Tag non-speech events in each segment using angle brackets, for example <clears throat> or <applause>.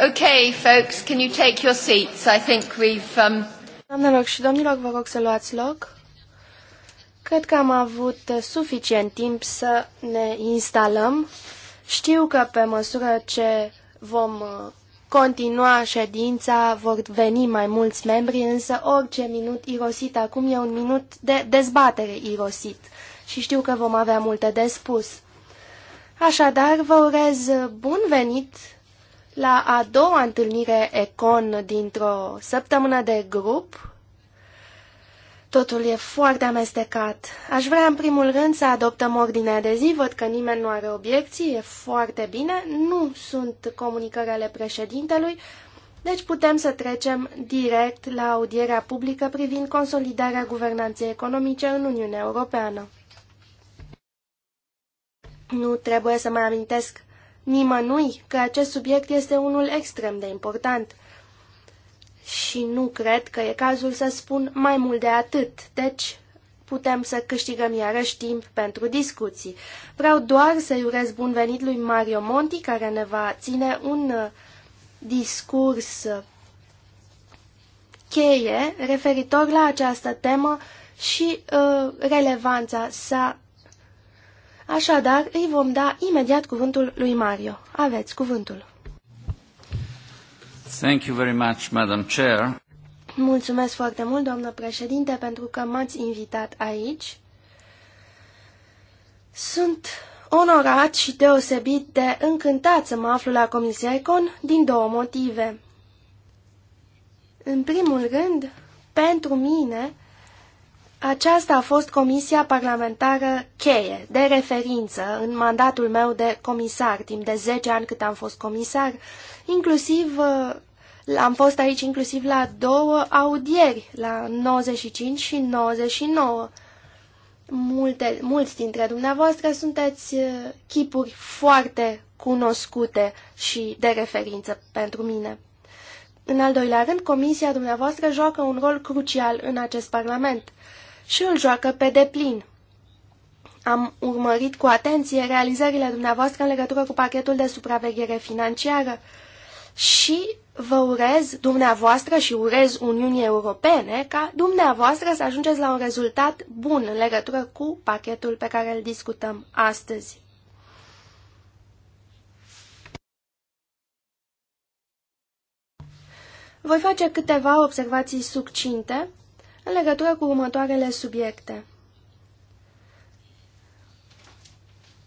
Okay, folks, can you take your seats? I think we've... Um... Doamnelor și domnilor, vă rog să luați loc. Cred că am avut suficient timp să ne instalăm. Știu că pe măsură ce vom uh, continua ședința, vor veni mai mulți membri, însă orice minut irosit acum e un minut de dezbatere irosit și știu că vom avea multe de spus. Așadar, vă urez bun venit la a doua întâlnire Econ dintr-o săptămână de grup, totul e foarte amestecat. Aș vrea în primul rând să adoptăm ordinea de zi, văd că nimeni nu are obiecții, e foarte bine, nu sunt comunicări ale președintelui, deci putem să trecem direct la audierea publică privind consolidarea guvernanței economice în Uniunea Europeană. Nu trebuie să mai amintesc nimănui că acest subiect este unul extrem de important. Și nu cred că e cazul să spun mai mult de atât, deci putem să câștigăm iarăși timp pentru discuții. Vreau doar să-i urez bun venit lui Mario Monti, care ne va ține un uh, discurs uh, cheie referitor la această temă și uh, relevanța sa Așadar, îi vom da imediat cuvântul lui Mario. Aveți cuvântul. Thank you very much, Madam Chair. Mulțumesc foarte mult, doamnă președinte, pentru că m-ați invitat aici. Sunt onorat și deosebit de încântat să mă aflu la Comisia Econ din două motive. În primul rând, pentru mine, aceasta a fost comisia parlamentară cheie, de referință, în mandatul meu de comisar, timp de 10 ani cât am fost comisar, inclusiv uh, am fost aici inclusiv la două audieri, la 95 și 99. Multe, mulți dintre dumneavoastră sunteți uh, chipuri foarte cunoscute și de referință pentru mine. În al doilea rând, comisia dumneavoastră joacă un rol crucial în acest parlament – și îl joacă pe deplin. Am urmărit cu atenție realizările dumneavoastră în legătură cu pachetul de supraveghere financiară și vă urez dumneavoastră și urez Uniunii Europene ca dumneavoastră să ajungeți la un rezultat bun în legătură cu pachetul pe care îl discutăm astăzi. Voi face câteva observații succinte în legătură cu următoarele subiecte.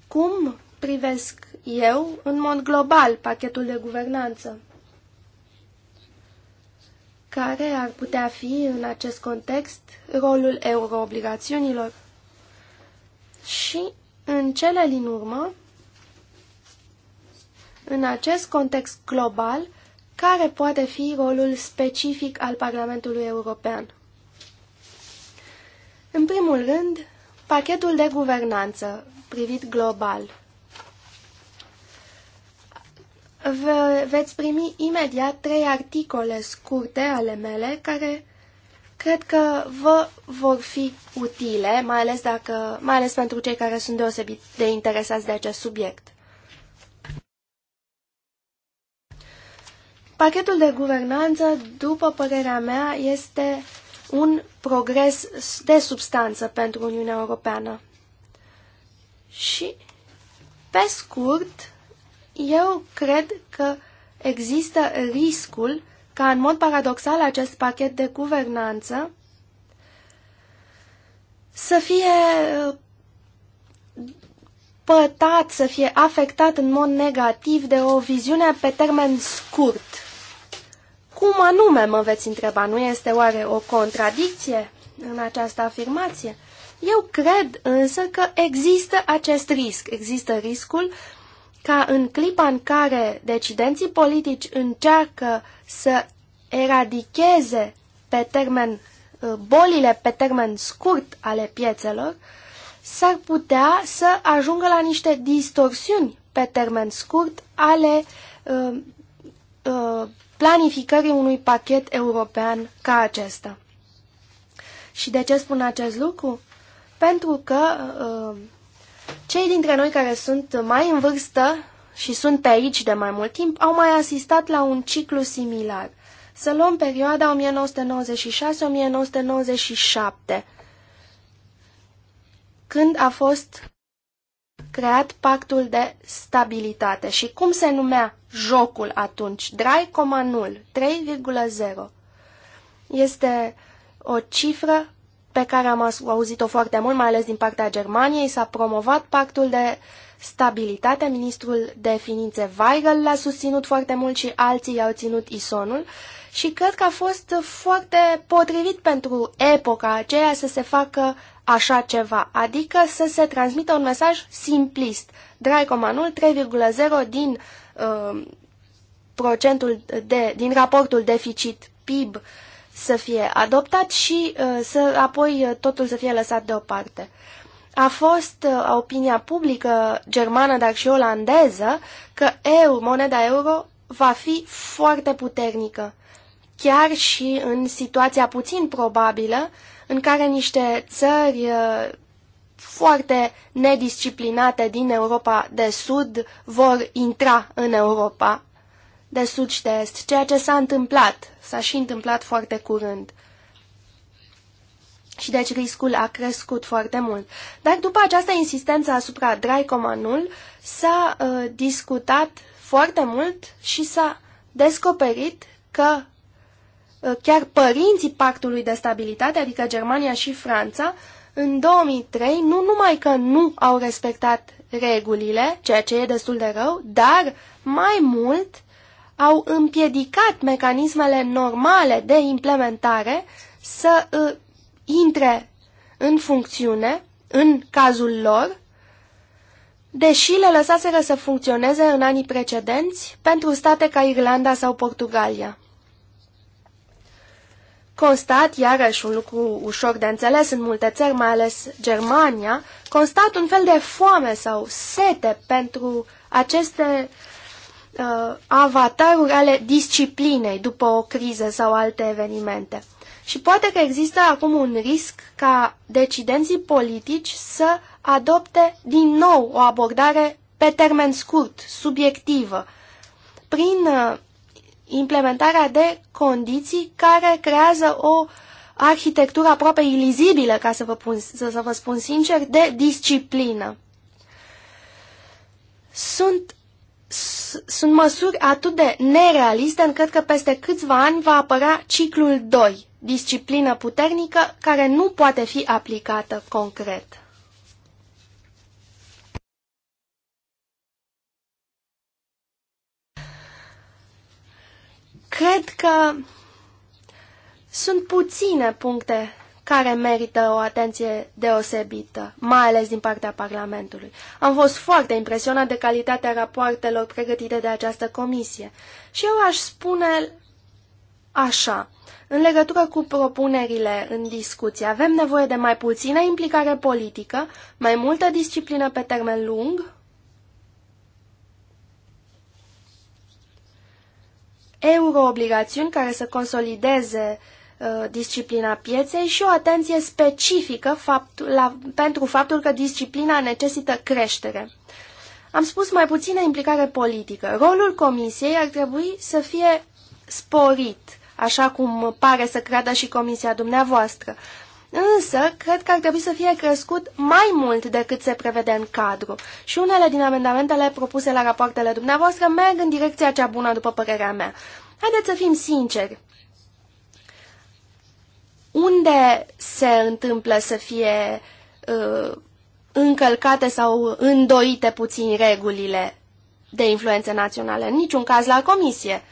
Cum privesc eu, în mod global, pachetul de guvernanță? Care ar putea fi, în acest context, rolul euroobligațiunilor? Și, în cele din urmă, în acest context global, care poate fi rolul specific al Parlamentului European? În primul rând, pachetul de guvernanță privit global. V-vă veți primi imediat trei articole scurte ale mele care cred că vă vor fi utile, mai ales, dacă, mai ales pentru cei care sunt deosebit de interesați de acest subiect. Pachetul de guvernanță, după părerea mea, este un progres de substanță pentru Uniunea Europeană. Și, pe scurt, eu cred că există riscul ca, în mod paradoxal, acest pachet de guvernanță să fie uh, pătat, să fie afectat în mod negativ de o viziune pe termen scurt cum anume, mă veți întreba, nu este oare o contradicție în această afirmație? Eu cred însă că există acest risc. Există riscul ca în clipa în care decidenții politici încearcă să eradicheze pe termen uh, bolile pe termen scurt ale piețelor, s-ar putea să ajungă la niște distorsiuni pe termen scurt ale uh, uh, planificării unui pachet european ca acesta. Și de ce spun acest lucru? Pentru că uh, cei dintre noi care sunt mai în vârstă și sunt pe aici de mai mult timp au mai asistat la un ciclu similar. Să luăm perioada 1996-1997, când a fost creat pactul de stabilitate. Și cum se numea jocul atunci? Draicomanul 3,0. Este o cifră pe care am auzit-o foarte mult, mai ales din partea Germaniei. S-a promovat pactul de stabilitate. Ministrul de Finințe Weigel l-a susținut foarte mult și alții i-au ținut isonul și cred că a fost foarte potrivit pentru epoca aceea să se facă așa ceva, adică să se transmită un mesaj simplist. Dracomanul 3,0 din uh, procentul de, din raportul deficit PIB să fie adoptat și uh, să apoi uh, totul să fie lăsat deoparte. A fost uh, opinia publică germană, dar și olandeză, că eu, moneda euro va fi foarte puternică chiar și în situația puțin probabilă în care niște țări uh, foarte nedisciplinate din Europa de Sud vor intra în Europa de Sud și de Est, ceea ce s-a întâmplat, s-a și întâmplat foarte curând. Și deci riscul a crescut foarte mult. Dar după această insistență asupra Draicomanul, s-a uh, discutat foarte mult și s-a descoperit că Uh, chiar părinții pactului de stabilitate, adică Germania și Franța, în 2003 nu numai că nu au respectat regulile, ceea ce e destul de rău, dar mai mult au împiedicat mecanismele normale de implementare să uh, intre în funcțiune în cazul lor, deși le lăsaseră să funcționeze în anii precedenți pentru state ca Irlanda sau Portugalia constat, iarăși un lucru ușor de înțeles în multe țări, mai ales Germania, constat un fel de foame sau sete pentru aceste uh, avataruri ale disciplinei după o criză sau alte evenimente. Și poate că există acum un risc ca decidenții politici să adopte din nou o abordare pe termen scurt, subiectivă, prin uh, implementarea de condiții care creează o arhitectură aproape ilizibilă, ca să vă, pun, să, să vă spun sincer, de disciplină. Sunt, sunt măsuri atât de nerealiste încât că peste câțiva ani va apărea ciclul 2, disciplină puternică care nu poate fi aplicată concret. Cred că sunt puține puncte care merită o atenție deosebită, mai ales din partea Parlamentului. Am fost foarte impresionat de calitatea rapoartelor pregătite de această comisie și eu aș spune așa. În legătură cu propunerile în discuție, avem nevoie de mai puțină implicare politică, mai multă disciplină pe termen lung euroobligațiuni care să consolideze uh, disciplina pieței și o atenție specifică fapt, la, pentru faptul că disciplina necesită creștere. Am spus mai puțină implicare politică. Rolul comisiei ar trebui să fie sporit, așa cum pare să creadă și comisia dumneavoastră. Însă, cred că ar trebui să fie crescut mai mult decât se prevede în cadru și unele din amendamentele propuse la rapoartele dumneavoastră merg în direcția cea bună, după părerea mea. Haideți să fim sinceri. Unde se întâmplă să fie uh, încălcate sau îndoite puțin regulile de influență națională? În niciun caz la comisie.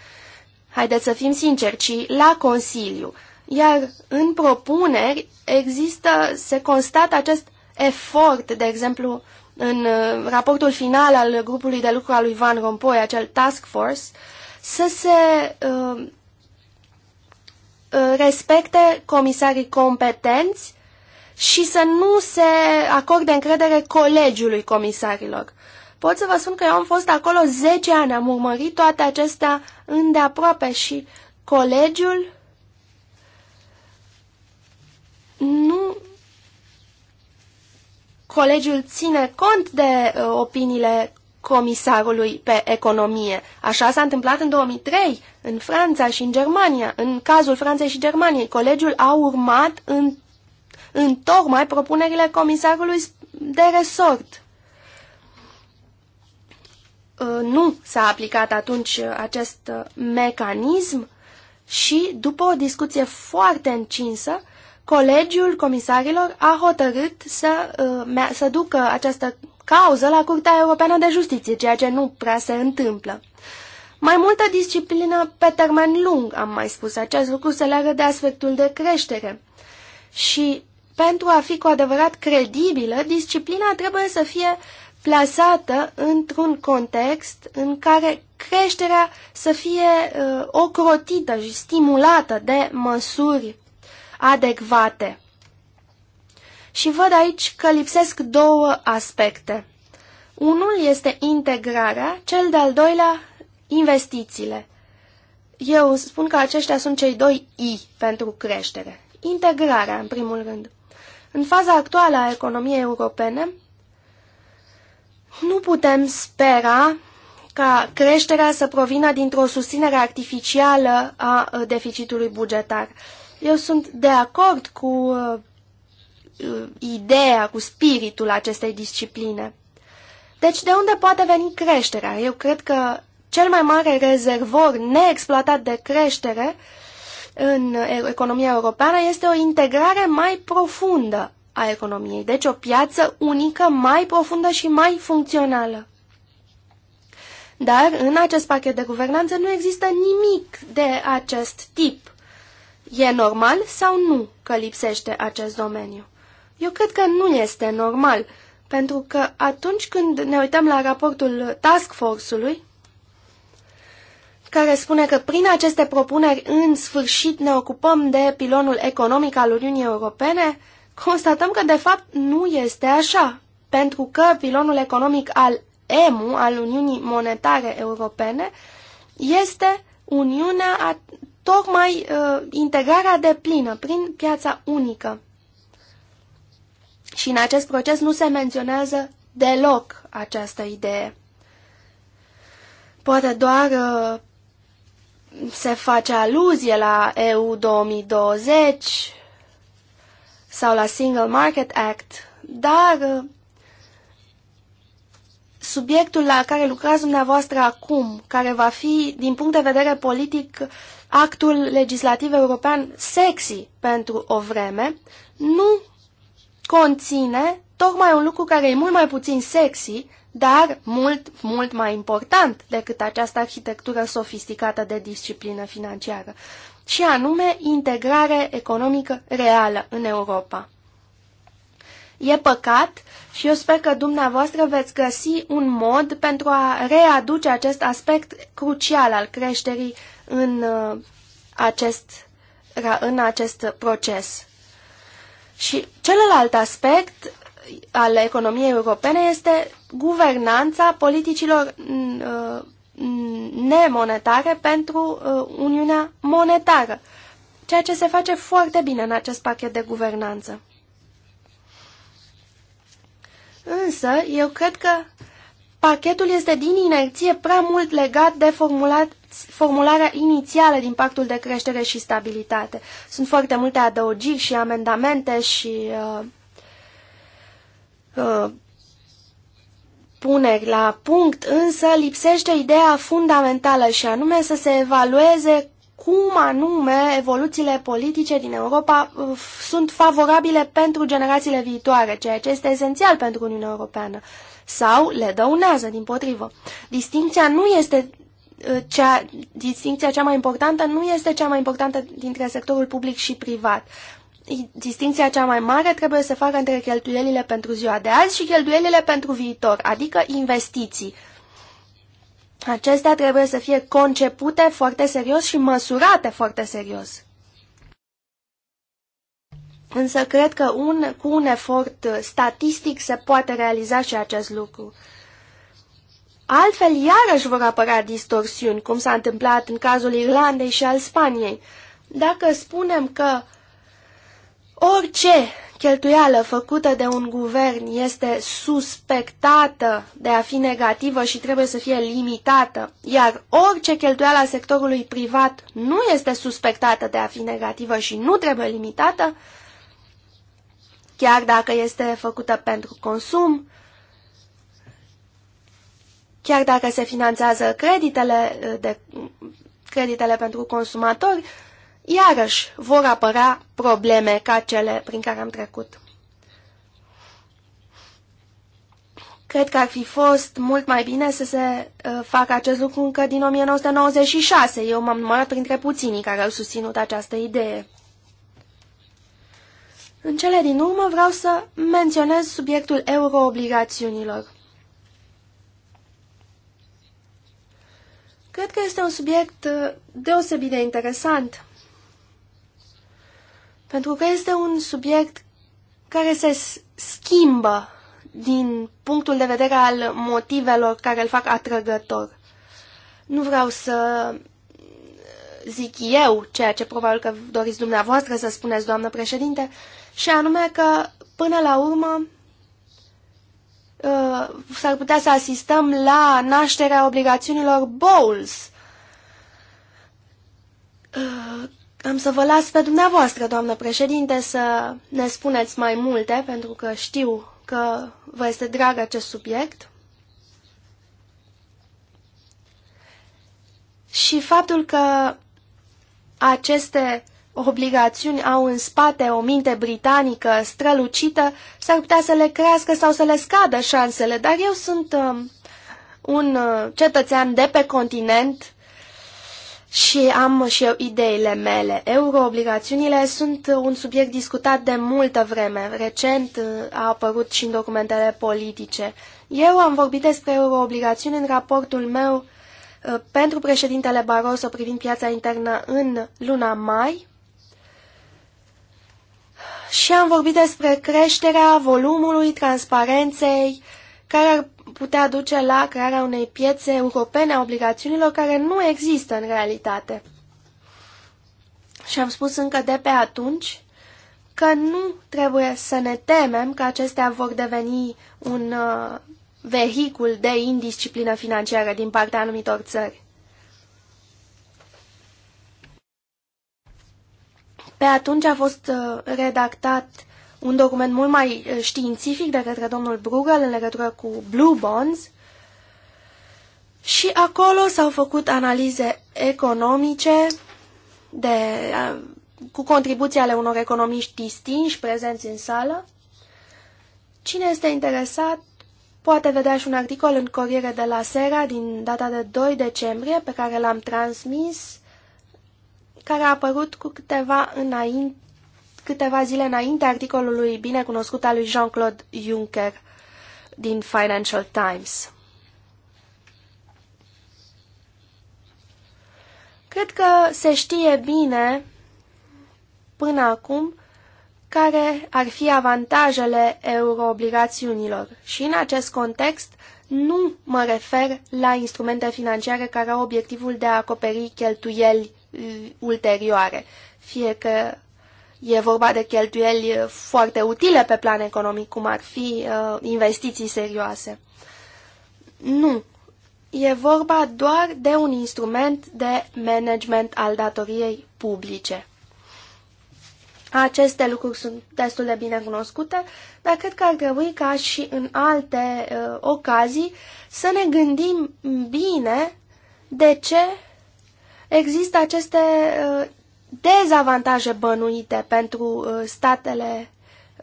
Haideți să fim sinceri, ci la Consiliu. Uh, iar în propuneri există, se constată acest efort, de exemplu, în uh, raportul final al grupului de lucru al lui Van Rompuy, acel task force, să se uh, uh, respecte comisarii competenți și să nu se acorde încredere colegiului comisarilor. Pot să vă spun că eu am fost acolo 10 ani, am urmărit toate acestea îndeaproape și colegiul nu colegiul ține cont de uh, opiniile comisarului pe economie. Așa s-a întâmplat în 2003, în Franța și în Germania. În cazul Franței și Germaniei, colegiul a urmat în, în tocmai propunerile comisarului de resort. Uh, nu s-a aplicat atunci acest uh, mecanism și, după o discuție foarte încinsă, Colegiul Comisarilor a hotărât să, uh, să ducă această cauză la Curtea Europeană de Justiție, ceea ce nu prea se întâmplă. Mai multă disciplină pe termen lung, am mai spus, acest lucru se leagă de aspectul de creștere. Și pentru a fi cu adevărat credibilă, disciplina trebuie să fie plasată într-un context în care creșterea să fie uh, ocrotită și stimulată de măsuri adecvate. Și văd aici că lipsesc două aspecte. Unul este integrarea, cel de-al doilea investițiile. Eu spun că aceștia sunt cei doi I pentru creștere. Integrarea, în primul rând. În faza actuală a economiei europene, nu putem spera ca creșterea să provină dintr-o susținere artificială a deficitului bugetar. Eu sunt de acord cu uh, ideea, cu spiritul acestei discipline. Deci de unde poate veni creșterea? Eu cred că cel mai mare rezervor neexploatat de creștere în economia europeană este o integrare mai profundă a economiei, deci o piață unică mai profundă și mai funcțională. Dar în acest pachet de guvernanță nu există nimic de acest tip. E normal sau nu că lipsește acest domeniu? Eu cred că nu este normal, pentru că atunci când ne uităm la raportul Task Force-ului, care spune că prin aceste propuneri în sfârșit ne ocupăm de pilonul economic al Uniunii Europene, constatăm că de fapt nu este așa, pentru că pilonul economic al EMU, al Uniunii Monetare Europene, este Uniunea tocmai uh, integrarea de plină prin piața unică. Și în acest proces nu se menționează deloc această idee. Poate doar uh, se face aluzie la EU 2020 sau la Single Market Act, dar uh, subiectul la care lucrați dumneavoastră acum, care va fi, din punct de vedere politic, actul legislativ european sexy pentru o vreme, nu conține tocmai un lucru care e mult mai puțin sexy, dar mult, mult mai important decât această arhitectură sofisticată de disciplină financiară, și anume integrare economică reală în Europa. E păcat și eu sper că dumneavoastră veți găsi un mod pentru a readuce acest aspect crucial al creșterii în uh, acest, în acest proces. Și celălalt aspect al economiei europene este guvernanța politicilor uh, nemonetare pentru uh, Uniunea Monetară, ceea ce se face foarte bine în acest pachet de guvernanță. Însă, eu cred că pachetul este din inerție prea mult legat de, formulat, formularea inițială din pactul de creștere și stabilitate. Sunt foarte multe adăugiri și amendamente și uh, uh, puneri la punct, însă lipsește ideea fundamentală și anume să se evalueze cum anume evoluțiile politice din Europa uh, sunt favorabile pentru generațiile viitoare, ceea ce este esențial pentru Uniunea Europeană, sau le dăunează din potrivă. Distinția nu este Uh, cea, distinția cea mai importantă nu este cea mai importantă dintre sectorul public și privat. Distinția cea mai mare trebuie să facă între cheltuielile pentru ziua de azi și cheltuielile pentru viitor, adică investiții. Acestea trebuie să fie concepute foarte serios și măsurate foarte serios. Însă cred că un, cu un efort statistic se poate realiza și acest lucru. Altfel, iarăși vor apărea distorsiuni, cum s-a întâmplat în cazul Irlandei și al Spaniei. Dacă spunem că orice cheltuială făcută de un guvern este suspectată de a fi negativă și trebuie să fie limitată, iar orice cheltuială a sectorului privat nu este suspectată de a fi negativă și nu trebuie limitată, chiar dacă este făcută pentru consum, Chiar dacă se finanțează creditele, uh, de, creditele pentru consumatori, iarăși vor apărea probleme ca cele prin care am trecut. Cred că ar fi fost mult mai bine să se uh, facă acest lucru încă din 1996. Eu m-am numărat printre puținii care au susținut această idee. În cele din urmă vreau să menționez subiectul euroobligațiunilor. Cred că este un subiect uh, deosebit de interesant, pentru că este un subiect care se schimbă din punctul de vedere al motivelor care îl fac atrăgător. Nu vreau să zic eu ceea ce probabil că doriți dumneavoastră să spuneți, doamnă președinte, și anume că, până la urmă, Uh, s-ar putea să asistăm la nașterea obligațiunilor Uh, Am să vă las pe dumneavoastră, doamnă președinte, să ne spuneți mai multe, pentru că știu că vă este drag acest subiect. Și faptul că aceste obligațiuni au în spate o minte britanică strălucită, s-ar putea să le crească sau să le scadă șansele, dar eu sunt uh, un uh, cetățean de pe continent și am și eu ideile mele. Euroobligațiunile sunt un subiect discutat de multă vreme. Recent uh, a apărut și în documentele politice. Eu am vorbit despre euroobligațiuni în raportul meu uh, pentru președintele Barroso privind piața internă în luna mai și am vorbit despre creșterea volumului transparenței care ar putea duce la crearea unei piețe europene a obligațiunilor care nu există în realitate. Și am spus încă de pe atunci că nu trebuie să ne temem că acestea vor deveni un uh, vehicul de indisciplină financiară din partea anumitor țări. Pe atunci a fost uh, redactat un document mult mai uh, științific de către domnul Bruegel în legătură cu Blue Bonds și acolo s-au făcut analize economice de, uh, cu contribuții ale unor economiști distinși prezenți în sală. Cine este interesat poate vedea și un articol în Corriere de la Sera din data de 2 decembrie pe care l-am transmis care a apărut cu câteva, înainte, câteva zile înainte articolului binecunoscut al lui Jean-Claude Juncker din Financial Times. Cred că se știe bine până acum care ar fi avantajele euroobligațiunilor și în acest context nu mă refer la instrumente financiare care au obiectivul de a acoperi cheltuieli Uh, ulterioare. Fie că e vorba de cheltuieli foarte utile pe plan economic, cum ar fi uh, investiții serioase. Nu. E vorba doar de un instrument de management al datoriei publice. Aceste lucruri sunt destul de bine cunoscute, dar cred că ar trebui ca și în alte uh, ocazii să ne gândim bine de ce există aceste uh, dezavantaje bănuite pentru uh, statele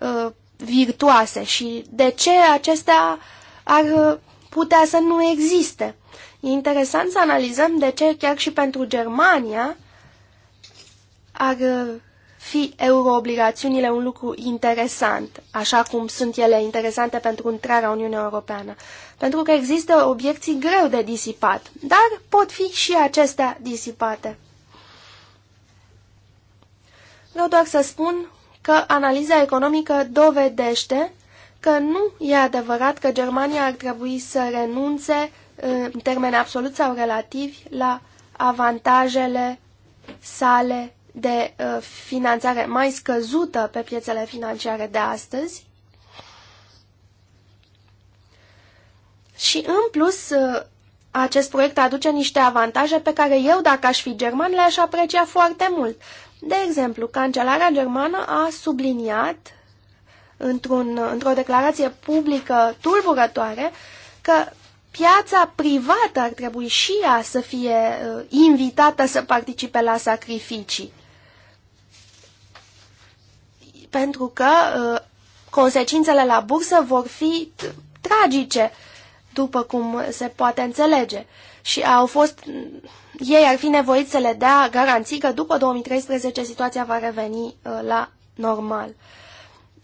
uh, virtuoase și de ce acestea ar putea să nu existe. E interesant să analizăm de ce chiar și pentru Germania ar fi euroobligațiunile un lucru interesant, așa cum sunt ele interesante pentru intrarea Uniunii Europeană, pentru că există obiecții greu de disipat, dar pot fi și acestea disipate. Vreau doar să spun că analiza economică dovedește că nu e adevărat că Germania ar trebui să renunțe ă, în termeni absolut sau relativi la avantajele sale de uh, finanțare mai scăzută pe piețele financiare de astăzi. Și în plus, uh, acest proiect aduce niște avantaje pe care eu, dacă aș fi german, le-aș aprecia foarte mult. De exemplu, cancelarea germană a subliniat într-un, într-o declarație publică tulburătoare că piața privată ar trebui și ea să fie uh, invitată să participe la sacrificii pentru că uh, consecințele la bursă vor fi tragice, după cum se poate înțelege. Și au fost, ei ar fi nevoiți să le dea garanții că după 2013 situația va reveni uh, la normal.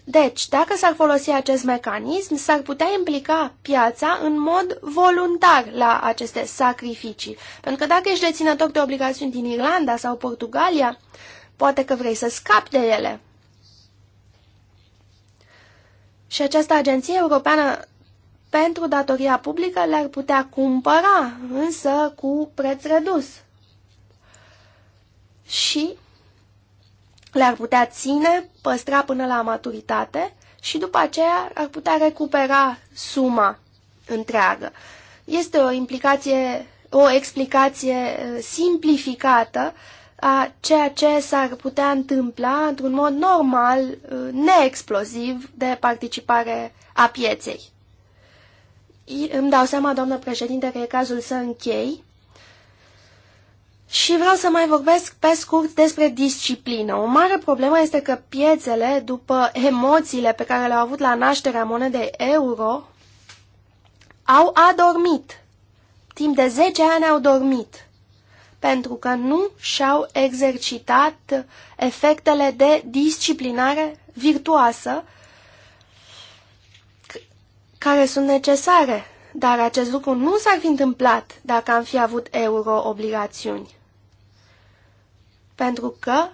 Deci, dacă s-ar folosi acest mecanism, s-ar putea implica piața în mod voluntar la aceste sacrificii. Pentru că dacă ești deținător de obligațiuni din Irlanda sau Portugalia, poate că vrei să scapi de ele. Și această agenție europeană pentru datoria publică le-ar putea cumpăra, însă cu preț redus. Și le-ar putea ține, păstra până la maturitate și după aceea ar putea recupera suma întreagă. Este o implicație, o explicație eh, simplificată a ceea ce s-ar putea întâmpla într-un mod normal, uh, neexploziv, de participare a pieței. Îmi dau seama, doamnă președinte, că e cazul să închei. Și vreau să mai vorbesc pe scurt despre disciplină. O mare problemă este că piețele, după emoțiile pe care le-au avut la nașterea monedei euro, au adormit. Timp de 10 ani au dormit pentru că nu și-au exercitat efectele de disciplinare virtuoasă care sunt necesare, dar acest lucru nu s-ar fi întâmplat dacă am fi avut euro-obligațiuni. Pentru că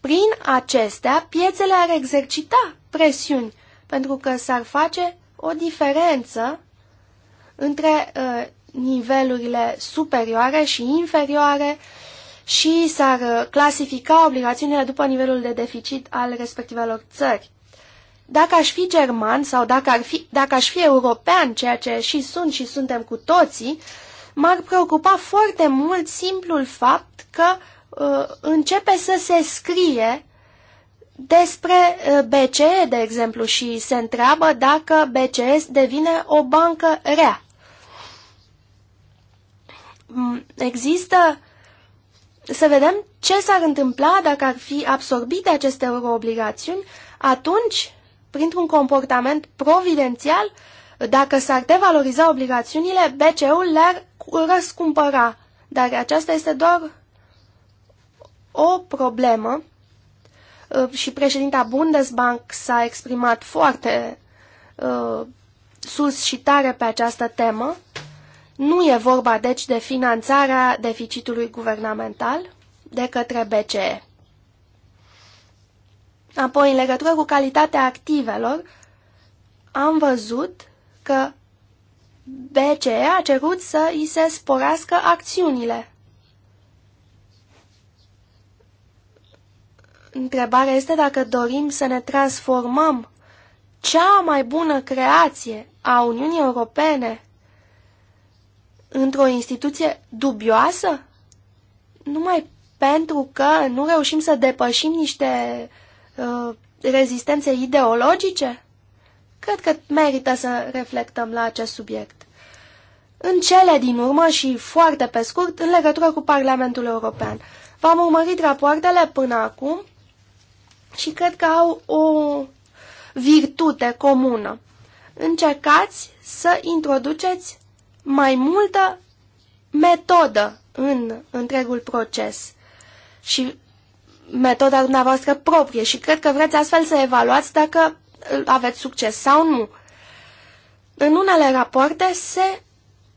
prin acestea piețele ar exercita presiuni, pentru că s-ar face o diferență între uh, nivelurile superioare și inferioare și s-ar uh, clasifica obligațiunile după nivelul de deficit al respectivelor țări. Dacă aș fi german sau dacă, ar fi, dacă aș fi european, ceea ce și sunt și suntem cu toții, m-ar preocupa foarte mult simplul fapt că uh, începe să se scrie despre uh, BCE, de exemplu, și se întreabă dacă BCE devine o bancă rea există să vedem ce s-ar întâmpla dacă ar fi absorbite aceste euroobligațiuni, atunci, printr-un comportament providențial, dacă s-ar devaloriza obligațiunile, BCE-ul le-ar răscumpăra. Dar aceasta este doar o problemă uh, și președinta Bundesbank s-a exprimat foarte uh, sus și tare pe această temă. Nu e vorba, deci, de finanțarea deficitului guvernamental de către BCE. Apoi, în legătură cu calitatea activelor, am văzut că BCE a cerut să îi se sporească acțiunile. Întrebarea este dacă dorim să ne transformăm cea mai bună creație a Uniunii Europene într-o instituție dubioasă? Numai pentru că nu reușim să depășim niște uh, rezistențe ideologice? Cred că merită să reflectăm la acest subiect. În cele din urmă și foarte pe scurt, în legătură cu Parlamentul European. V-am urmărit rapoartele până acum și cred că au o virtute comună. Încercați să introduceți mai multă metodă în întregul proces și metoda dumneavoastră proprie și cred că vreți astfel să evaluați dacă aveți succes sau nu. În unele rapoarte se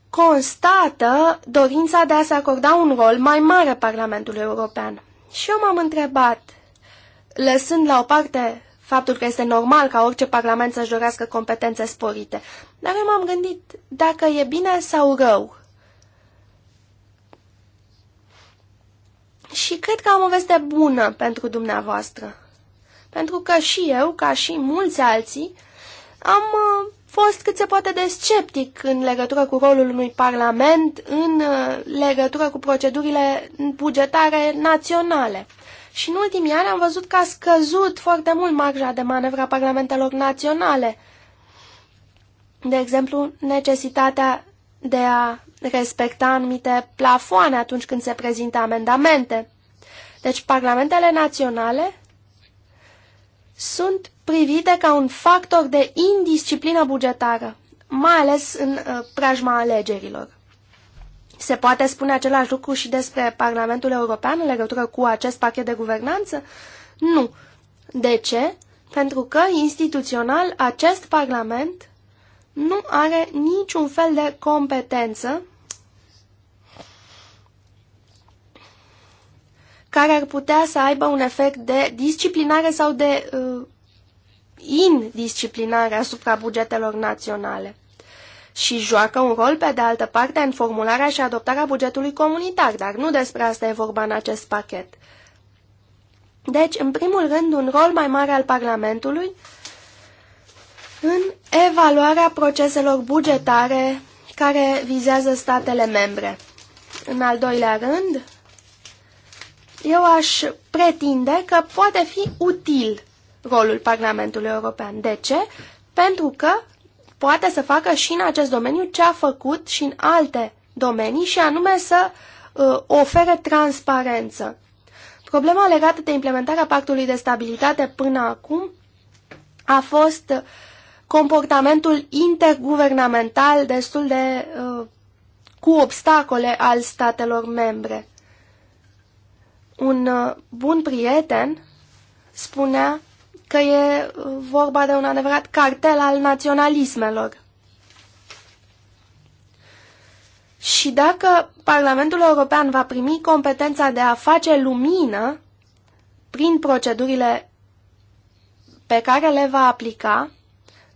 constată dorința de a se acorda un rol mai mare Parlamentului European. Și eu m-am întrebat, lăsând la o parte faptul că este normal ca orice parlament să-și dorească competențe sporite. Dar eu m-am gândit dacă e bine sau rău. Și cred că am o veste bună pentru dumneavoastră. Pentru că și eu, ca și mulți alții, am uh, fost cât se poate de sceptic în legătură cu rolul unui parlament, în uh, legătură cu procedurile bugetare naționale. Și în ultimii ani am văzut că a scăzut foarte mult marja de manevră a parlamentelor naționale. De exemplu, necesitatea de a respecta anumite plafoane atunci când se prezintă amendamente. Deci parlamentele naționale sunt privite ca un factor de indisciplină bugetară, mai ales în uh, preajma alegerilor. Se poate spune același lucru și despre Parlamentul European în legătură cu acest pachet de guvernanță? Nu. De ce? Pentru că, instituțional, acest Parlament nu are niciun fel de competență care ar putea să aibă un efect de disciplinare sau de uh, indisciplinare asupra bugetelor naționale și joacă un rol, pe de altă parte, în formularea și adoptarea bugetului comunitar, dar nu despre asta e vorba în acest pachet. Deci, în primul rând, un rol mai mare al Parlamentului în evaluarea proceselor bugetare care vizează statele membre. În al doilea rând, eu aș pretinde că poate fi util rolul Parlamentului European. De ce? Pentru că poate să facă și în acest domeniu ce a făcut și în alte domenii și anume să uh, ofere transparență. Problema legată de implementarea pactului de stabilitate până acum a fost comportamentul interguvernamental destul de uh, cu obstacole al statelor membre. Un uh, bun prieten spunea că e uh, vorba de un adevărat cartel al naționalismelor. Și dacă Parlamentul European va primi competența de a face lumină prin procedurile pe care le va aplica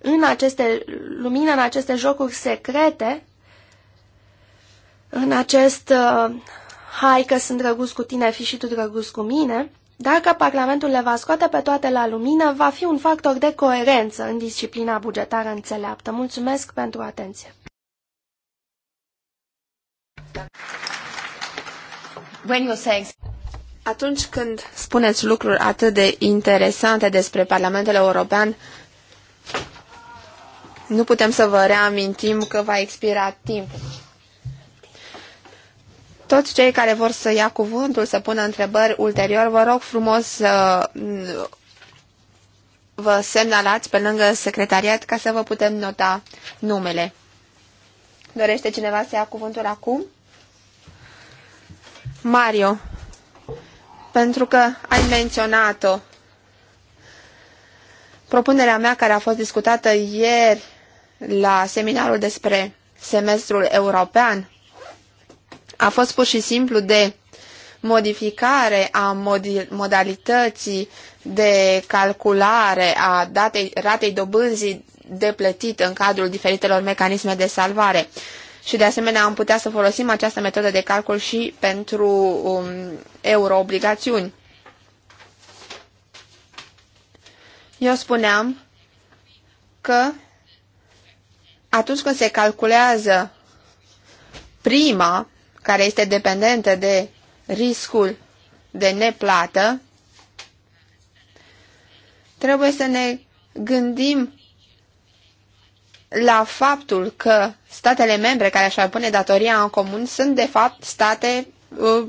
în aceste lumină, în aceste jocuri secrete, în acest uh, hai că sunt drăguț cu tine, fi și tu drăguț cu mine, dacă Parlamentul le va scoate pe toate la lumină, va fi un factor de coerență în disciplina bugetară înțeleaptă. Mulțumesc pentru atenție. When Atunci când spuneți lucruri atât de interesante despre Parlamentul European, nu putem să vă reamintim că va expira timpul. Toți cei care vor să ia cuvântul, să pună întrebări ulterior, vă rog frumos să mm, vă semnalați pe lângă secretariat ca să vă putem nota numele. Dorește cineva să ia cuvântul acum? Mario, pentru că ai menționat-o, propunerea mea care a fost discutată ieri la seminarul despre semestrul european a fost pur și simplu de modificare a modalității de calculare a datei, ratei dobânzii de plătit în cadrul diferitelor mecanisme de salvare. Și de asemenea am putea să folosim această metodă de calcul și pentru um, euroobligațiuni. Eu spuneam că atunci când se calculează prima care este dependentă de riscul de neplată, trebuie să ne gândim la faptul că statele membre care și-ar pune datoria în comun sunt de fapt state uh,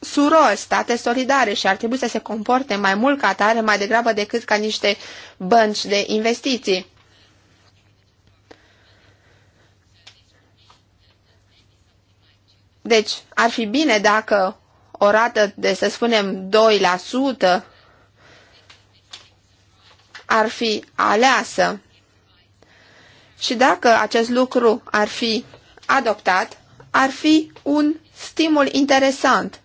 surori, state solidare și ar trebui să se comporte mai mult ca atare, mai degrabă decât ca niște bănci de investiții. Deci, ar fi bine dacă o rată de, să spunem, 2% ar fi aleasă. Și dacă acest lucru ar fi adoptat, ar fi un stimul interesant,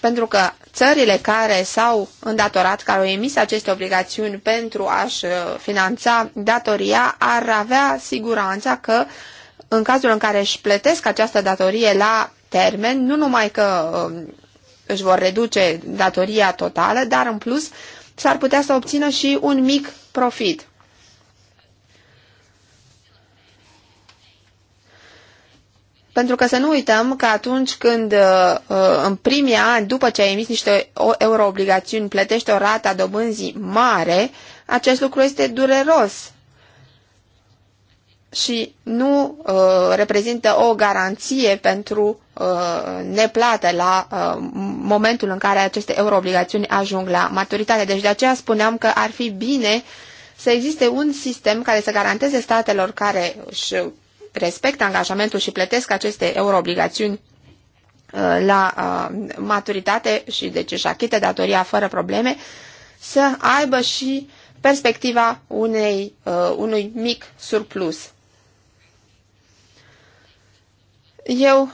pentru că țările care s-au îndatorat, care au emis aceste obligațiuni pentru a-și uh, finanța datoria, ar avea siguranța că uh, în cazul în care își plătesc această datorie la termen, nu numai că um, își vor reduce datoria totală, dar în plus s-ar putea să obțină și un mic profit. Pentru că să nu uităm că atunci când uh, uh, în primii ani, după ce ai emis niște euroobligațiuni, plătești o rată a dobânzii mare, acest lucru este dureros și nu uh, reprezintă o garanție pentru uh, neplată la uh, momentul în care aceste euroobligațiuni ajung la maturitate. Deci de aceea spuneam că ar fi bine să existe un sistem care să garanteze statelor care își respectă angajamentul și plătesc aceste euroobligațiuni uh, la uh, maturitate și deci își achite datoria fără probleme, să aibă și perspectiva unei, uh, unui mic surplus. Eu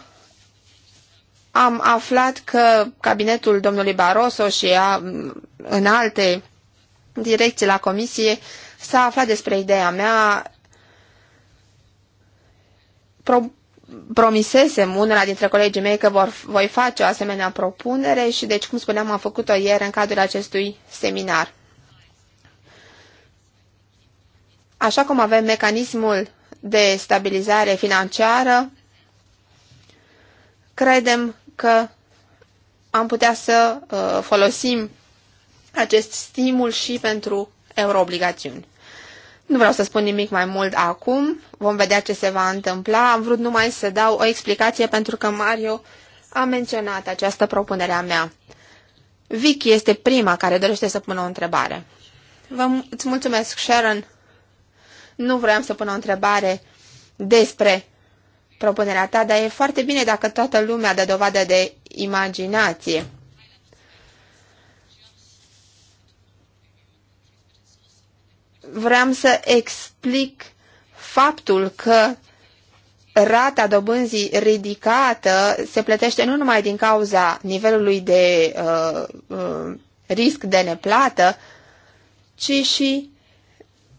am aflat că cabinetul domnului Barroso și a, în alte direcții la comisie s-a aflat despre ideea mea. Pro promisesem unora dintre colegii mei că vor, voi face o asemenea propunere și deci, cum spuneam, am făcut-o ieri în cadrul acestui seminar. Așa cum avem mecanismul de stabilizare financiară, Credem că am putea să uh, folosim acest stimul și pentru euroobligațiuni. Nu vreau să spun nimic mai mult acum, vom vedea ce se va întâmpla. Am vrut numai să dau o explicație pentru că Mario a menționat această propunere a mea. Vicky este prima care dorește să pună o întrebare. Vă îți mulțumesc, Sharon. Nu vreau să pun o întrebare despre propunerea ta, dar e foarte bine dacă toată lumea dă dovadă de imaginație. Vreau să explic faptul că rata dobânzii ridicată se plătește nu numai din cauza nivelului de uh, uh, risc de neplată, ci și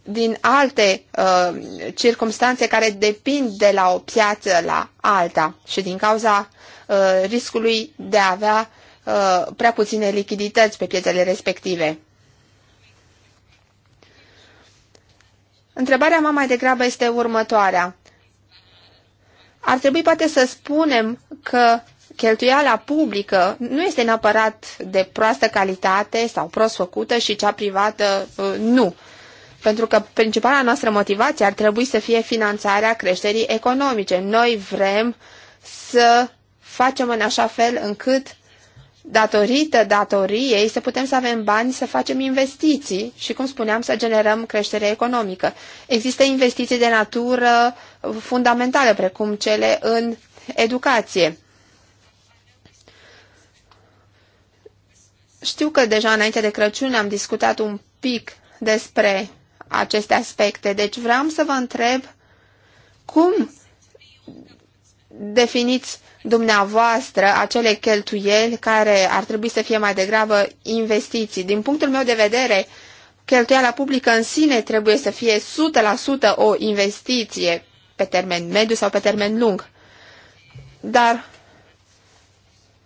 din alte uh, circumstanțe care depind de la o piață la alta și din cauza uh, riscului de a avea uh, prea puține lichidități pe piețele respective. Întrebarea mea mai degrabă este următoarea. Ar trebui poate să spunem că cheltuiala publică nu este neapărat de proastă calitate sau prost făcută și cea privată uh, nu. Pentru că principala noastră motivație ar trebui să fie finanțarea creșterii economice. Noi vrem să facem în așa fel încât datorită datoriei să putem să avem bani să facem investiții și, cum spuneam, să generăm creștere economică. Există investiții de natură fundamentale, precum cele în educație. Știu că deja înainte de Crăciun am discutat un pic despre aceste aspecte. Deci vreau să vă întreb cum definiți dumneavoastră acele cheltuieli care ar trebui să fie mai degrabă investiții. Din punctul meu de vedere, cheltuiala publică în sine trebuie să fie 100% o investiție pe termen mediu sau pe termen lung. Dar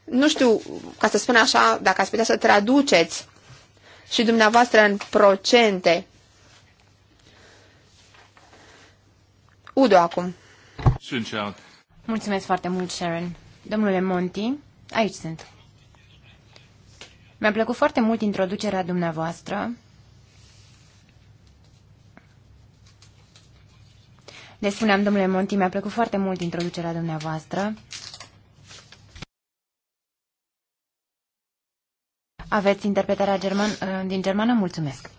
nu știu, ca să spun așa, dacă ați putea să traduceți și dumneavoastră în procente Udo acum. Mulțumesc foarte mult, Sharon. Domnule Monti, aici sunt. Mi-a plăcut foarte mult introducerea dumneavoastră. Le spuneam, domnule Monti, mi-a plăcut foarte mult introducerea dumneavoastră. Aveți interpretarea german, din germană? Mulțumesc.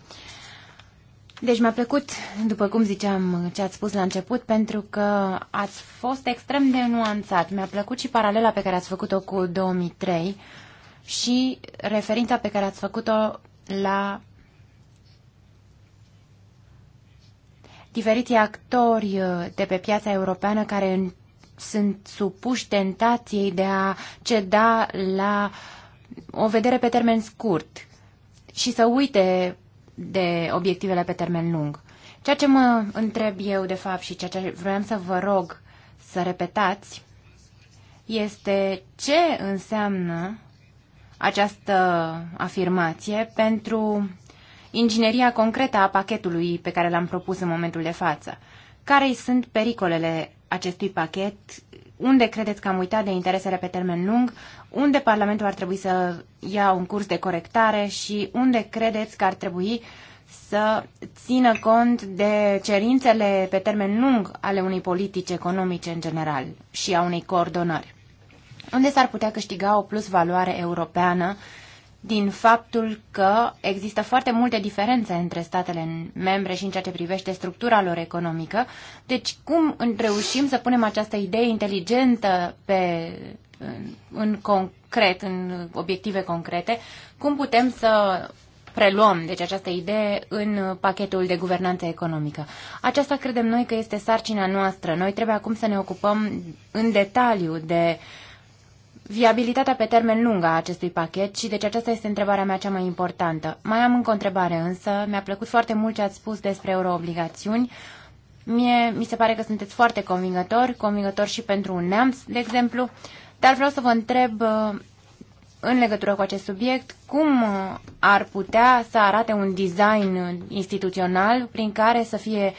Deci mi-a plăcut, după cum ziceam, ce ați spus la început, pentru că ați fost extrem de nuanțat. Mi-a plăcut și paralela pe care ați făcut-o cu 2003 și referința pe care ați făcut-o la diferiții actori de pe piața europeană care sunt supuși tentației de a ceda la o vedere pe termen scurt și să uite de obiectivele pe termen lung. Ceea ce mă întreb eu, de fapt, și ceea ce vreau să vă rog să repetați, este ce înseamnă această afirmație pentru ingineria concretă a pachetului pe care l-am propus în momentul de față. Care sunt pericolele acestui pachet? Unde credeți că am uitat de interesele pe termen lung? unde Parlamentul ar trebui să ia un curs de corectare și unde credeți că ar trebui să țină cont de cerințele pe termen lung ale unei politici economice în general și a unei coordonări. Unde s-ar putea câștiga o plus valoare europeană din faptul că există foarte multe diferențe între statele membre și în ceea ce privește structura lor economică. Deci cum reușim să punem această idee inteligentă pe în concret, în obiective concrete, cum putem să preluăm, deci, această idee în pachetul de guvernanță economică. Aceasta credem noi că este sarcina noastră. Noi trebuie acum să ne ocupăm în detaliu de viabilitatea pe termen lung a acestui pachet și deci aceasta este întrebarea mea cea mai importantă. Mai am încă o întrebare însă, mi-a plăcut foarte mult ce ați spus despre euroobligațiuni. Mie mi se pare că sunteți foarte convingători, convingători și pentru un neamț, de exemplu, dar vreau să vă întreb uh, în legătură cu acest subiect, cum uh, ar putea să arate un design instituțional prin care să fie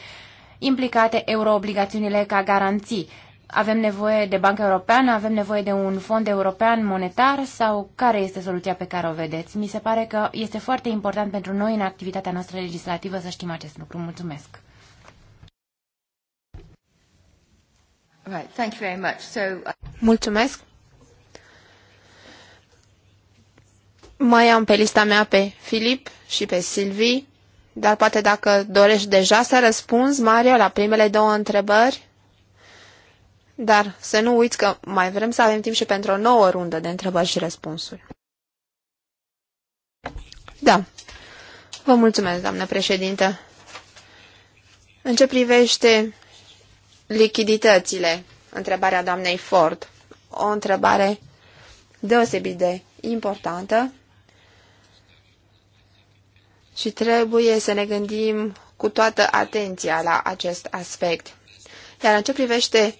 implicate euroobligațiunile ca garanții? Avem nevoie de Banca Europeană, avem nevoie de un fond european monetar sau care este soluția pe care o vedeți? Mi se pare că este foarte important pentru noi în activitatea noastră legislativă să știm acest lucru. Mulțumesc! Uh, Mulțumesc! Mai am pe lista mea pe Filip și pe Silvi, dar poate dacă dorești deja să răspunzi, Mario, la primele două întrebări. Dar să nu uiți că mai vrem să avem timp și pentru o nouă rundă de întrebări și răspunsuri. Da. Vă mulțumesc, doamnă președinte. În ce privește lichiditățile, întrebarea doamnei Ford, o întrebare deosebit de importantă și trebuie să ne gândim cu toată atenția la acest aspect. Iar în ce privește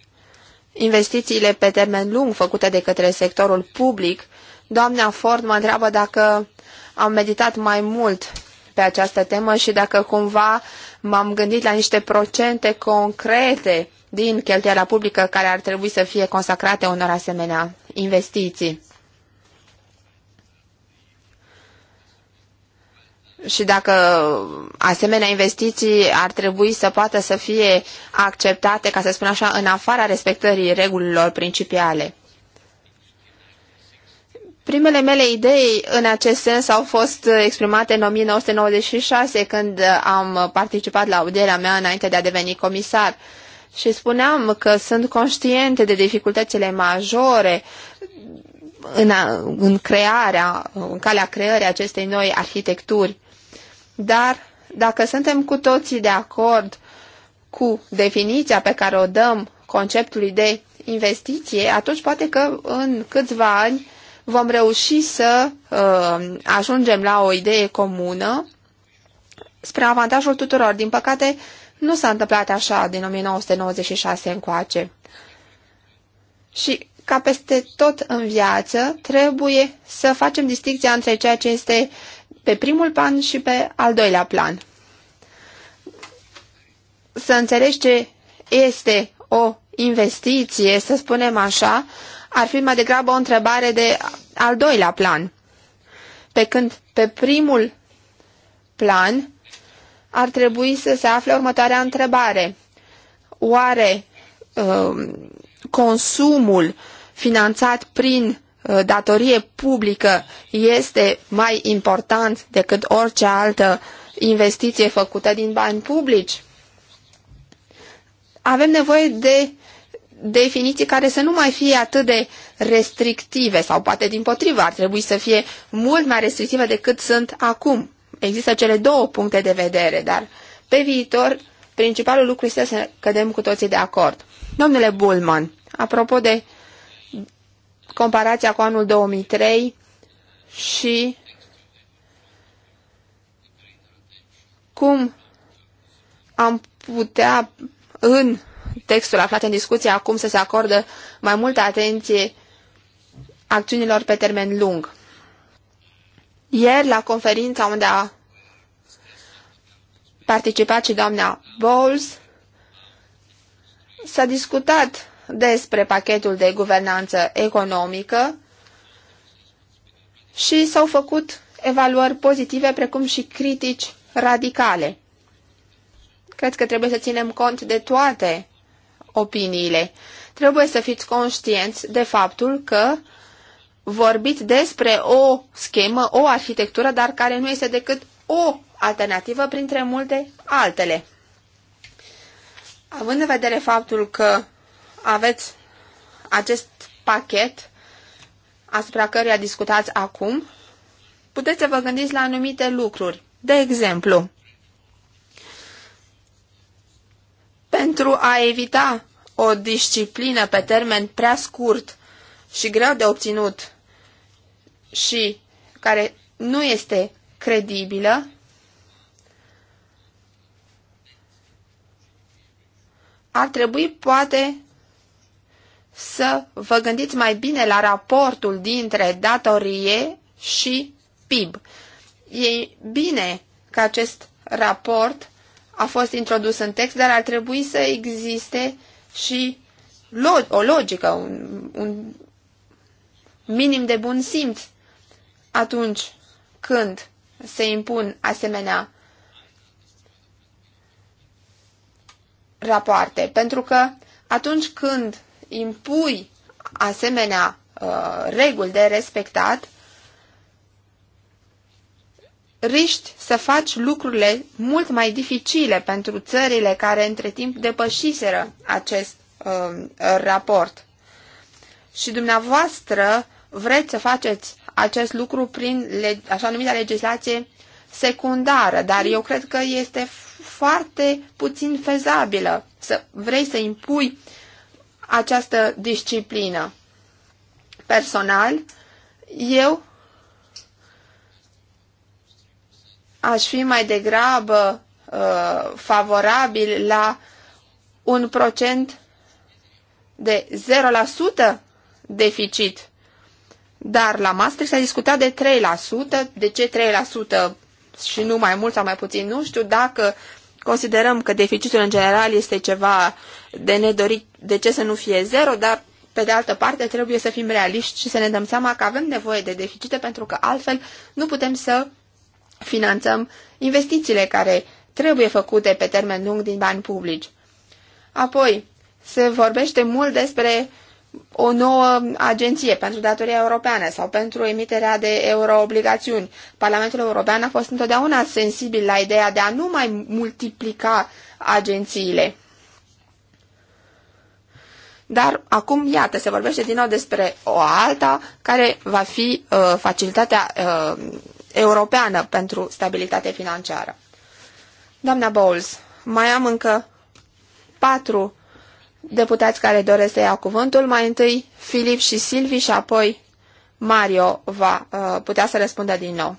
investițiile pe termen lung făcute de către sectorul public, doamna Ford mă întreabă dacă am meditat mai mult pe această temă și dacă cumva m-am gândit la niște procente concrete din cheltuiala publică care ar trebui să fie consacrate unor asemenea investiții. și dacă asemenea investiții ar trebui să poată să fie acceptate, ca să spun așa, în afara respectării regulilor principiale. Primele mele idei în acest sens au fost exprimate în 1996, când am participat la audierea mea înainte de a deveni comisar. Și spuneam că sunt conștiente de dificultățile majore în, a, în crearea, în calea creării acestei noi arhitecturi dar dacă suntem cu toții de acord cu definiția pe care o dăm conceptului de investiție, atunci poate că în câțiva ani vom reuși să uh, ajungem la o idee comună spre avantajul tuturor. Din păcate, nu s-a întâmplat așa din 1996 încoace. Și ca peste tot în viață, trebuie să facem distinția între ceea ce este pe primul plan și pe al doilea plan. Să înțelegi ce este o investiție, să spunem așa, ar fi mai degrabă o întrebare de al doilea plan. Pe când pe primul plan ar trebui să se afle următoarea întrebare. Oare uh, consumul finanțat prin Uh, datorie publică este mai important decât orice altă investiție făcută din bani publici? Avem nevoie de definiții care să nu mai fie atât de restrictive sau poate din potrivă ar trebui să fie mult mai restrictive decât sunt acum. Există cele două puncte de vedere, dar pe viitor principalul lucru este să cădem cu toții de acord. Domnule Bullman, apropo de uh, comparația cu anul 2003 și cum am putea în textul aflat în discuție acum să se acordă mai multă atenție acțiunilor pe termen lung. Ieri, la conferința unde a participat și doamna Bowles, s-a discutat despre pachetul de guvernanță economică și s-au făcut evaluări pozitive precum și critici radicale. Cred că trebuie să ținem cont de toate opiniile. Trebuie să fiți conștienți de faptul că vorbiți despre o schemă, o arhitectură, dar care nu este decât o alternativă printre multe altele. Având în vedere faptul că aveți acest pachet asupra căruia discutați acum, puteți să vă gândiți la anumite lucruri. De exemplu, pentru a evita o disciplină pe termen prea scurt și greu de obținut și care nu este credibilă, ar trebui poate să vă gândiți mai bine la raportul dintre datorie și PIB. E bine că acest raport a fost introdus în text, dar ar trebui să existe și o logică, un, un minim de bun simț atunci când se impun asemenea rapoarte. Pentru că atunci când impui asemenea uh, reguli de respectat, riști să faci lucrurile mult mai dificile pentru țările care între timp depășiseră acest uh, raport. Și dumneavoastră vreți să faceți acest lucru prin le, așa numita legislație secundară, dar eu cred că este foarte puțin fezabilă să vrei să impui această disciplină. Personal, eu aș fi mai degrabă uh, favorabil la un procent de 0% deficit. Dar la master s-a discutat de 3%. De ce 3% și nu mai mult sau mai puțin? Nu știu dacă considerăm că deficitul în general este ceva de nedorit, de ce să nu fie zero, dar pe de altă parte trebuie să fim realiști și să ne dăm seama că avem nevoie de deficite pentru că altfel nu putem să finanțăm investițiile care trebuie făcute pe termen lung din bani publici. Apoi, se vorbește mult despre o nouă agenție pentru datoria europeană sau pentru emiterea de euroobligațiuni. Parlamentul European a fost întotdeauna sensibil la ideea de a nu mai multiplica agențiile. Dar acum, iată, se vorbește din nou despre o alta care va fi uh, facilitatea uh, europeană pentru stabilitate financiară. Doamna Bowles, mai am încă patru deputați care doresc să ia cuvântul. Mai întâi Filip și Silvi și apoi Mario va uh, putea să răspundă din nou.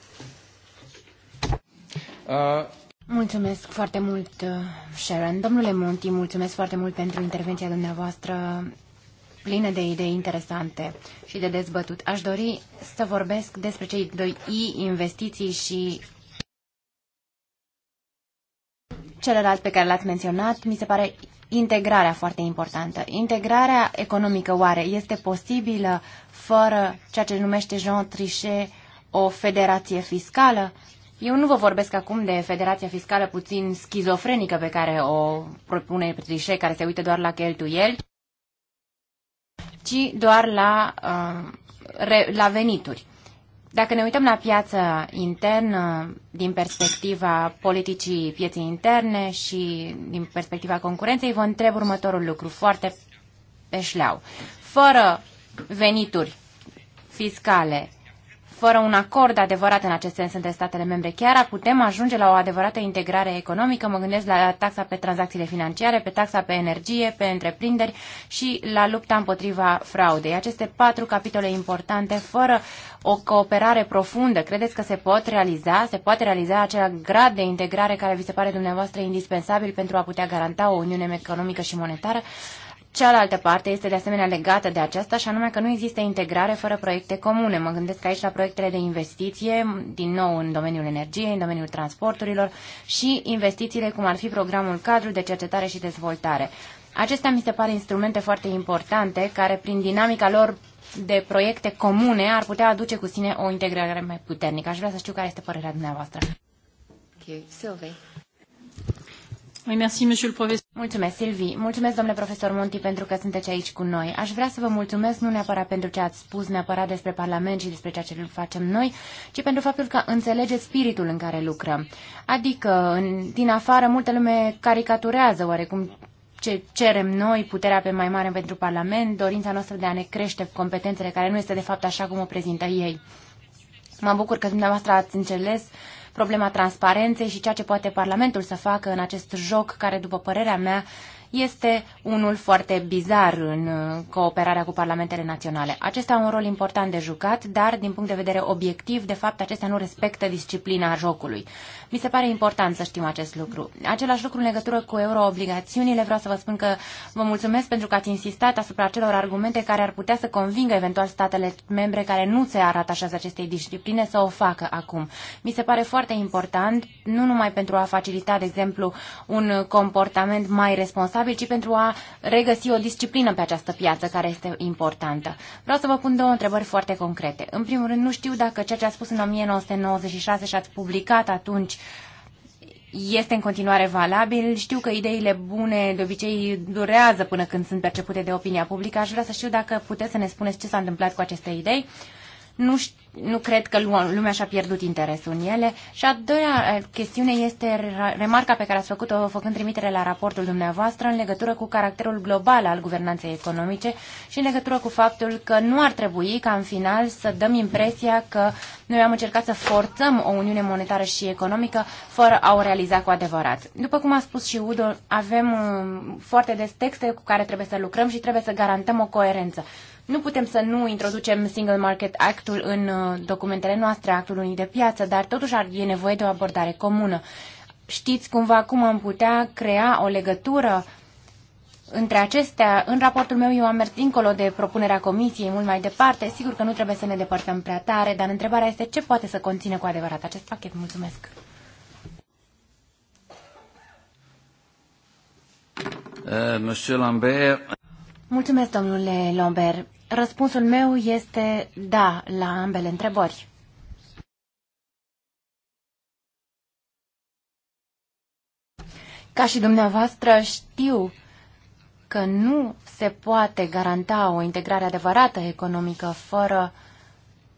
Uh. Mulțumesc foarte mult, uh, Sharon. Domnule Monti, mulțumesc foarte mult pentru intervenția dumneavoastră plină de idei interesante și de dezbătut. Aș dori să vorbesc despre cei doi I, investiții și celălalt pe care l-ați menționat. Mi se pare integrarea foarte importantă. Integrarea economică oare este posibilă fără ceea ce numește Jean Trichet o federație fiscală? Eu nu vă vorbesc acum de federația fiscală puțin schizofrenică pe care o propune Trichet, care se uită doar la cheltuieli, ci doar la, uh, la venituri. Dacă ne uităm la piața internă din perspectiva politicii pieței interne și din perspectiva concurenței, vă întreb următorul lucru foarte pe șleau. Fără venituri fiscale fără un acord adevărat în acest sens între statele membre, chiar putem ajunge la o adevărată integrare economică. Mă gândesc la taxa pe tranzacțiile financiare, pe taxa pe energie, pe întreprinderi și la lupta împotriva fraudei. Aceste patru capitole importante, fără o cooperare profundă, credeți că se pot realiza? Se poate realiza acel grad de integrare care vi se pare dumneavoastră indispensabil pentru a putea garanta o uniune economică și monetară? Cealaltă parte este de asemenea legată de aceasta și anume că nu există integrare fără proiecte comune. Mă gândesc aici la proiectele de investiție, din nou în domeniul energiei, în domeniul transporturilor și investițiile cum ar fi programul cadru de cercetare și dezvoltare. Acestea mi se pare instrumente foarte importante care prin dinamica lor de proiecte comune ar putea aduce cu sine o integrare mai puternică. Aș vrea să știu care este părerea dumneavoastră. Thank Mulțumesc, Silvi. Mulțumesc, domnule profesor Monti, pentru că sunteți aici cu noi. Aș vrea să vă mulțumesc nu neapărat pentru ce ați spus neapărat despre Parlament și despre ceea ce facem noi, ci pentru faptul că înțelegeți spiritul în care lucrăm. Adică, în, din afară, multă lume caricaturează oarecum ce cerem noi, puterea pe mai mare pentru Parlament, dorința noastră de a ne crește competențele, care nu este de fapt așa cum o prezintă ei. Mă bucur că dumneavoastră ați înțeles problema transparenței și ceea ce poate Parlamentul să facă în acest joc care, după părerea mea, este unul foarte bizar în uh, cooperarea cu parlamentele naționale. Acesta au un rol important de jucat, dar din punct de vedere obiectiv, de fapt, acestea nu respectă disciplina jocului. Mi se pare important să știm acest lucru. Același lucru în legătură cu euroobligațiunile, vreau să vă spun că vă mulțumesc pentru că ați insistat asupra acelor argumente care ar putea să convingă eventual statele membre care nu se arată așa acestei discipline să o facă acum. Mi se pare foarte important, nu numai pentru a facilita, de exemplu, un comportament mai responsabil, responsabil, ci pentru a regăsi o disciplină pe această piață care este importantă. Vreau să vă pun două întrebări foarte concrete. În primul rând, nu știu dacă ceea ce ați spus în 1996 și ați publicat atunci este în continuare valabil. Știu că ideile bune de obicei durează până când sunt percepute de opinia publică. Aș vrea să știu dacă puteți să ne spuneți ce s-a întâmplat cu aceste idei nu, nu cred că lumea și-a pierdut interesul în ele. Și a doua eh, chestiune este remarca pe care ați făcut-o făcând trimitere la raportul dumneavoastră în legătură cu caracterul global al guvernanței economice și în legătură cu faptul că nu ar trebui ca în final să dăm impresia că noi am încercat să forțăm o uniune monetară și economică fără a o realiza cu adevărat. După cum a spus și Udo, avem mm, foarte des texte cu care trebuie să lucrăm și trebuie să garantăm o coerență. Nu putem să nu introducem Single Market Act-ul în uh, documentele noastre, actul unii de piață, dar totuși ar e nevoie de o abordare comună. Știți cumva cum am putea crea o legătură între acestea, în raportul meu eu am mers dincolo de propunerea comisiei, mult mai departe. Sigur că nu trebuie să ne depărtăm prea tare, dar întrebarea este ce poate să conține cu adevărat acest pachet. Mulțumesc! Uh, Monsieur Lambert. Mulțumesc, domnule Lomber. Răspunsul meu este da la ambele întrebări. Ca și dumneavoastră știu că nu se poate garanta o integrare adevărată economică fără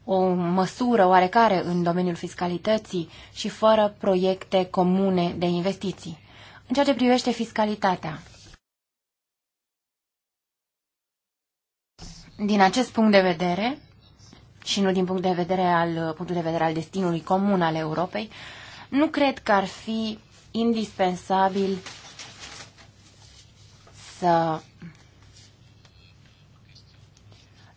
o măsură oarecare în domeniul fiscalității și fără proiecte comune de investiții. În ceea ce privește fiscalitatea, Din acest punct de vedere, și nu din punct de vedere al, punctul de vedere al destinului comun al Europei, nu cred că ar fi indispensabil să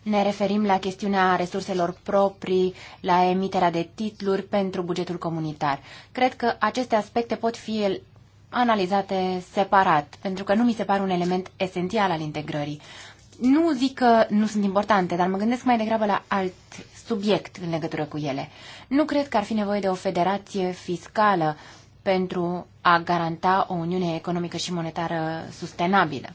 ne referim la chestiunea resurselor proprii, la emiterea de titluri pentru bugetul comunitar. Cred că aceste aspecte pot fi analizate separat, pentru că nu mi se pare un element esențial al integrării. Nu zic că nu sunt importante, dar mă gândesc mai degrabă la alt subiect în legătură cu ele. Nu cred că ar fi nevoie de o federație fiscală pentru a garanta o uniune economică și monetară sustenabilă.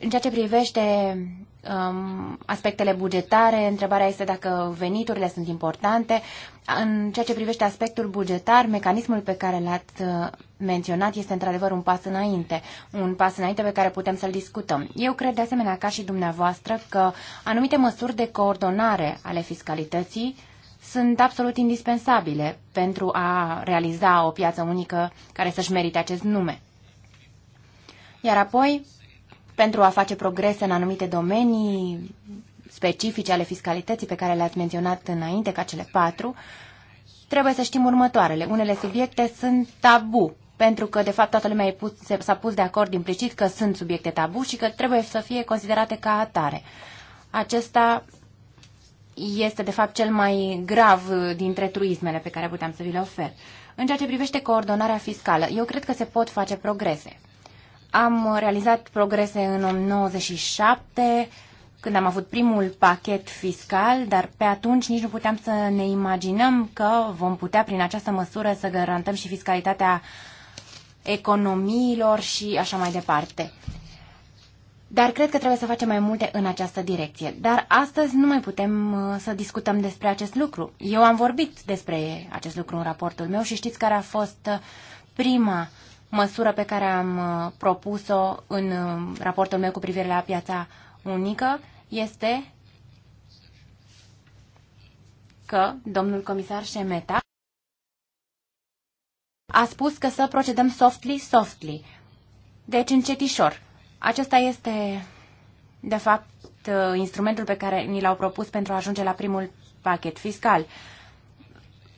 În ceea ce privește um, aspectele bugetare, întrebarea este dacă veniturile sunt importante. În ceea ce privește aspectul bugetar, mecanismul pe care l-ați uh, menționat este într-adevăr un pas înainte, un pas înainte pe care putem să-l discutăm. Eu cred de asemenea, ca și dumneavoastră, că anumite măsuri de coordonare ale fiscalității sunt absolut indispensabile pentru a realiza o piață unică care să-și merite acest nume. Iar apoi, pentru a face progrese în anumite domenii specifice ale fiscalității pe care le-ați menționat înainte, ca cele patru, trebuie să știm următoarele. Unele subiecte sunt tabu, pentru că, de fapt, toată lumea s-a pus de acord implicit că sunt subiecte tabu și că trebuie să fie considerate ca atare. Acesta este, de fapt, cel mai grav dintre truismele pe care puteam să vi le ofer. În ceea ce privește coordonarea fiscală, eu cred că se pot face progrese. Am realizat progrese în 1997, când am avut primul pachet fiscal, dar pe atunci nici nu puteam să ne imaginăm că vom putea prin această măsură să garantăm și fiscalitatea economiilor și așa mai departe. Dar cred că trebuie să facem mai multe în această direcție. Dar astăzi nu mai putem uh, să discutăm despre acest lucru. Eu am vorbit despre acest lucru în raportul meu și știți care a fost uh, prima uh, măsură pe care am uh, propus-o în uh, raportul meu cu privire la piața unică este că domnul comisar Șemeta a spus că să procedăm softly, softly. Deci încetișor. Acesta este, de fapt, uh, instrumentul pe care ni l-au propus pentru a ajunge la primul pachet fiscal.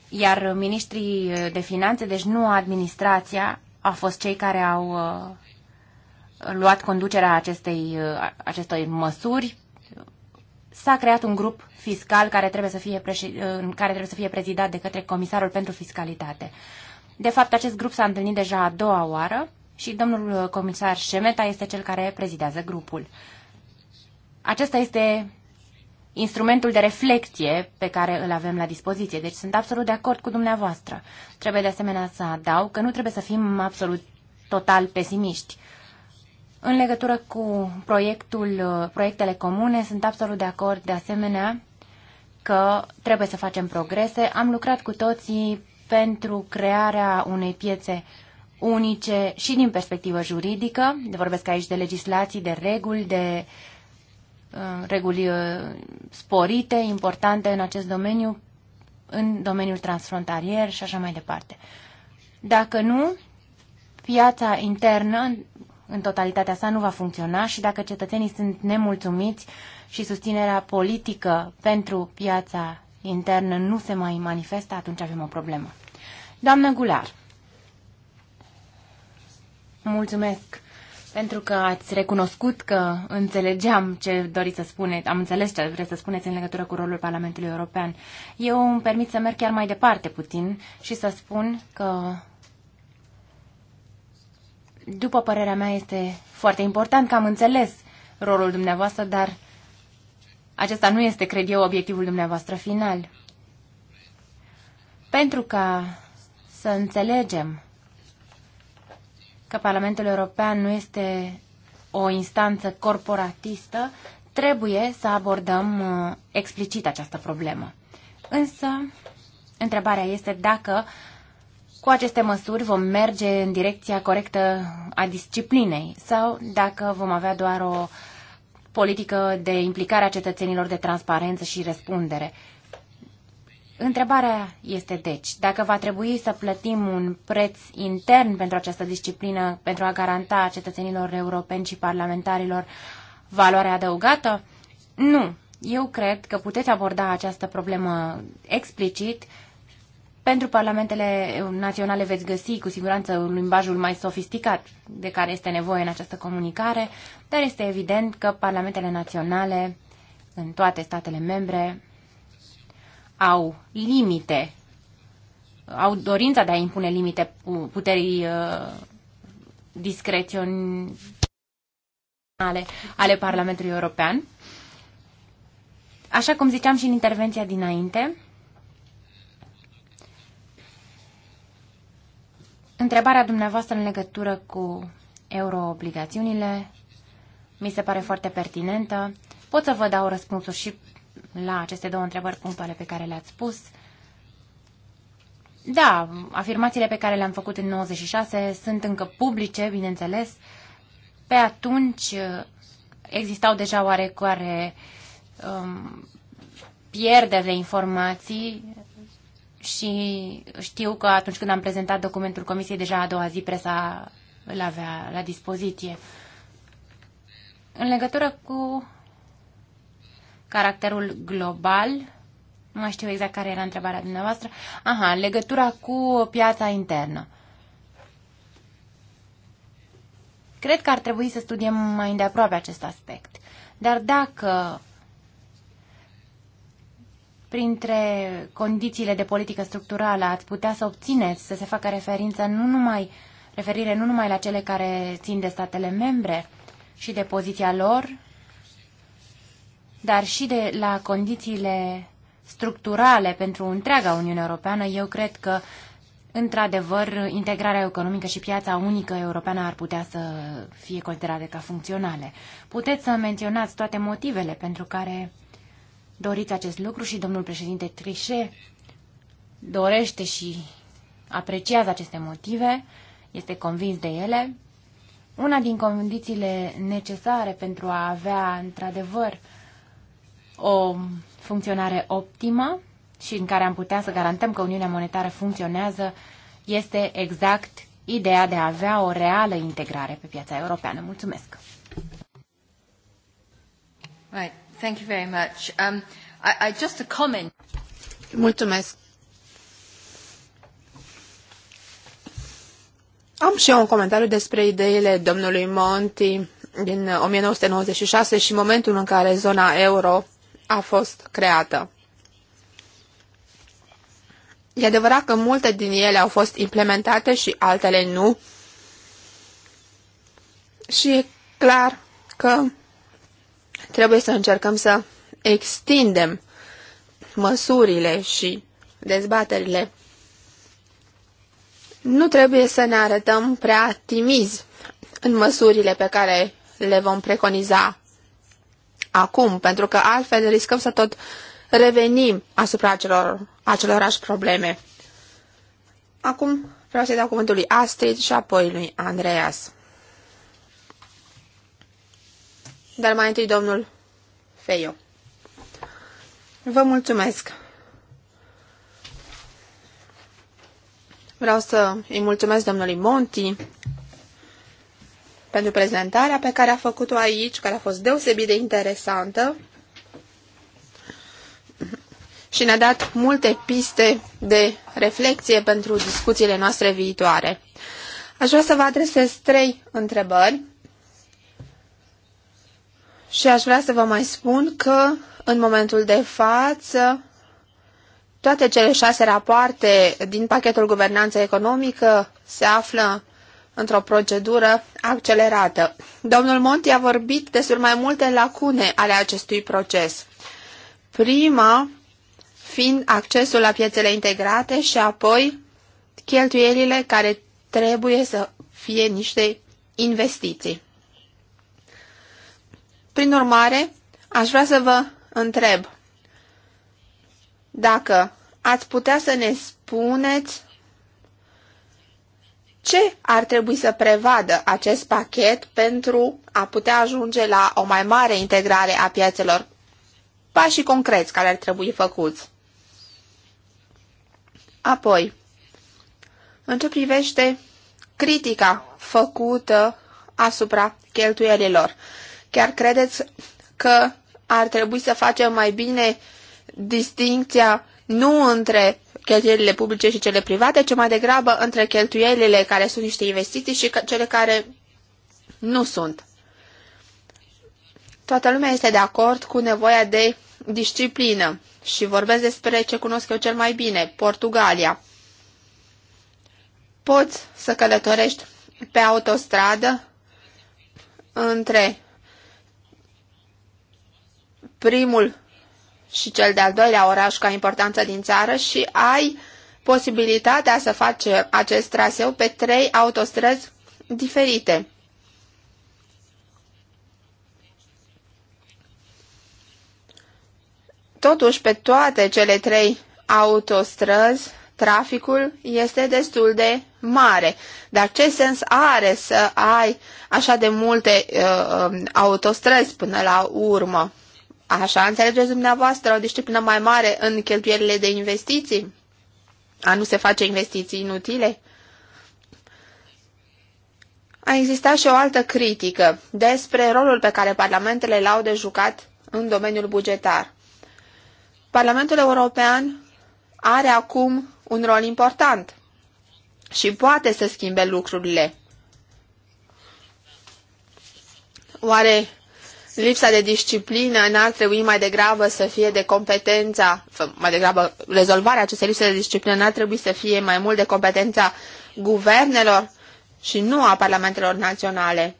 Iar ministrii de finanțe, deci nu administrația, au fost cei care au uh, luat conducerea acestei, uh, acestei măsuri. S-a creat un grup fiscal care trebuie, să fie uh, care trebuie să fie prezidat de către Comisarul pentru Fiscalitate. De fapt, acest grup s-a întâlnit deja a doua oară și domnul comisar Șemeta este cel care prezidează grupul. Acesta este instrumentul de reflecție pe care îl avem la dispoziție. Deci sunt absolut de acord cu dumneavoastră. Trebuie de asemenea să adaug că nu trebuie să fim absolut total pesimiști. În legătură cu proiectul, proiectele comune, sunt absolut de acord de asemenea că trebuie să facem progrese. Am lucrat cu toții pentru crearea unei piețe unice și din perspectivă juridică. Vorbesc aici de legislații, de reguli, de uh, Uh, reguli uh, sporite, importante în acest domeniu, în domeniul transfrontalier și așa mai departe. Dacă nu, piața internă în totalitatea sa nu va funcționa și dacă cetățenii sunt nemulțumiți și susținerea politică pentru piața internă nu se mai manifestă, atunci avem o problemă. Doamnă Gular, mulțumesc pentru că ați recunoscut că înțelegeam ce doriți să spuneți, am înțeles ce vreți să spuneți în legătură cu rolul Parlamentului European. Eu îmi permit să merg chiar mai departe puțin și să spun că, după părerea mea, este foarte important că am înțeles rolul dumneavoastră, dar acesta nu este, cred eu, obiectivul dumneavoastră final. Pentru ca să înțelegem că Parlamentul European nu este o instanță corporatistă, trebuie să abordăm uh, explicit această problemă. Însă, întrebarea este dacă cu aceste măsuri vom merge în direcția corectă a disciplinei sau dacă vom avea doar o politică de implicare a cetățenilor de transparență și răspundere. Întrebarea este deci, dacă va trebui să plătim un preț intern pentru această disciplină, pentru a garanta cetățenilor europeni și parlamentarilor valoarea adăugată? Nu. Eu cred că puteți aborda această problemă explicit. Pentru parlamentele naționale veți găsi cu siguranță un limbajul mai sofisticat de care este nevoie în această comunicare, dar este evident că parlamentele naționale în toate statele membre au limite, au dorința de a impune limite puterii uh, discreționale ale Parlamentului European. Așa cum ziceam și în intervenția dinainte, întrebarea dumneavoastră în legătură cu euroobligațiunile mi se pare foarte pertinentă. Pot să vă dau răspunsuri și la aceste două întrebări punctuale pe care le-ați spus. Da, afirmațiile pe care le-am făcut în 96 sunt încă publice, bineînțeles. Pe atunci uh, existau deja oarecare um, pierderi de informații și știu că atunci când am prezentat documentul comisiei, deja a doua zi presa îl avea la dispoziție. În legătură cu caracterul global, nu mai știu exact care era întrebarea dumneavoastră, aha, legătura cu piața internă. Cred că ar trebui să studiem mai îndeaproape acest aspect. Dar dacă printre condițiile de politică structurală ați putea să obțineți să se facă referință nu numai, referire nu numai la cele care țin de statele membre și de poziția lor dar și de la condițiile structurale pentru întreaga Uniune Europeană, eu cred că, într-adevăr, integrarea economică și piața unică europeană ar putea să fie considerate ca funcționale. Puteți să menționați toate motivele pentru care doriți acest lucru și domnul președinte Trichet dorește și apreciază aceste motive, este convins de ele. Una din condițiile necesare pentru a avea, într-adevăr, o funcționare optimă și în care am putea să garantăm că Uniunea Monetară funcționează este exact ideea de a avea o reală integrare pe piața europeană. Mulțumesc! Right. Thank you very much. Um, I, I just a comment. Mulțumesc. Am și eu un comentariu despre ideile domnului Monti din 1996 și momentul în care zona euro a fost creată. E adevărat că multe din ele au fost implementate și altele nu. Și e clar că trebuie să încercăm să extindem măsurile și dezbaterile. Nu trebuie să ne arătăm prea timizi în măsurile pe care le vom preconiza acum, pentru că altfel riscăm să tot revenim asupra acelor, acelorași probleme. Acum vreau să-i dau cuvântul lui Astrid și apoi lui Andreas. Dar mai întâi domnul Feio. Vă mulțumesc! Vreau să îi mulțumesc domnului Monti pentru prezentarea pe care a făcut-o aici, care a fost deosebit de interesantă și ne-a dat multe piste de reflexie pentru discuțiile noastre viitoare. Aș vrea să vă adresez trei întrebări și aș vrea să vă mai spun că în momentul de față toate cele șase rapoarte din pachetul guvernanță economică se află într-o procedură accelerată. Domnul Monti a vorbit despre mai multe lacune ale acestui proces. Prima fiind accesul la piețele integrate și apoi cheltuielile care trebuie să fie niște investiții. Prin urmare, aș vrea să vă întreb dacă ați putea să ne spuneți ce ar trebui să prevadă acest pachet pentru a putea ajunge la o mai mare integrare a piațelor? Pașii concreți care ar trebui făcuți. Apoi, în ce privește critica făcută asupra cheltuielilor, chiar credeți că ar trebui să facem mai bine distincția nu între cheltuielile publice și cele private, ci mai degrabă între cheltuielile care sunt niște investiții și cele care nu sunt. Toată lumea este de acord cu nevoia de disciplină și vorbesc despre ce cunosc eu cel mai bine, Portugalia. Poți să călătorești pe autostradă între primul și cel de-al doilea oraș ca importanță din țară și ai posibilitatea să faci acest traseu pe trei autostrăzi diferite. Totuși, pe toate cele trei autostrăzi, traficul este destul de mare. Dar ce sens are să ai așa de multe uh, um, autostrăzi până la urmă? Așa înțelegeți dumneavoastră o disciplină mai mare în cheltuielile de investiții? A nu se face investiții inutile? A existat și o altă critică despre rolul pe care parlamentele l-au de jucat în domeniul bugetar. Parlamentul European are acum un rol important și poate să schimbe lucrurile. Oare lipsa de disciplină n-ar trebui mai degrabă să fie de competența, mai degrabă rezolvarea acestei lipse de disciplină n-ar trebui să fie mai mult de competența guvernelor și nu a parlamentelor naționale.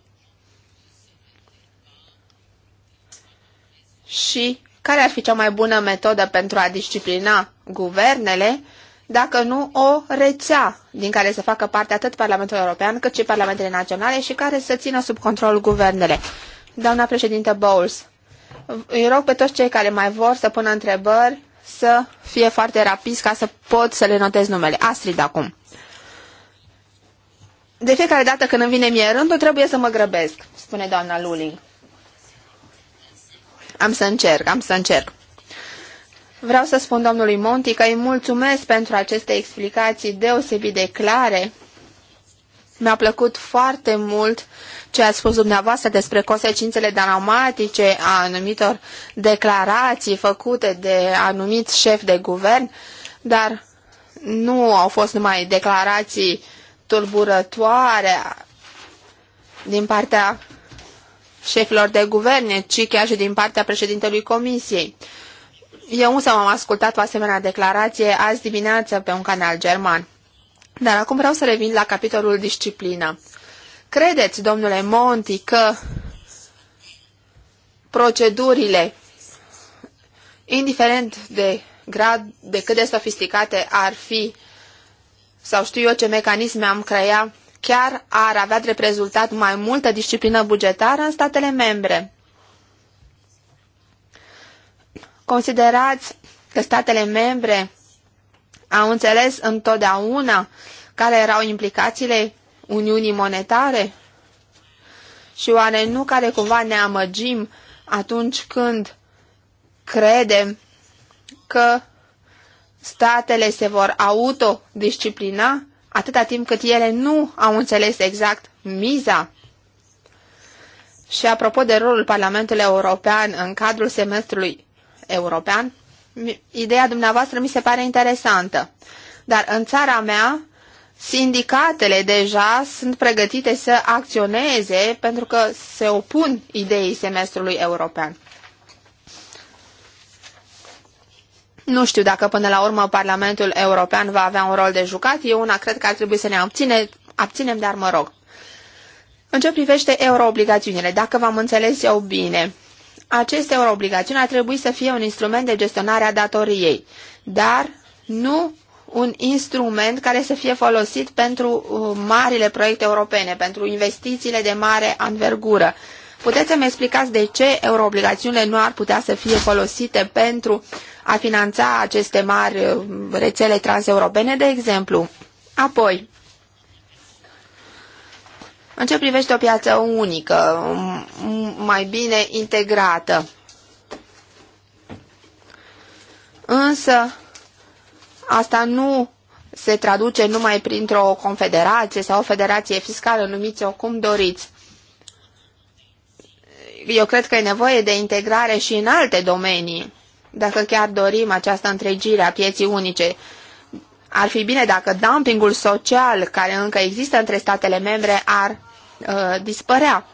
Și care ar fi cea mai bună metodă pentru a disciplina guvernele dacă nu o rețea din care să facă parte atât Parlamentul European cât și Parlamentele Naționale și care să țină sub control guvernele. Doamna președinte Bowles, îi rog pe toți cei care mai vor să pună întrebări să fie foarte rapizi ca să pot să le notez numele. Astrid acum. De fiecare dată când îmi vine mie rândul, trebuie să mă grăbesc, spune doamna Luling. Am să încerc, am să încerc. Vreau să spun domnului Monti că îi mulțumesc pentru aceste explicații deosebit de clare. Mi-a plăcut foarte mult ce ați spus dumneavoastră despre consecințele dramatice a anumitor declarații făcute de anumiți șefi de guvern, dar nu au fost numai declarații tulburătoare din partea șefilor de guverne, ci chiar și din partea președintelui Comisiei. Eu însă am ascultat o asemenea declarație azi dimineață pe un canal german. Dar acum vreau să revin la capitolul disciplină. Credeți, domnule Monti, că procedurile, indiferent de grad, de cât de sofisticate ar fi, sau știu eu ce mecanisme am crea, chiar ar avea drept rezultat mai multă disciplină bugetară în statele membre. Considerați că statele membre au înțeles întotdeauna care erau implicațiile Uniunii Monetare? Și oare nu care cumva ne amăgim atunci când credem că statele se vor autodisciplina atâta timp cât ele nu au înțeles exact miza? Și apropo de rolul Parlamentului European în cadrul semestrului european, ideea dumneavoastră mi se pare interesantă. Dar în țara mea, Sindicatele deja sunt pregătite să acționeze pentru că se opun ideii semestrului european. Nu știu dacă până la urmă Parlamentul European va avea un rol de jucat. Eu una cred că ar trebui să ne abține, abținem, dar mă rog. În ce privește euroobligațiunile, dacă v-am înțeles eu bine, aceste euroobligațiuni ar trebui să fie un instrument de gestionare a datoriei, dar nu un instrument care să fie folosit pentru uh, marile proiecte europene, pentru investițiile de mare anvergură. Puteți să-mi explicați de ce euroobligațiunile nu ar putea să fie folosite pentru a finanța aceste mari uh, rețele transeuropene, de exemplu? Apoi, în ce privește o piață unică, um, mai bine integrată, însă Asta nu se traduce numai printr-o confederație sau o federație fiscală, numiți-o cum doriți. Eu cred că e nevoie de integrare și în alte domenii, dacă chiar dorim această întregire a pieții unice. Ar fi bine dacă dumpingul social care încă există între statele membre ar uh, dispărea.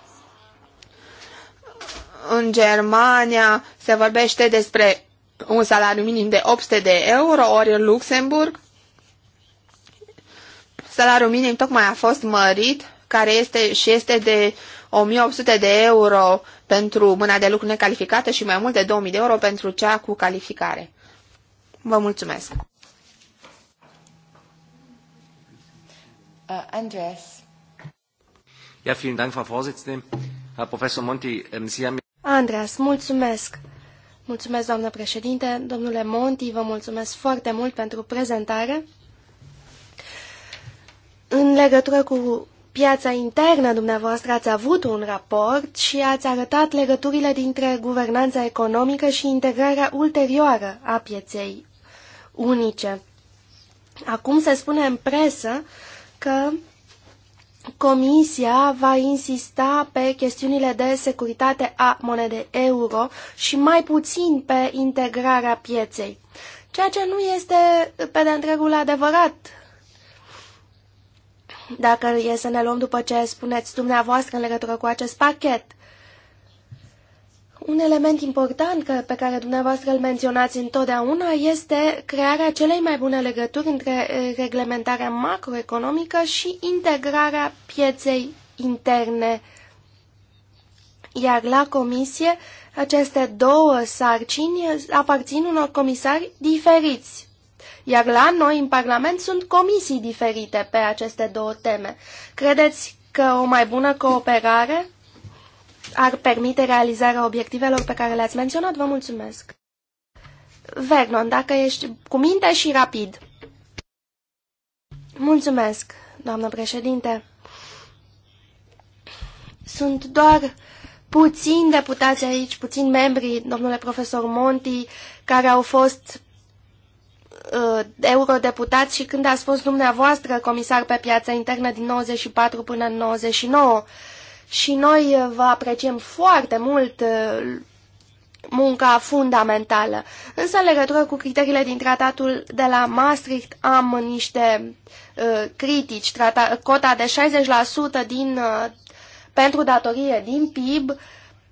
În Germania se vorbește despre un salariu minim de 800 de euro, ori în Luxemburg. Salariul minim tocmai a fost mărit, care este și este de 1800 de euro pentru mâna de lucru necalificată și mai mult de 2000 de euro pentru cea cu calificare. Vă mulțumesc! Uh, Andreas. Ja, vielen Dank, Frau Vorsitzende. Herr Professor Monti, ähm, Sie haben... Andreas, mulțumesc! Mulțumesc, doamnă președinte. Domnule Monti, vă mulțumesc foarte mult pentru prezentare. În legătură cu piața internă, dumneavoastră ați avut un raport și ați arătat legăturile dintre guvernanța economică și integrarea ulterioară a pieței unice. Acum se spune în presă că Comisia va insista pe chestiunile de securitate a monedei euro și mai puțin pe integrarea pieței, ceea ce nu este pe de întregul adevărat. Dacă e să ne luăm după ce spuneți dumneavoastră în legătură cu acest pachet, un element important pe care dumneavoastră îl menționați întotdeauna este crearea celei mai bune legături între reglementarea macroeconomică și integrarea pieței interne. Iar la comisie, aceste două sarcini aparțin unor comisari diferiți. Iar la noi, în Parlament, sunt comisii diferite pe aceste două teme. Credeți că o mai bună cooperare ar permite realizarea obiectivelor pe care le-ați menționat? Vă mulțumesc. Vernon, dacă ești cu minte și rapid. Mulțumesc, doamnă președinte. Sunt doar puțini deputați aici, puțini membri, domnule profesor Monti, care au fost uh, eurodeputați și când ați fost dumneavoastră comisar pe piața internă din 94 până în 99 și noi uh, vă apreciem foarte mult uh, munca fundamentală. Însă, în legătură cu criteriile din tratatul de la Maastricht, am niște uh, critici. Trata, cota de 60% din, uh, pentru datorie din PIB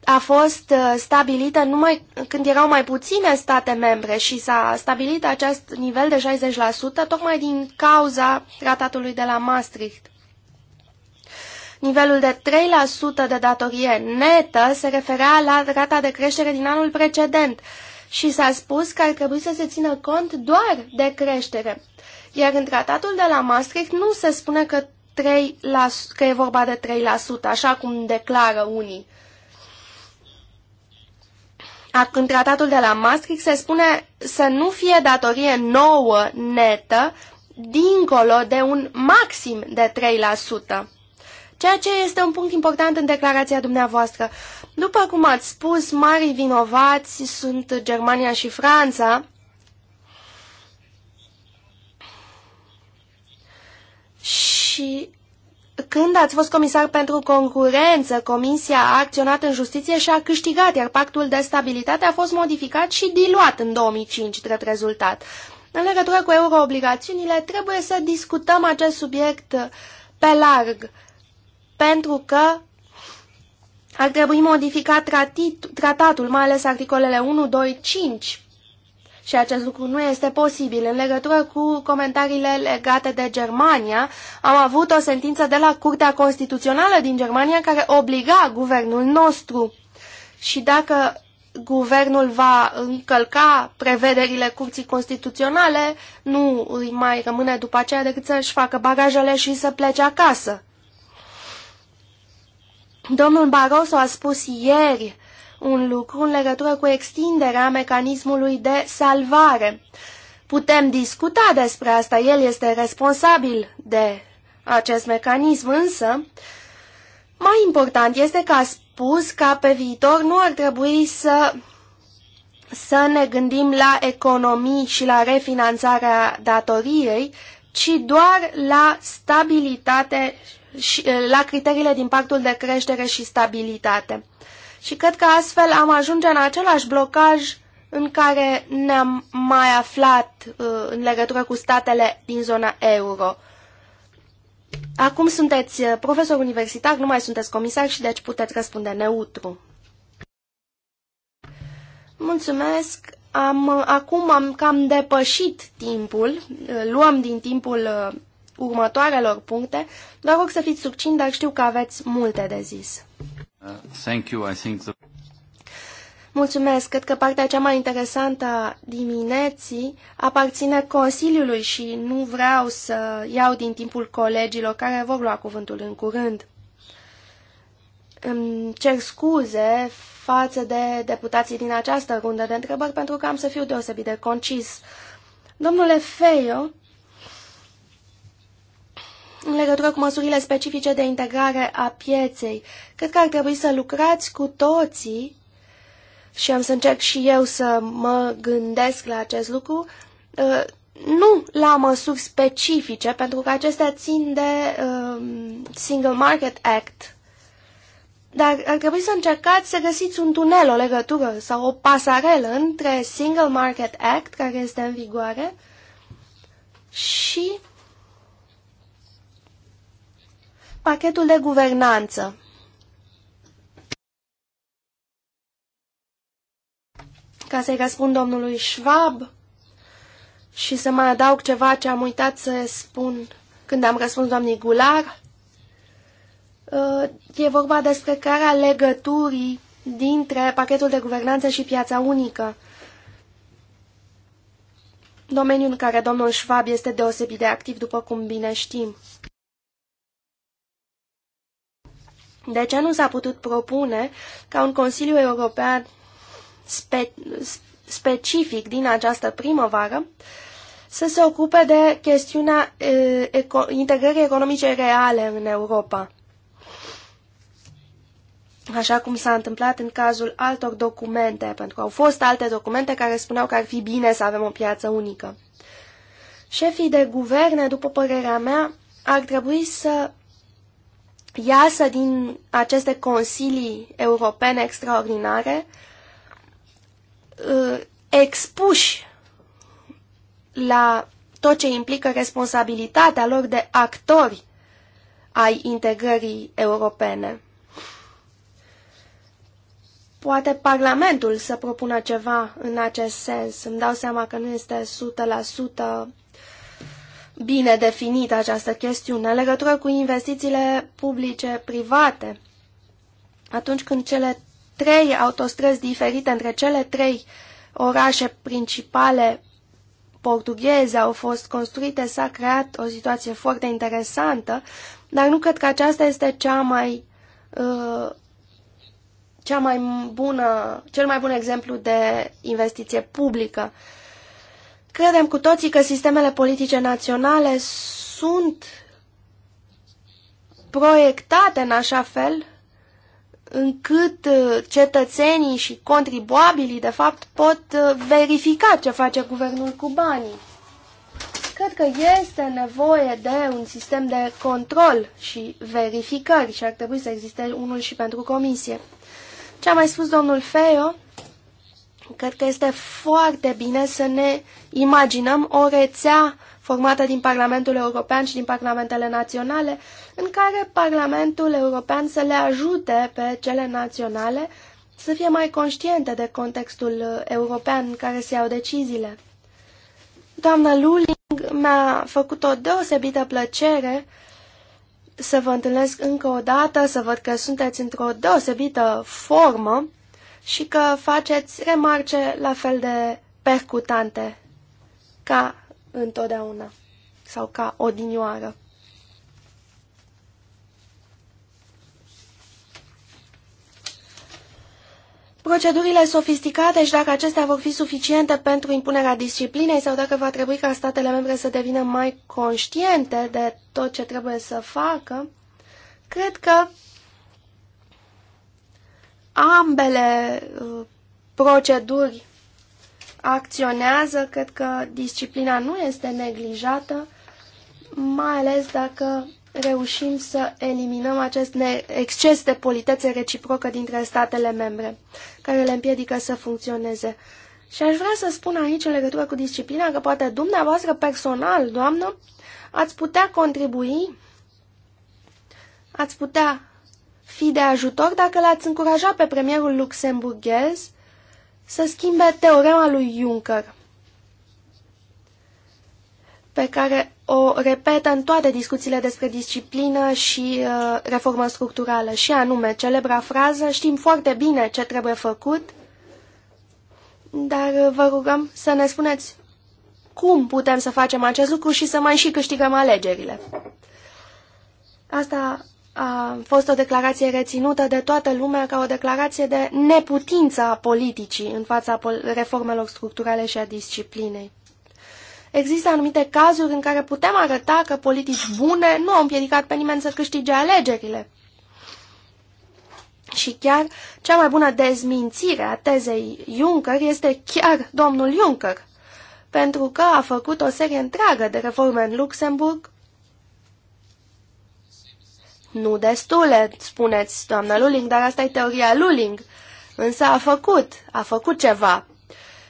a fost uh, stabilită numai când erau mai puține state membre și s-a stabilit acest nivel de 60% tocmai din cauza tratatului de la Maastricht. Nivelul de 3% de datorie netă se referea la rata de creștere din anul precedent și s-a spus că ar trebui să se țină cont doar de creștere. Iar în tratatul de la Maastricht nu se spune că, 3 la, că e vorba de 3%, așa cum declară unii. În tratatul de la Maastricht se spune să nu fie datorie nouă netă, dincolo de un maxim de 3% ceea ce este un punct important în declarația dumneavoastră. După cum ați spus, mari vinovați sunt Germania și Franța. Și când ați fost comisar pentru concurență, Comisia a acționat în justiție și a câștigat, iar pactul de stabilitate a fost modificat și diluat în 2005 drept rezultat. În legătură cu euroobligațiunile, trebuie să discutăm acest subiect pe larg pentru că ar trebui modificat tratit, tratatul, mai ales articolele 1, 2, 5. Și acest lucru nu este posibil. În legătură cu comentariile legate de Germania, am avut o sentință de la Curtea Constituțională din Germania care obliga guvernul nostru. Și dacă guvernul va încălca prevederile curții constituționale, nu îi mai rămâne după aceea decât să-și facă bagajele și să plece acasă. Domnul Barroso a spus ieri un lucru în legătură cu extinderea mecanismului de salvare. Putem discuta despre asta, el este responsabil de acest mecanism, însă mai important este că a spus că pe viitor nu ar trebui să, să ne gândim la economii și la refinanțarea datoriei, ci doar la stabilitate și, eh, la criteriile din pactul de creștere și stabilitate. Și cred că astfel am ajunge în același blocaj în care ne-am mai aflat uh, în legătură cu statele din zona euro. Acum sunteți eh, profesor universitar, nu mai sunteți comisar și deci puteți răspunde neutru. Mulțumesc. Am, acum am cam depășit timpul, luăm din timpul următoarelor puncte. Vă rog să fiți succint, dar știu că aveți multe de zis. thank you. I think the... Mulțumesc. Cred că partea cea mai interesantă a dimineții aparține Consiliului și nu vreau să iau din timpul colegilor care vor lua cuvântul în curând. Îmi cer scuze față de deputații din această rundă de întrebări pentru că am să fiu deosebit de concis. Domnule Feio, în legătură cu măsurile specifice de integrare a pieței. Cred că ar trebui să lucrați cu toții și am să încerc și eu să mă gândesc la acest lucru, uh, nu la măsuri specifice, pentru că acestea țin de um, Single Market Act, dar ar trebui să încercați să găsiți un tunel, o legătură sau o pasarelă între Single Market Act, care este în vigoare, și Pachetul de guvernanță. Ca să-i răspund domnului Schwab și să mai adaug ceva ce am uitat să spun când am răspuns doamnei Gular, uh, e vorba despre crearea legăturii dintre pachetul de guvernanță și piața unică. Domeniul în care domnul Schwab este deosebit de activ, după cum bine știm. De ce nu s-a putut propune ca un Consiliu European spe specific din această primăvară să se ocupe de chestiunea eco integrării economice reale în Europa? așa cum s-a întâmplat în cazul altor documente, pentru că au fost alte documente care spuneau că ar fi bine să avem o piață unică. Șefii de guverne, după părerea mea, ar trebui să iasă din aceste consilii europene extraordinare uh, expuși la tot ce implică responsabilitatea lor de actori ai integrării europene. Poate Parlamentul să propună ceva în acest sens. Îmi dau seama că nu este bine definită această chestiune în legătură cu investițiile publice-private. Atunci când cele trei autostrăzi diferite între cele trei orașe principale portugheze au fost construite, s-a creat o situație foarte interesantă, dar nu cred că aceasta este cea mai, uh, cea mai bună, cel mai bun exemplu de investiție publică. Credem cu toții că sistemele politice naționale sunt proiectate în așa fel încât uh, cetățenii și contribuabilii, de fapt, pot uh, verifica ce face guvernul cu banii. Cred că este nevoie de un sistem de control și verificări și ar trebui să existe unul și pentru comisie. Ce a mai spus domnul Feo Cred că este foarte bine să ne imaginăm o rețea formată din Parlamentul European și din Parlamentele Naționale, în care Parlamentul European să le ajute pe cele naționale să fie mai conștiente de contextul european în care se iau deciziile. Doamna Luling mi-a făcut o deosebită plăcere să vă întâlnesc încă o dată, să văd că sunteți într-o deosebită formă și că faceți remarce la fel de percutante ca întotdeauna sau ca odinioară. Procedurile sofisticate și dacă acestea vor fi suficiente pentru impunerea disciplinei sau dacă va trebui ca statele membre să devină mai conștiente de tot ce trebuie să facă, cred că ambele uh, proceduri acționează, cred că disciplina nu este neglijată, mai ales dacă reușim să eliminăm acest exces de politețe reciprocă dintre statele membre, care le împiedică să funcționeze. Și aș vrea să spun aici, în legătură cu disciplina, că poate dumneavoastră personal, doamnă, ați putea contribui, ați putea fi de ajutor dacă l-ați încuraja pe premierul luxemburghez să schimbe teorema lui Juncker, pe care o repetă în toate discuțiile despre disciplină și uh, reformă structurală, și anume, celebra frază, știm foarte bine ce trebuie făcut, dar uh, vă rugăm să ne spuneți cum putem să facem acest lucru și să mai și câștigăm alegerile. Asta a fost o declarație reținută de toată lumea ca o declarație de neputință a politicii în fața reformelor structurale și a disciplinei. Există anumite cazuri în care putem arăta că politici bune nu au împiedicat pe nimeni să câștige alegerile. Și chiar cea mai bună dezmințire a tezei Juncker este chiar domnul Juncker, pentru că a făcut o serie întreagă de reforme în Luxemburg, nu destule, spuneți, doamna Luling, dar asta e teoria Luling. Însă a făcut, a făcut ceva.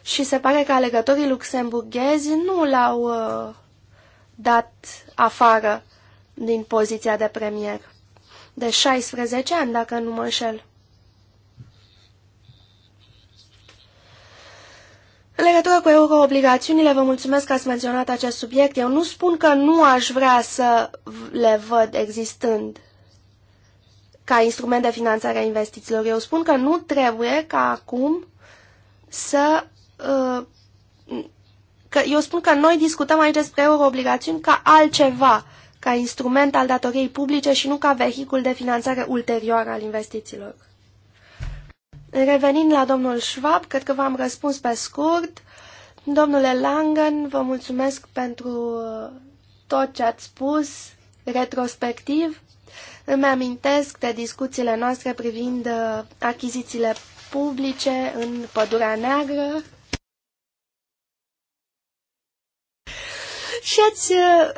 Și se pare că alegătorii luxemburghezi nu l-au uh, dat afară din poziția de premier. De 16 ani, dacă nu mă înșel. În legătură cu euroobligațiunile, vă mulțumesc că ați menționat acest subiect. Eu nu spun că nu aș vrea să le văd existând ca instrument de finanțare a investițiilor. Eu spun că nu trebuie ca acum să... Uh, că eu spun că noi discutăm aici despre euroobligațiuni ca altceva, ca instrument al datoriei publice și nu ca vehicul de finanțare ulterior al investițiilor. Revenind la domnul Schwab, cred că v-am răspuns pe scurt. Domnule Langen, vă mulțumesc pentru tot ce ați spus retrospectiv. Îmi amintesc de discuțiile noastre privind uh, achizițiile publice în Pădurea Neagră și ați uh,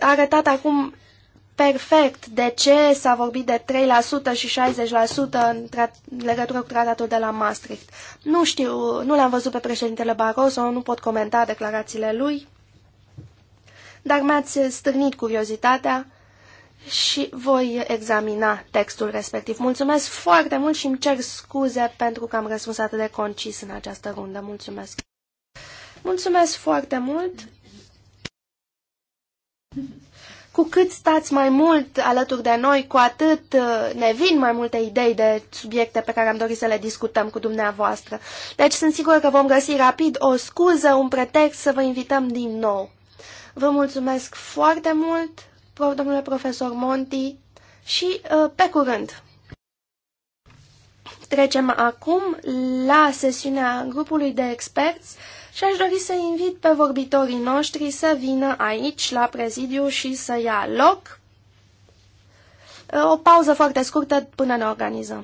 arătat acum perfect de ce s-a vorbit de 3% și 60% în legătură cu tratatul de la Maastricht. Nu știu, nu l-am văzut pe președintele Barroso, nu pot comenta declarațiile lui, dar mi-ați stârnit curiozitatea și voi examina textul respectiv. Mulțumesc foarte mult și îmi cer scuze pentru că am răspuns atât de concis în această rundă. Mulțumesc! Mulțumesc foarte mult! Cu cât stați mai mult alături de noi, cu atât uh, ne vin mai multe idei de subiecte pe care am dorit să le discutăm cu dumneavoastră. Deci sunt sigură că vom găsi rapid o scuză, un pretext să vă invităm din nou. Vă mulțumesc foarte mult! domnule profesor Monti, și uh, pe curând. Trecem acum la sesiunea grupului de experți și aș dori să invit pe vorbitorii noștri să vină aici la prezidiu și să ia loc. Uh, o pauză foarte scurtă până ne organizăm.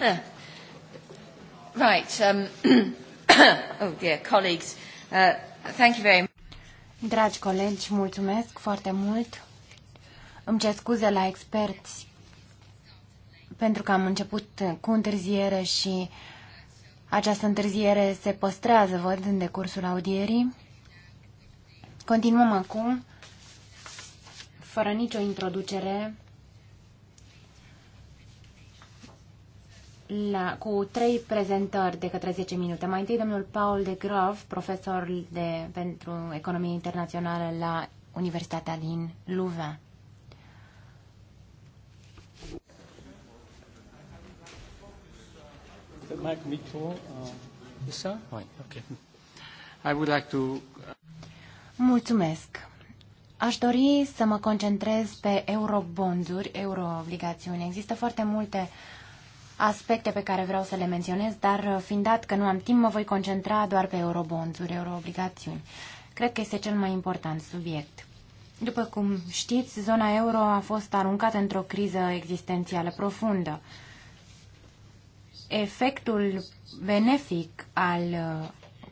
Uh, right. Um, <coughs> oh dear, colleagues. Uh, thank you very much. Dragi colegi, mulțumesc foarte mult. Îmi cer scuze la experți pentru că am început cu întârziere și această întârziere se păstrează, văd, în decursul audierii. Continuăm acum, fără nicio introducere, la, cu trei prezentări de către 10 minute. Mai întâi domnul Paul de Grav, profesor de, pentru economie internațională la Universitatea din Louvain. Uh, Mulțumesc. Aș dori să mă concentrez pe eurobonduri, euroobligațiuni. Există foarte multe uh, aspecte pe care vreau să le menționez, dar uh, fiind dat că nu am timp, mă voi concentra doar pe eurobonzuri, euroobligațiuni. Cred că este cel mai important subiect. După cum știți, zona euro a fost aruncată într-o criză existențială profundă. Efectul benefic al uh,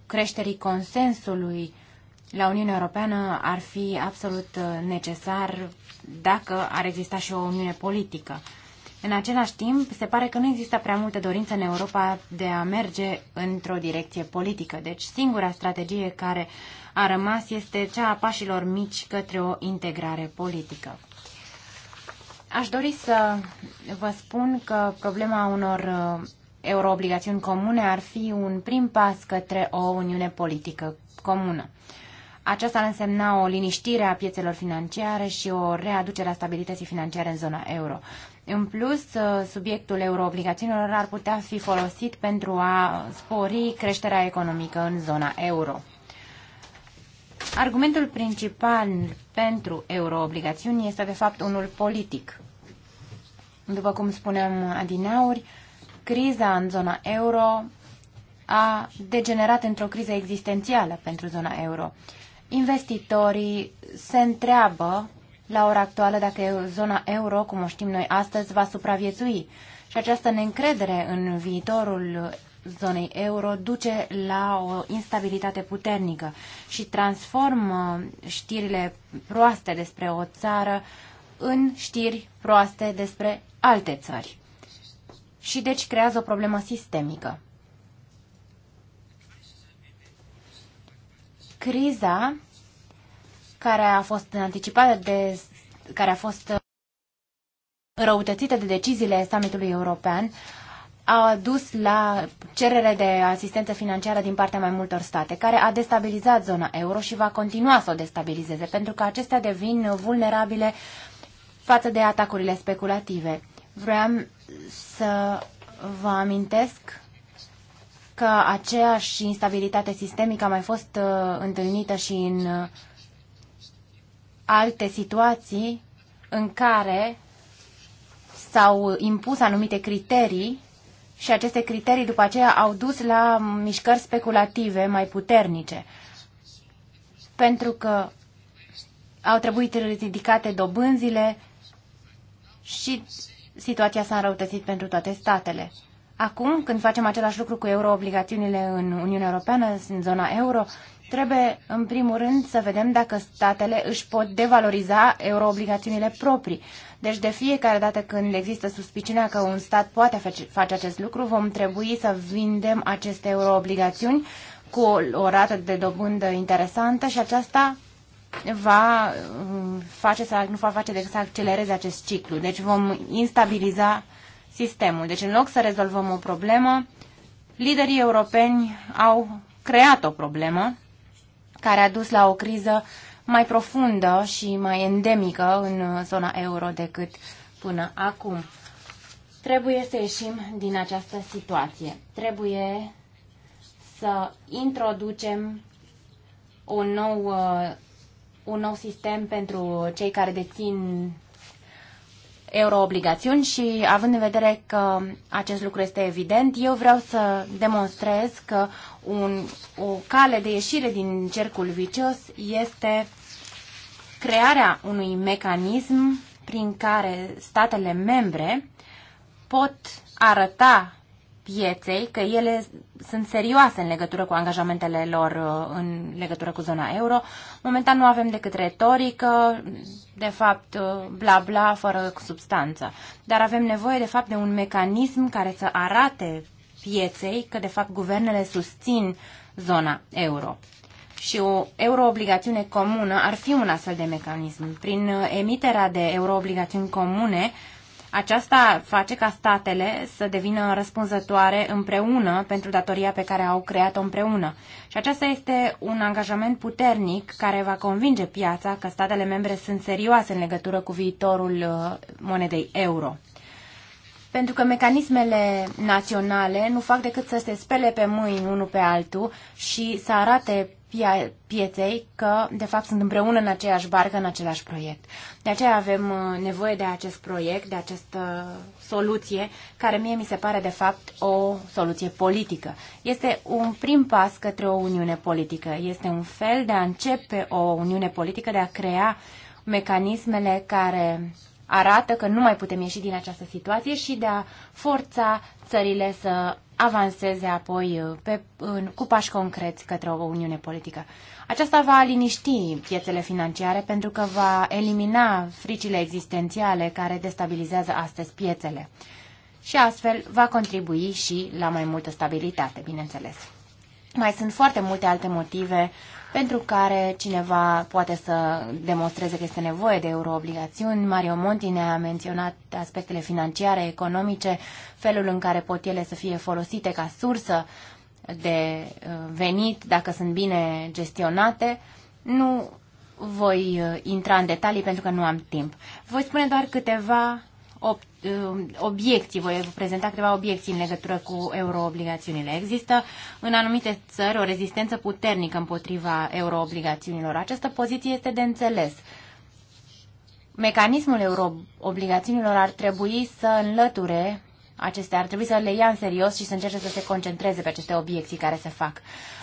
creșterii consensului la Uniunea Europeană ar fi absolut uh, necesar dacă ar exista și o Uniune politică. În același timp, se pare că nu există prea multă dorință în Europa de a merge într-o direcție politică. Deci singura strategie care a rămas este cea a pașilor mici către o integrare politică. Aș dori să vă spun că problema unor uh, euroobligațiuni comune ar fi un prim pas către o uniune politică comună. Aceasta ar însemna o liniștire a piețelor financiare și o readucere a stabilității financiare în zona euro. În plus, ă, subiectul euroobligațiunilor ar putea fi folosit pentru a spori creșterea economică în zona euro. Argumentul principal pentru euroobligațiuni este de fapt unul politic. După cum spuneam adinauri, criza în zona euro a degenerat într-o criză existențială pentru zona euro. Investitorii se întreabă la ora actuală dacă zona euro, cum o știm noi astăzi, va supraviețui. Și această neîncredere în viitorul zonei euro duce la o instabilitate puternică și transformă știrile proaste despre o țară în știri proaste despre alte țări. Și deci creează o problemă sistemică. Criza care a fost anticipată de care a fost uh, răutățită de deciziile summitului european, a dus la cerere de asistență financiară din partea mai multor state, care a destabilizat zona euro și va continua să o destabilizeze, pentru că acestea devin vulnerabile față de atacurile speculative. Vreau să vă amintesc că aceeași instabilitate sistemică a mai fost uh, întâlnită și în uh, alte situații în care s-au impus anumite criterii și aceste criterii după aceea au dus la mișcări speculative mai puternice. Pentru că au trebuit ridicate dobânzile și situația s-a înrăutățit pentru toate statele. Acum, când facem același lucru cu euroobligațiunile în Uniunea Europeană, în zona euro, Trebuie, în primul rând, să vedem dacă statele își pot devaloriza euroobligațiunile proprii. Deci, de fiecare dată când există suspiciunea că un stat poate face acest lucru, vom trebui să vindem aceste euroobligațiuni cu o, rată de dobândă interesantă și aceasta va mm, face să nu va face decât să accelereze acest ciclu. Deci vom instabiliza sistemul. Deci în loc să rezolvăm o problemă, liderii europeni au creat o problemă care a dus la o criză mai profundă și mai endemică în zona euro decât până acum. Trebuie să ieșim din această situație. Trebuie să introducem un nou, uh, un nou sistem pentru cei care dețin euroobligațiuni și având în vedere că acest lucru este evident, eu vreau să demonstrez că un, o cale de ieșire din cercul vicios este crearea unui mecanism prin care statele membre pot arăta pieței că ele sunt serioase în legătură cu angajamentele lor uh, în legătură cu zona euro. Momentan nu avem decât retorică, de fapt, uh, bla bla, fără substanță. Dar avem nevoie, de fapt, de un mecanism care să arate pieței că, de fapt, guvernele susțin zona euro. Și o euroobligațiune comună ar fi un astfel de mecanism. Prin emiterea de euroobligațiuni comune, aceasta face ca statele să devină răspunzătoare împreună pentru datoria pe care au creat-o împreună. Și aceasta este un angajament puternic care va convinge piața că statele membre sunt serioase în legătură cu viitorul uh, monedei euro pentru că mecanismele naționale nu fac decât să se spele pe mâini unul pe altul și să arate pieței că, de fapt, sunt împreună în aceeași barcă, în același proiect. De aceea avem uh, nevoie de acest proiect, de această soluție, care mie mi se pare, de fapt, o soluție politică. Este un prim pas către o uniune politică. Este un fel de a începe o uniune politică, de a crea mecanismele care arată că nu mai putem ieși din această situație și de a forța țările să avanseze apoi uh, pe, în, cu pași concreți către o uniune politică. Aceasta va liniști piețele financiare pentru că va elimina fricile existențiale care destabilizează astăzi piețele și astfel va contribui și la mai multă stabilitate, bineînțeles. Mai sunt foarte multe alte motive pentru care cineva poate să demonstreze că este nevoie de euroobligațiuni. Mario Monti ne-a menționat aspectele financiare, economice, felul în care pot ele să fie folosite ca sursă de uh, venit, dacă sunt bine gestionate. Nu voi uh, intra în detalii pentru că nu am timp. Voi spune doar câteva Um, obiecții, voi prezenta câteva obiecții în legătură cu euroobligațiunile. Există în anumite țări o rezistență puternică împotriva euroobligațiunilor. Această poziție este de înțeles. Mecanismul euroobligațiunilor ar trebui să înlăture acestea, ar trebui să le ia în serios și să încerce să se concentreze pe aceste obiecții care se fac.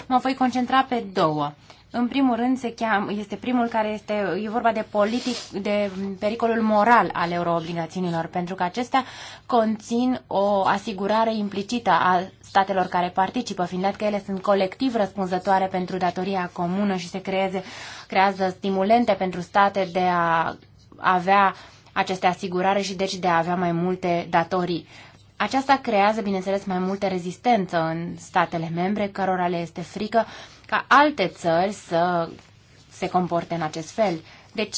Mă voi concentra pe două. În primul rând se cheam, este primul care este, e vorba de politic, de pericolul moral al euroobligațiunilor, pentru că acestea conțin o asigurare implicită a statelor care participă, fiind dat că ele sunt colectiv răspunzătoare pentru datoria comună și se creeze, creează stimulente pentru state de a avea aceste asigurare și deci de a avea mai multe datorii. Aceasta creează, bineînțeles, mai multă rezistență în statele membre, cărora le este frică uh, ca alte țări să se comporte în acest fel. Deci,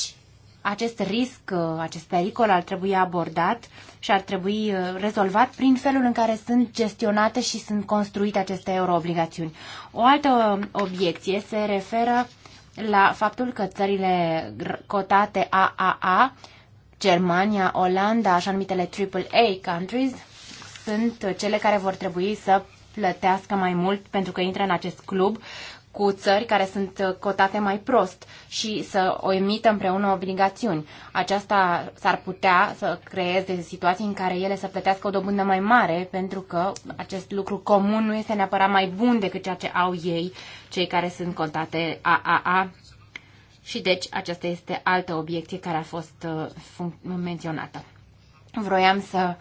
acest risc, uh, acest pericol ar trebui abordat și ar trebui uh, rezolvat prin felul în care sunt gestionate și sunt construite aceste euroobligațiuni. O altă um, obiecție se referă la faptul că țările cotate AAA, Germania, Olanda, așa numitele AAA countries, sunt cele care vor trebui să plătească mai mult pentru că intră în acest club cu țări care sunt uh, cotate mai prost și să o emită împreună obligațiuni. Aceasta s-ar putea să creeze situații în care ele să plătească o dobândă mai mare, pentru că acest lucru comun nu este neapărat mai bun decât ceea ce au ei, cei care sunt cotate AAA. Și deci aceasta este altă obiecție care a fost uh, menționată. Vroiam să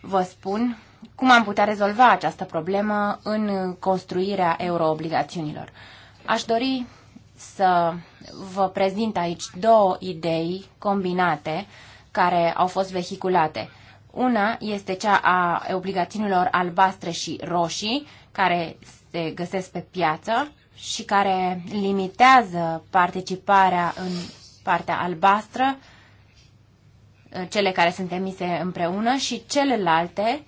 vă spun cum am putea rezolva această problemă în construirea euroobligațiunilor. Aș dori să vă prezint aici două idei combinate care au fost vehiculate. Una este cea a obligațiunilor albastre și roșii, care se găsesc pe piață și care limitează participarea în partea albastră, cele care sunt emise împreună și celelalte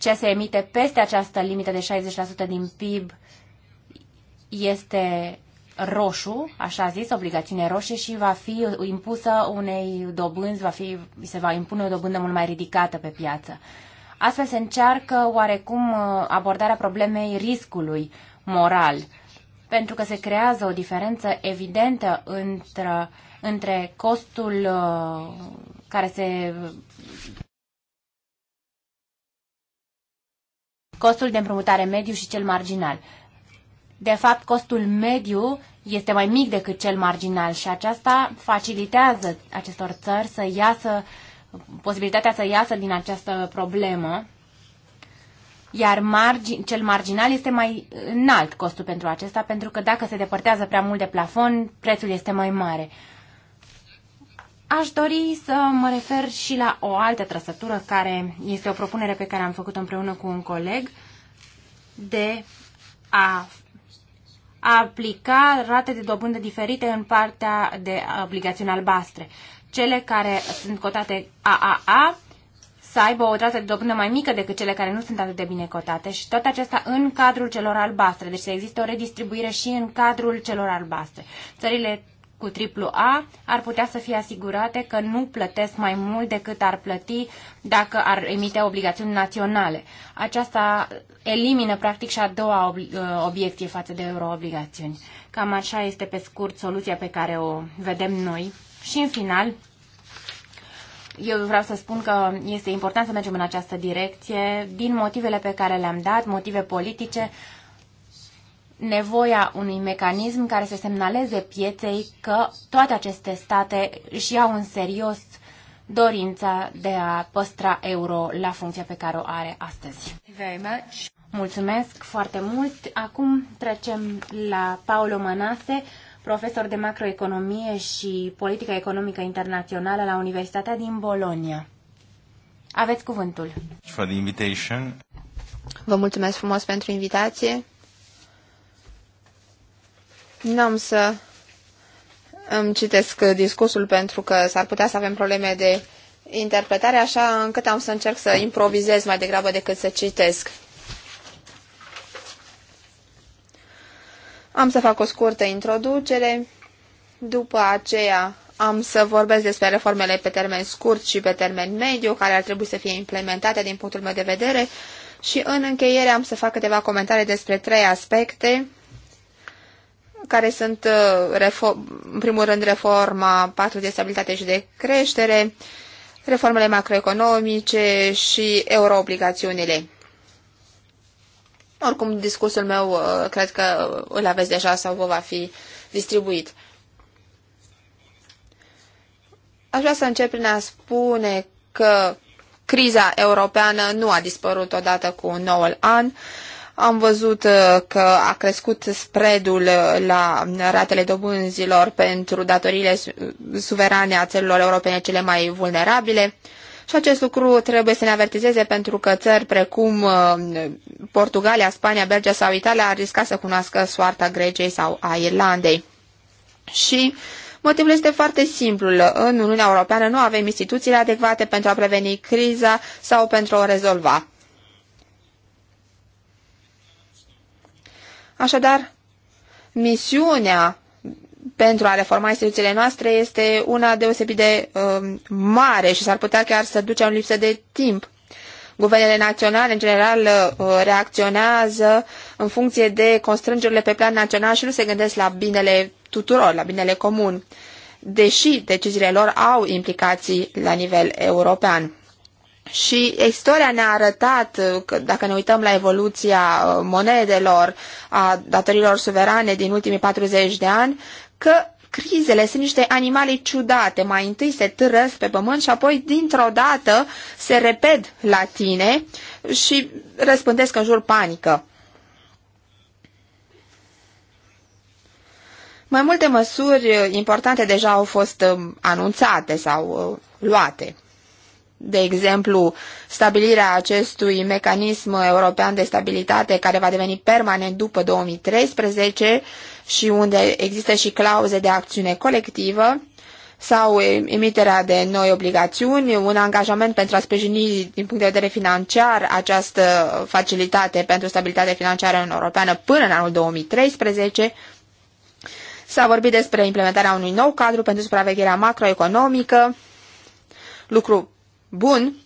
ce se emite peste această limită de 60% din PIB este roșu, așa zis, obligațiune roșie și va fi impusă unei dobânzi, va fi, se va impune o dobândă mult mai ridicată pe piață. Astfel se încearcă oarecum uh, abordarea problemei riscului moral, pentru că se creează o diferență evidentă între, între costul uh, care se costul de împrumutare mediu și cel marginal. De fapt, costul mediu este mai mic decât cel marginal și aceasta facilitează acestor țări să iasă, posibilitatea să iasă din această problemă, iar margin, cel marginal este mai înalt costul pentru acesta, pentru că dacă se depărtează prea mult de plafon, prețul este mai mare. Aș dori să mă refer și la o altă trăsătură care este o propunere pe care am făcut-o împreună cu un coleg de a aplica rate de dobândă diferite în partea de obligațiuni albastre. Cele care sunt cotate AAA să aibă o rată de dobândă mai mică decât cele care nu sunt atât de bine cotate și tot acesta în cadrul celor albastre. Deci să există o redistribuire și în cadrul celor albastre. Țările cu triplu A ar putea să fie asigurate că nu plătesc mai mult decât ar plăti dacă ar emite obligațiuni naționale. Aceasta elimină practic și a doua ă, obiecție față de euroobligațiuni. Cam așa este pe scurt soluția pe care o vedem noi. Și în final, eu vreau să spun că este important să mergem în această direcție din motivele pe care le-am dat, motive politice, nevoia unui mecanism care să semnaleze pieței că toate aceste state își iau în serios dorința de a păstra euro la funcția pe care o are astăzi. Very much. Mulțumesc foarte mult. Acum trecem la Paolo Manase, profesor de macroeconomie și politică economică internațională la Universitatea din Bologna. Aveți cuvântul. For the invitation. Vă mulțumesc frumos pentru invitație. N-am să îmi citesc discursul pentru că s-ar putea să avem probleme de interpretare, așa încât am să încerc să improvizez mai degrabă decât să citesc. Am să fac o scurtă introducere, după aceea am să vorbesc despre reformele pe termen scurt și pe termen mediu, care ar trebui să fie implementate din punctul meu de vedere, și în încheiere am să fac câteva comentarii despre trei aspecte care sunt, uh, în primul rând, reforma 4 de stabilitate și de creștere, reformele macroeconomice și euroobligațiunile. Oricum, discursul meu uh, cred că îl aveți deja sau vă va fi distribuit. Aș vrea să încep prin a spune că criza europeană nu a dispărut odată cu noul an. Uh, am văzut uh, că a crescut spreadul uh, la ratele dobânzilor pentru datoriile suverane a țărilor europene cele mai vulnerabile și acest lucru trebuie să ne avertizeze pentru că țări precum uh, Portugalia, Spania, Belgia sau Italia ar risca să cunoască soarta Greciei sau a Irlandei. Și Motivul este foarte simplu. În Uniunea Europeană nu avem instituțiile adecvate pentru a preveni criza sau pentru a o rezolva. Așadar, misiunea pentru a reforma instituțiile noastre este una deosebit de uh, mare și s-ar putea chiar să duce în lipsă de timp. Guvernele naționale, în general, uh, reacționează în funcție de constrângerile pe plan național și nu se gândesc la binele tuturor, la binele comun, deși deciziile lor au implicații la nivel european. Și istoria ne-a arătat uh, că dacă ne uităm la evoluția uh, monedelor, a datorilor suverane din ultimii 40 de ani, că crizele sunt niște animale ciudate. Mai întâi se târăsc pe pământ și apoi dintr-o dată se reped la tine și răspândesc în jur panică. Mai multe măsuri uh, importante deja au fost um, anunțate sau luate de exemplu, stabilirea acestui mecanism european de stabilitate care va deveni permanent după 2013 și unde există și clauze de acțiune colectivă sau emiterea de noi obligațiuni, un angajament pentru a sprijini din punct de vedere financiar această facilitate pentru stabilitate financiară în europeană până în anul 2013. S-a vorbit despre implementarea unui nou cadru pentru supravegherea macroeconomică, lucru bun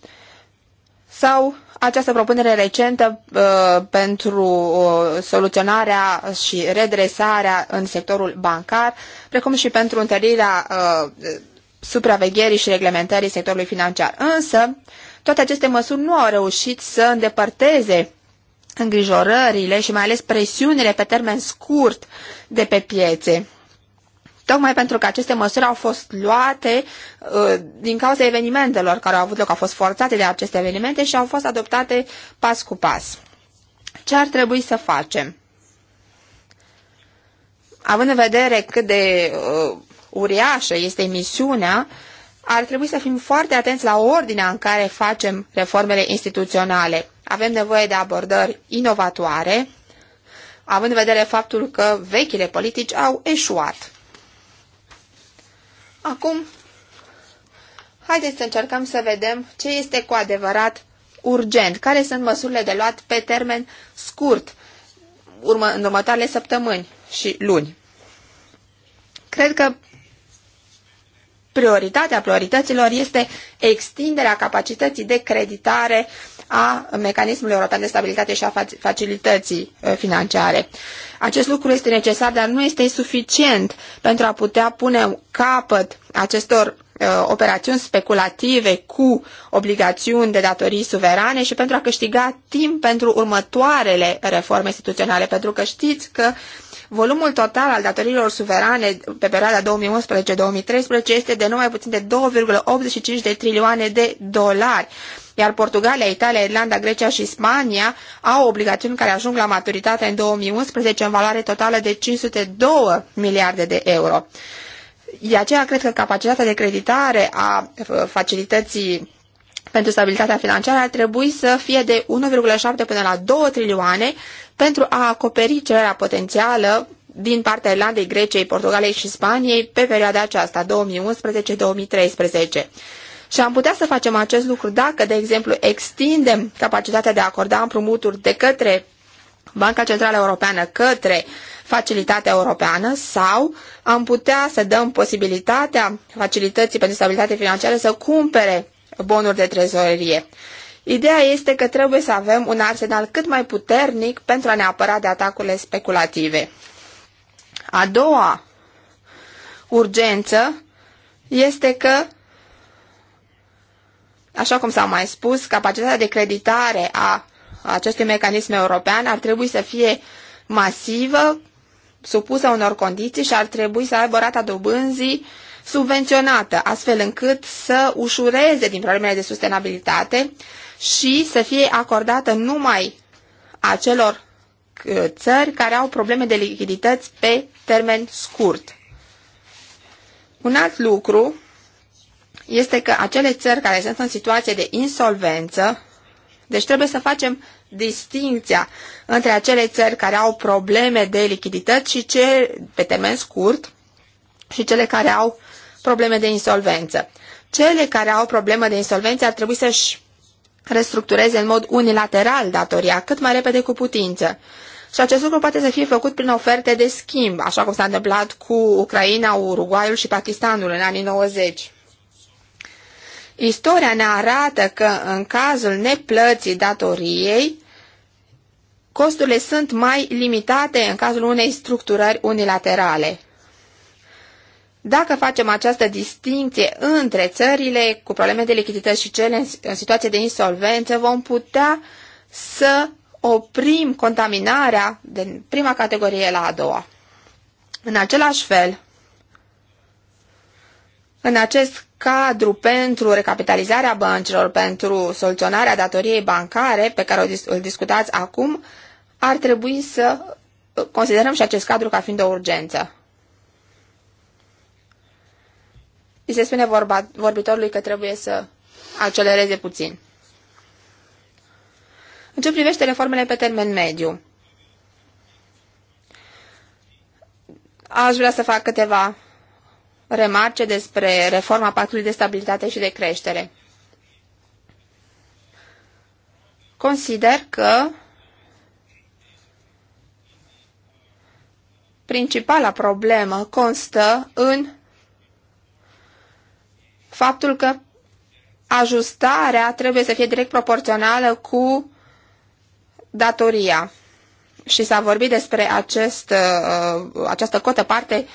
sau această propunere recentă uh, pentru uh, soluționarea și redresarea în sectorul bancar, precum și pentru întărirea uh, supravegherii și reglementării sectorului financiar. Însă, toate aceste măsuri nu au reușit să îndepărteze îngrijorările și mai ales presiunile pe termen scurt de pe piețe tocmai pentru că aceste măsuri au fost luate uh, din cauza evenimentelor care au avut loc, au fost forțate de aceste evenimente și au fost adoptate pas cu pas. Ce ar trebui să facem? Având în vedere cât de uh, uriașă este misiunea, ar trebui să fim foarte atenți la ordinea în care facem reformele instituționale. Avem nevoie de abordări inovatoare, având în vedere faptul că vechile politici au eșuat. Acum, haideți să încercăm să vedem ce este cu adevărat urgent, care sunt măsurile de luat pe termen scurt, urmă, în următoarele săptămâni și luni. Cred că prioritatea priorităților este extinderea capacității de creditare a mecanismului european de stabilitate și a facilității uh, financiare. Acest lucru este necesar, dar nu este suficient pentru a putea pune capăt acestor uh, operațiuni speculative cu obligațiuni de datorii suverane și pentru a câștiga timp pentru următoarele reforme instituționale, pentru că știți că uh, Volumul total al datoriilor suverane pe perioada 2011-2013 este de numai puțin de 2,85 de trilioane de dolari, iar Portugalia, Italia, Irlanda, Grecia și Spania au obligațiuni care ajung la maturitate în 2011 în valoare totală de 502 miliarde de euro. De aceea cred că capacitatea de creditare a uh, facilității pentru stabilitatea financiară ar trebui să fie de 1,7 până la 2 trilioane pentru a acoperi cererea potențială din partea Irlandei, Greciei, Portugalei și Spaniei pe perioada aceasta, 2011-2013. Și am putea să facem acest lucru dacă, de exemplu, extindem capacitatea de a acorda împrumuturi de către Banca Centrală Europeană către Facilitatea Europeană sau am putea să dăm posibilitatea Facilității pentru Stabilitate Financiară să cumpere bonuri de trezorerie. Ideea este că trebuie să avem un arsenal cât mai puternic pentru a ne apăra de atacurile speculative. A doua urgență este că, așa cum s-a mai spus, capacitatea de creditare a acestui mecanism european ar trebui să fie masivă, supusă unor condiții și ar trebui să aibă rata dobânzii subvenționată, astfel încât să ușureze din problemele de sustenabilitate și să fie acordată numai acelor uh, țări care au probleme de lichidități pe termen scurt. Un alt lucru este că acele țări care sunt în situație de insolvență, deci trebuie să facem distinția între acele țări care au probleme de lichidități și ce pe termen scurt și cele care au probleme de insolvență. Cele care au probleme de insolvență ar trebui să-și restructureze în mod unilateral datoria cât mai repede cu putință. Și acest lucru poate să fie făcut prin oferte de schimb, așa cum s-a întâmplat cu Ucraina, Uruguayul și Pakistanul în anii 90. Istoria ne arată că în cazul neplății datoriei, costurile sunt mai limitate în cazul unei structurări unilaterale. Dacă facem această distinție între țările cu probleme de lichidități și cele în situație de insolvență, vom putea să oprim contaminarea din prima categorie la a doua. În același fel, în acest cadru pentru recapitalizarea băncilor, pentru soluționarea datoriei bancare, pe care o discutați acum, ar trebui să considerăm și acest cadru ca fiind o urgență. îi se spune vorba, vorbitorului că trebuie să accelereze puțin. În ce privește reformele pe termen mediu, aș vrea să fac câteva remarce despre reforma pactului de stabilitate și de creștere. Consider că principala problemă constă în faptul că ajustarea trebuie să fie direct proporțională cu datoria. Și s-a vorbit despre acest, uh, această cotă parte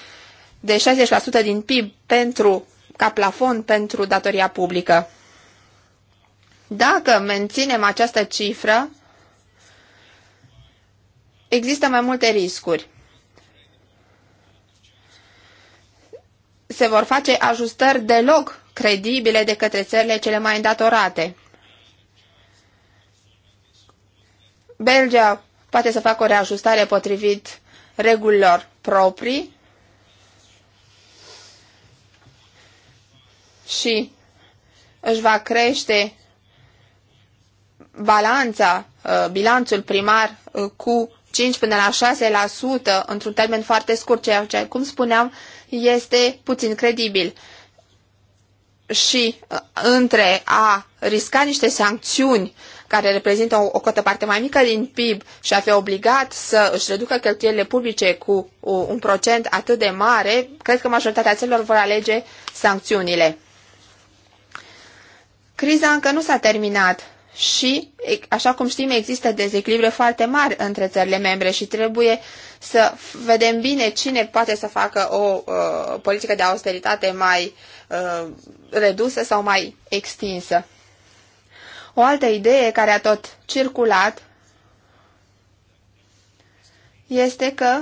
de 60% din PIB pentru, ca plafon pentru datoria publică. Dacă menținem această cifră, există mai multe riscuri. Se vor face ajustări deloc credibile de către țările cele mai îndatorate. Belgia poate să facă o reajustare potrivit regulilor proprii și își va crește balanța, uh, bilanțul primar uh, cu 5 până la 6% într-un termen foarte scurt, ceea ce, cum spuneam, este puțin credibil și uh, între a risca niște sancțiuni care reprezintă o, o cotă parte mai mică din PIB și a fi obligat să își reducă cheltuielile publice cu un procent atât de mare, cred că majoritatea țărilor vor alege sancțiunile. Criza încă nu s-a terminat și, așa cum știm, există dezechilibre foarte mari între țările membre și trebuie să vedem bine cine poate să facă o uh, politică de austeritate mai uh, redusă sau mai extinsă. O altă idee care a tot circulat este că,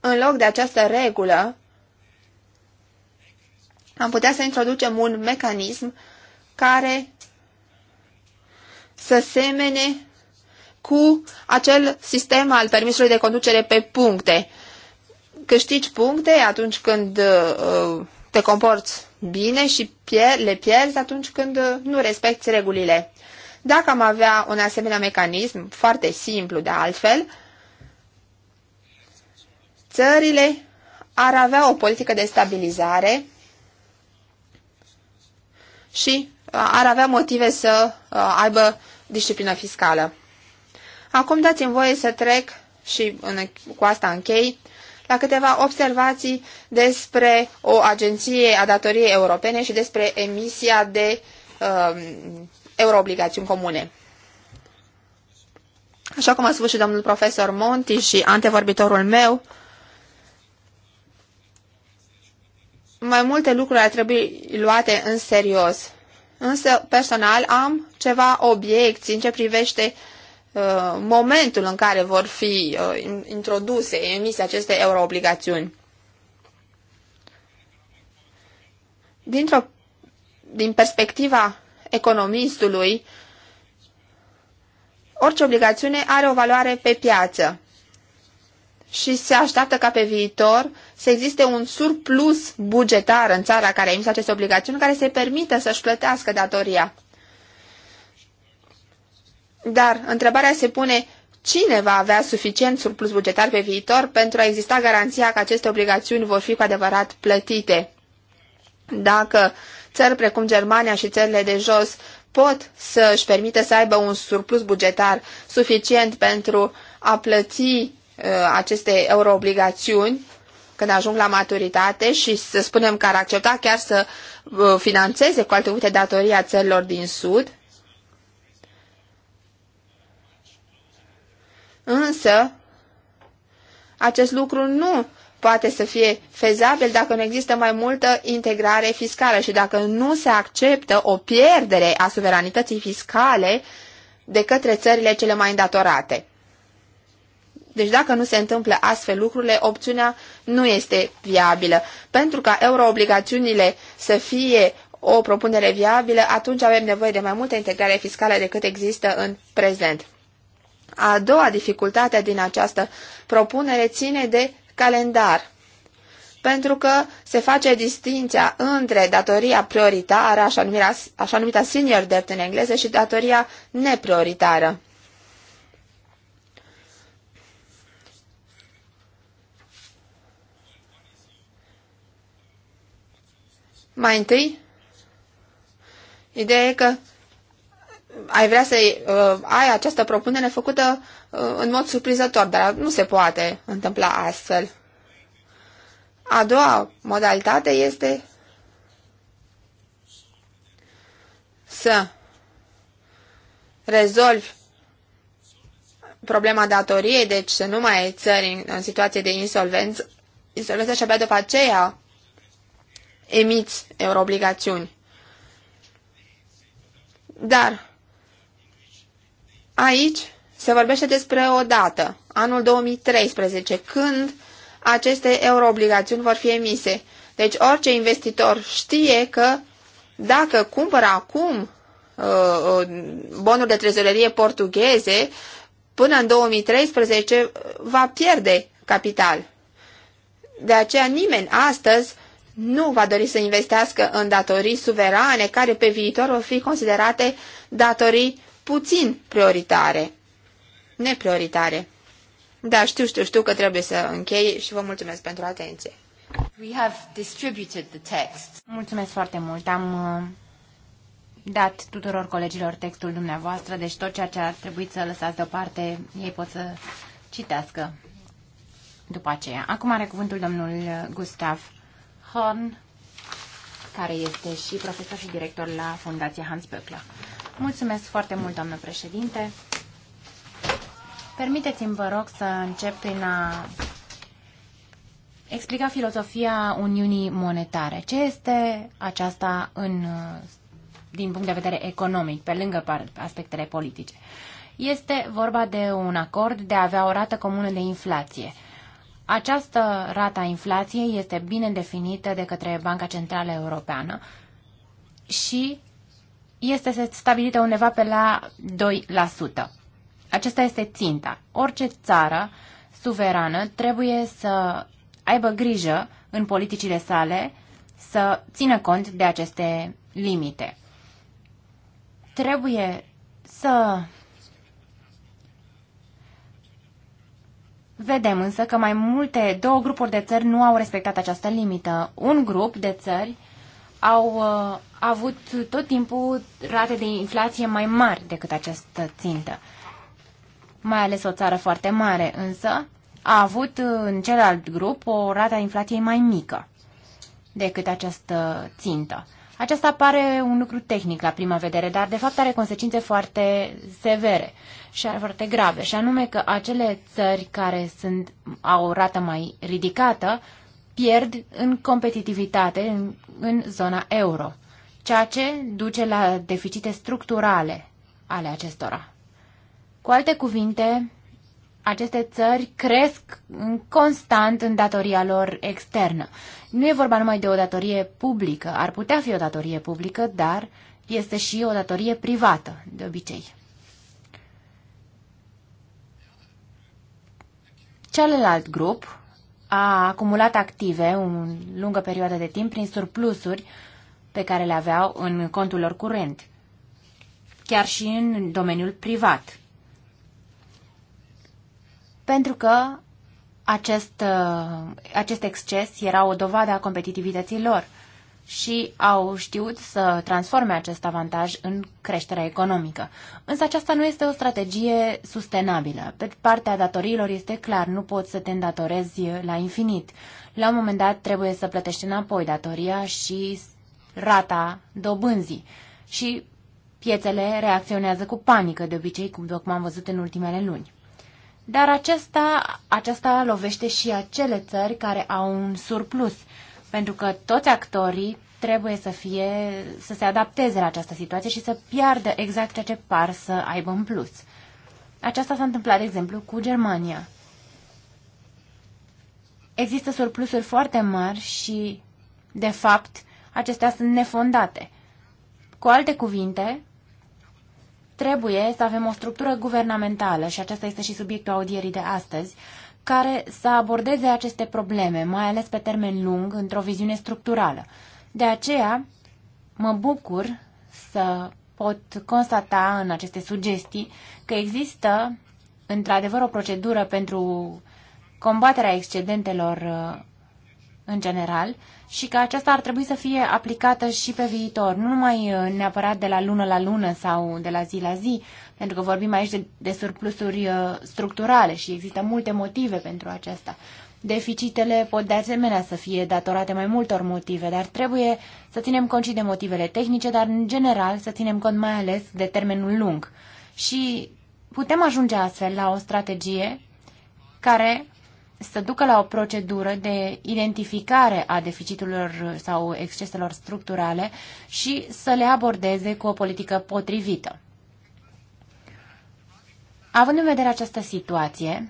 în loc de această regulă, am putea să introducem un mecanism care să semene cu acel sistem al permisului de conducere pe puncte. Câștigi puncte atunci când uh, te comporți bine și le pierzi atunci când uh, nu respecti regulile. Dacă am avea un asemenea mecanism, foarte simplu de altfel, țările ar avea o politică de stabilizare și ar avea motive să uh, aibă disciplină fiscală. Acum dați-mi voie să trec și în, cu asta închei la câteva observații despre o agenție a datoriei europene și despre emisia de uh, euroobligațiuni comune. Așa cum a spus și domnul profesor Monti și antevorbitorul meu, mai multe lucruri ar trebui luate în serios Însă, personal, am ceva obiecții în ce privește uh, momentul în care vor fi uh, introduse, emise aceste euroobligațiuni. Dintr-o, din perspectiva economistului, orice obligațiune are o valoare pe piață și se așteaptă ca pe viitor uh, să existe un surplus bugetar în țara care a emis aceste obligațiuni care se permită să-și plătească datoria. Dar întrebarea se pune cine va avea suficient surplus bugetar pe viitor pentru a exista garanția că aceste obligațiuni vor fi cu adevărat plătite. Dacă țări precum Germania și țările de jos pot să își permite să aibă un surplus bugetar suficient pentru a plăti uh, aceste euroobligațiuni, când ajung la maturitate și să spunem că ar accepta chiar să uh, financeze cu alte cuvinte datoria țărilor din Sud. Însă, acest lucru nu poate să fie fezabil dacă nu există mai multă integrare fiscală și dacă nu se acceptă o pierdere a suveranității fiscale de către țările cele mai îndatorate. Deci dacă nu se întâmplă astfel lucrurile, opțiunea nu este viabilă. Pentru ca euroobligațiunile să fie o propunere viabilă, atunci avem nevoie de mai multă integrare fiscală decât există în prezent. A doua dificultate din această propunere ține de calendar pentru că se face distinția între datoria prioritară, așa numita, așa numita senior debt în engleză, și datoria neprioritară. Mai întâi, ideea e că ai vrea să uh, ai această propunere făcută uh, în mod surprizător, dar nu se poate întâmpla astfel. A doua modalitate este să rezolvi problema datoriei, deci să nu mai ai țări în, în situație de insolvență, insolvență și abia după aceea emiți euroobligațiuni. Dar aici se vorbește despre o dată, anul 2013, când aceste euroobligațiuni vor fi emise. Deci orice investitor știe că dacă cumpără acum uh, uh, bonuri de trezorerie portugheze, până în 2013 va pierde capital. De aceea nimeni astăzi nu va dori să investească în datorii suverane care pe viitor vor fi considerate datorii puțin prioritare, neprioritare. Da, știu, știu, știu că trebuie să închei și vă mulțumesc pentru atenție. We have distributed the text. Mulțumesc foarte mult. Am uh, dat tuturor colegilor textul dumneavoastră, deci tot ceea ce ar trebui să lăsați deoparte, ei pot să citească după aceea. Acum are cuvântul domnul uh, Gustav Horn, care este și profesor și director la Fundația Hans Böckler. Mulțumesc foarte mult, doamnă președinte. Permiteți-mi, vă rog, să încep prin a explica filozofia Uniunii Monetare. Ce este aceasta în, din punct de vedere economic, pe lângă aspectele politice? Este vorba de un acord de a avea o rată comună de inflație – această rata inflației este bine definită de către Banca Centrală Europeană și este stabilită undeva pe la 2%. Acesta este ținta. Orice țară suverană trebuie să aibă grijă în politicile sale să țină cont de aceste limite. Trebuie să Vedem însă că mai multe, două grupuri de țări nu au respectat această limită. Un grup de țări au uh, avut tot timpul rate de inflație mai mari decât această țintă. Mai ales o țară foarte mare, însă, a avut uh, în celălalt grup o rată a inflației mai mică decât această țintă. Aceasta pare un lucru tehnic la prima vedere, dar de fapt are consecințe foarte severe și foarte grave, și anume că acele țări care sunt, au o rată mai ridicată pierd în competitivitate în, în zona euro, ceea ce duce la deficite structurale ale acestora. Cu alte cuvinte, aceste țări cresc constant în datoria lor externă. Nu e vorba numai de o datorie publică, ar putea fi o datorie publică, dar este și o datorie privată, de obicei. Celălalt grup a acumulat active o lungă perioadă de timp prin surplusuri pe care le aveau în contul lor curent, chiar și în domeniul privat pentru că acest, uh, acest exces era o dovadă a competitivității lor și au știut să transforme acest avantaj în creșterea economică. Însă aceasta nu este o strategie sustenabilă. Pe partea datoriilor este clar, nu poți să te îndatorezi la infinit. La un moment dat trebuie să plătești înapoi datoria și rata dobânzii. Și piețele reacționează cu panică, de obicei, cum, am văzut în ultimele luni. Dar acesta, aceasta lovește și acele țări care au un surplus, pentru că toți actorii trebuie să fie, să se adapteze la această situație și să piardă exact ceea ce par să aibă în plus. Aceasta s-a întâmplat, de exemplu, cu Germania. Există surplusuri foarte mari și, de fapt, acestea sunt nefondate. Cu alte cuvinte, Trebuie să avem o structură guvernamentală, și acesta este și subiectul audierii de astăzi, care să abordeze aceste probleme, mai ales pe termen lung, într-o viziune structurală. De aceea, mă bucur să pot constata în aceste sugestii că există, într-adevăr, o procedură pentru combaterea excedentelor în general, și că aceasta ar trebui să fie aplicată și pe viitor, nu numai uh, neapărat de la lună la lună sau de la zi la zi, pentru că vorbim aici de, de surplusuri uh, structurale și există multe motive pentru aceasta. Deficitele pot de asemenea să fie datorate mai multor motive, dar trebuie să ținem cont și de motivele tehnice, dar în general să ținem cont mai ales de termenul lung. Și putem ajunge astfel la o strategie care să ducă la o procedură de identificare a deficitelor sau exceselor structurale și să le abordeze cu o politică potrivită. Având în vedere această situație,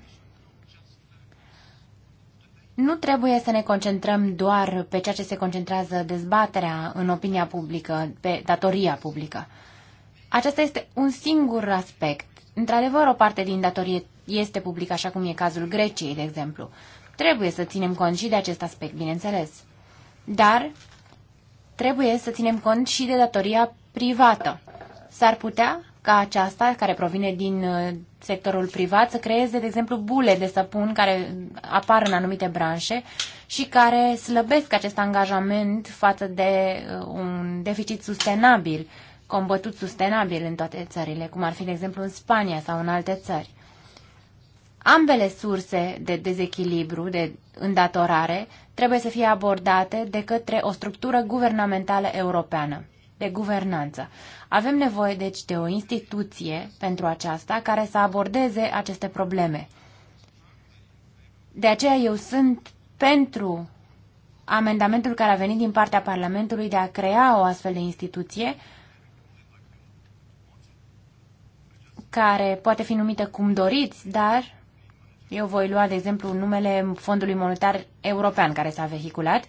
nu trebuie să ne concentrăm doar pe ceea ce se concentrează dezbaterea în opinia publică, pe datoria publică. Acesta este un singur aspect. Într-adevăr, o parte din datorie este public, așa cum e cazul Greciei, de exemplu. Trebuie să ținem cont și de acest aspect, bineînțeles. Dar trebuie să ținem cont și de datoria privată. S-ar putea ca aceasta, care provine din uh, sectorul privat, să creeze, de exemplu, bule de săpun care apar în anumite branșe și care slăbesc acest angajament față de uh, un deficit sustenabil, combătut sustenabil în toate țările, cum ar fi, de exemplu, în Spania sau în alte țări. Ambele surse de dezechilibru, de îndatorare, trebuie să fie abordate de către o structură guvernamentală europeană, de guvernanță. Avem nevoie, deci, de o instituție pentru aceasta care să abordeze aceste probleme. De aceea eu sunt pentru amendamentul care a venit din partea Parlamentului de a crea o astfel de instituție care poate fi numită cum doriți, dar eu voi lua, de exemplu, numele Fondului Monetar European care s-a vehiculat,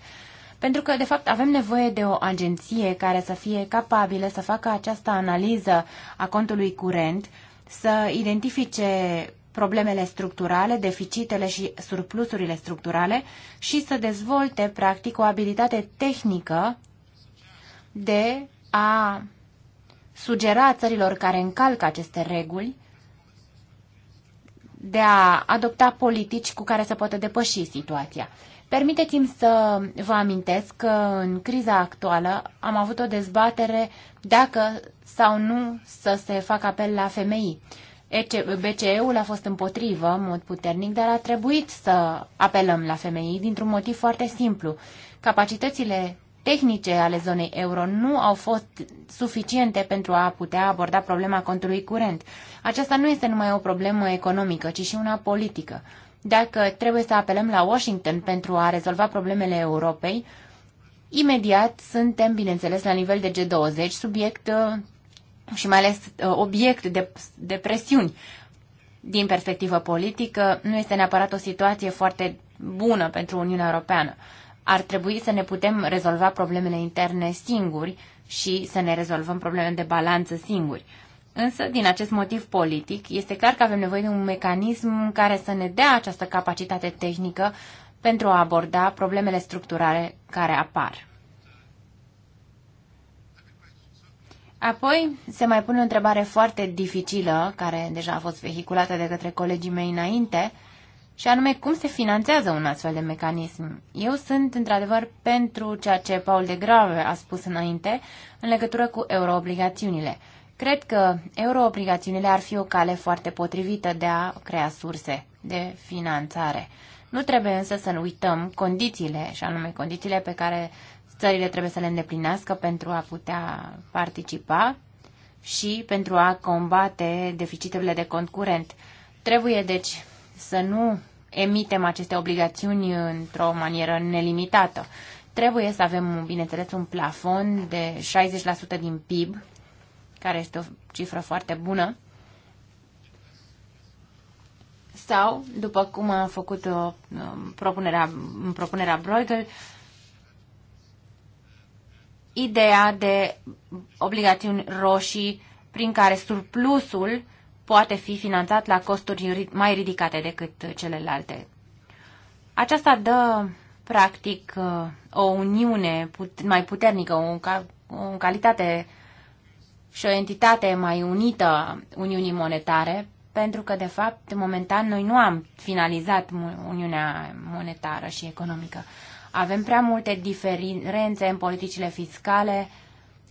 pentru că, de fapt, avem nevoie de o agenție care să fie capabilă să facă această analiză a contului curent, să identifice problemele structurale, deficitele și surplusurile structurale și să dezvolte, practic, o abilitate tehnică de a sugera țărilor care încalcă aceste reguli de a adopta politici cu care să poată depăși situația. Permiteți-mi să vă amintesc că în criza actuală am avut o dezbatere dacă sau nu să se facă apel la femei. BCE-ul a fost împotrivă în mod puternic, dar a trebuit să apelăm la femei dintr-un motiv foarte simplu. Capacitățile tehnice ale zonei euro nu au fost suficiente pentru a putea aborda problema contului curent. Aceasta nu este numai o problemă economică, ci și una politică. Dacă trebuie să apelăm la Washington pentru a rezolva problemele Europei, imediat suntem, bineînțeles, la nivel de G20, subiect uh, și mai ales uh, obiect de, de presiuni. Din perspectivă politică, nu este neapărat o situație foarte bună pentru Uniunea Europeană ar trebui să ne putem rezolva problemele interne singuri și să ne rezolvăm problemele de balanță singuri. Însă, din acest motiv politic, este clar că avem nevoie de un mecanism care să ne dea această capacitate tehnică pentru a aborda problemele structurale care apar. Apoi se mai pune o întrebare foarte dificilă, care deja a fost vehiculată de către colegii mei înainte, și anume cum se finanțează un astfel de mecanism. Eu sunt într-adevăr pentru ceea ce Paul de Grave a spus înainte în legătură cu euroobligațiunile. Cred că euroobligațiunile ar fi o cale foarte potrivită de a crea surse de finanțare. Nu trebuie însă să nu uităm condițiile, și anume condițiile pe care țările trebuie să le îndeplinească pentru a putea participa și pentru a combate deficiturile de cont curent. Trebuie, deci, să nu emitem aceste obligațiuni într-o manieră nelimitată. Trebuie să avem, bineînțeles, un plafon de 60% din PIB, care este o cifră foarte bună, sau, după cum a făcut o, uh, um, propunerea, în propunerea Bruegel, ideea de obligațiuni roșii prin care surplusul uh, poate fi finanțat la costuri mai ridicate decât celelalte. Aceasta dă, practic, uh, o uniune mai puternică, o, o calitate și o entitate mai unită Uniunii Monetare, pentru că, de fapt, momentan noi nu am finalizat Uniunea Monetară și Economică. Avem prea multe diferențe în politicile fiscale.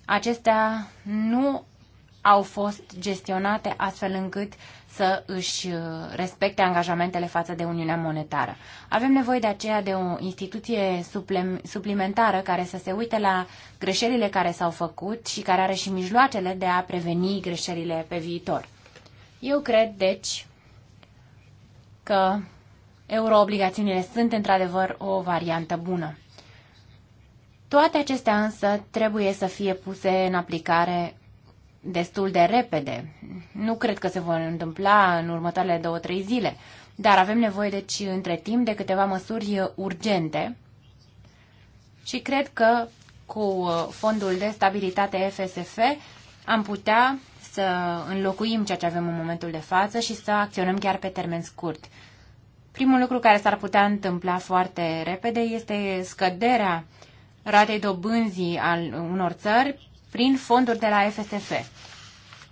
Acestea nu au fost gestionate astfel încât să își uh, respecte angajamentele față de Uniunea Monetară. Avem nevoie de aceea de o instituție suplimentară care să se uite la greșelile care s-au făcut și care are și mijloacele de a preveni greșelile pe viitor. Eu cred, deci, că euroobligațiunile sunt într-adevăr o variantă bună. Toate acestea însă trebuie să fie puse în aplicare destul de repede. Nu cred că se vor întâmpla în următoarele două-trei zile, dar avem nevoie, deci, între timp, de câteva măsuri urgente și cred că cu uh, fondul de stabilitate FSF am putea să înlocuim ceea ce avem în momentul de față și să acționăm chiar pe termen scurt. Primul lucru care s-ar putea întâmpla foarte repede este scăderea ratei dobânzii al unor țări prin fonduri de la FSF.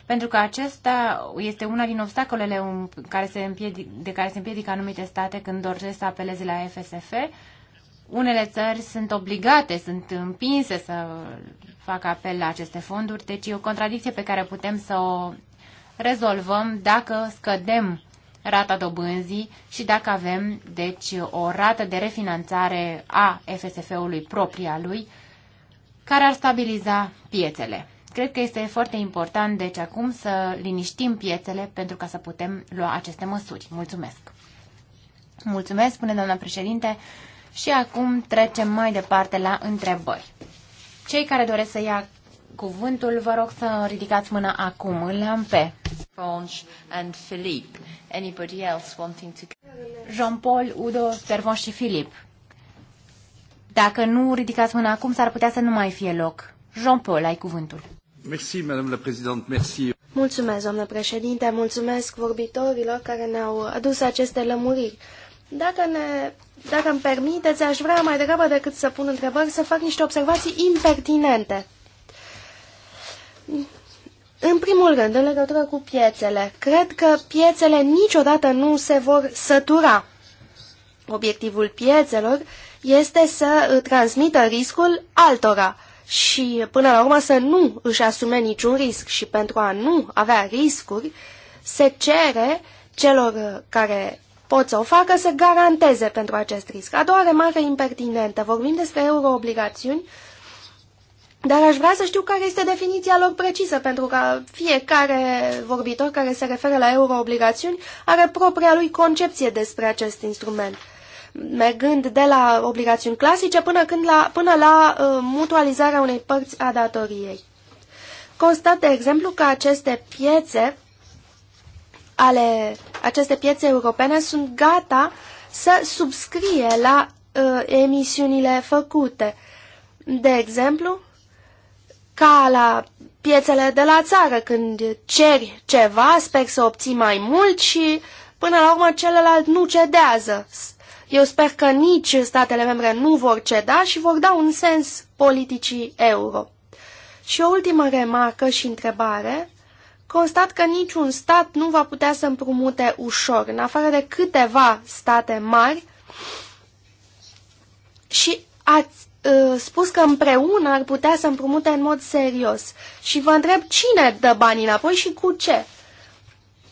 Pentru că acesta este una din obstacolele care se de care se împiedică anumite state când doresc să apeleze la FSF. Unele țări sunt obligate, sunt împinse să facă apel la aceste fonduri, deci e o contradicție pe care putem să o rezolvăm dacă scădem rata dobânzii și dacă avem, deci, o rată de refinanțare a FSF-ului propria lui, care ar stabiliza piețele. Cred că este foarte important, deci, acum să liniștim piețele pentru ca să putem lua aceste măsuri. Mulțumesc! Mulțumesc, spune doamna președinte, și acum trecem mai departe la întrebări. Cei care doresc să ia cuvântul, vă rog să ridicați mâna acum. Îl am pe and Philippe. Anybody else wanting to... Jean-Paul, Udo, Servon și Filip. Dacă nu ridicați mâna acum, s-ar putea să nu mai fie loc. Jean-Paul, ai cuvântul. Merci, Madame la Présidente, merci. Mulțumesc, doamnă președinte, mulțumesc vorbitorilor care ne-au adus aceste lămuriri. Dacă, ne, dacă îmi permiteți, aș vrea mai degrabă decât să pun întrebări, să fac niște observații impertinente. În primul rând, în legătură cu piețele, cred că piețele niciodată nu se vor sătura. Obiectivul piețelor este să transmită riscul altora și până la urmă să nu își asume niciun risc și pentru a nu avea riscuri se cere celor care pot să o facă să garanteze pentru acest risc. A doua remarcă impertinentă. Vorbim despre euroobligațiuni, dar aș vrea să știu care este definiția lor precisă, pentru că fiecare vorbitor care se referă la euroobligațiuni are propria lui concepție despre acest instrument mergând de la obligațiuni clasice până, când la, până la uh, mutualizarea unei părți a datoriei. Constat, de exemplu, că aceste piețe ale aceste piețe europene sunt gata să subscrie la uh, emisiunile făcute. De exemplu, ca la piețele de la țară, când ceri ceva, sper să obții mai mult și până la urmă celălalt nu cedează eu sper că nici statele membre nu vor ceda și vor da un sens politicii euro. Și o ultimă remarcă și întrebare. Constat că niciun stat nu va putea să împrumute ușor, în afară de câteva state mari. Și ați uh, spus că împreună ar putea să împrumute în mod serios. Și vă întreb cine dă banii înapoi și cu ce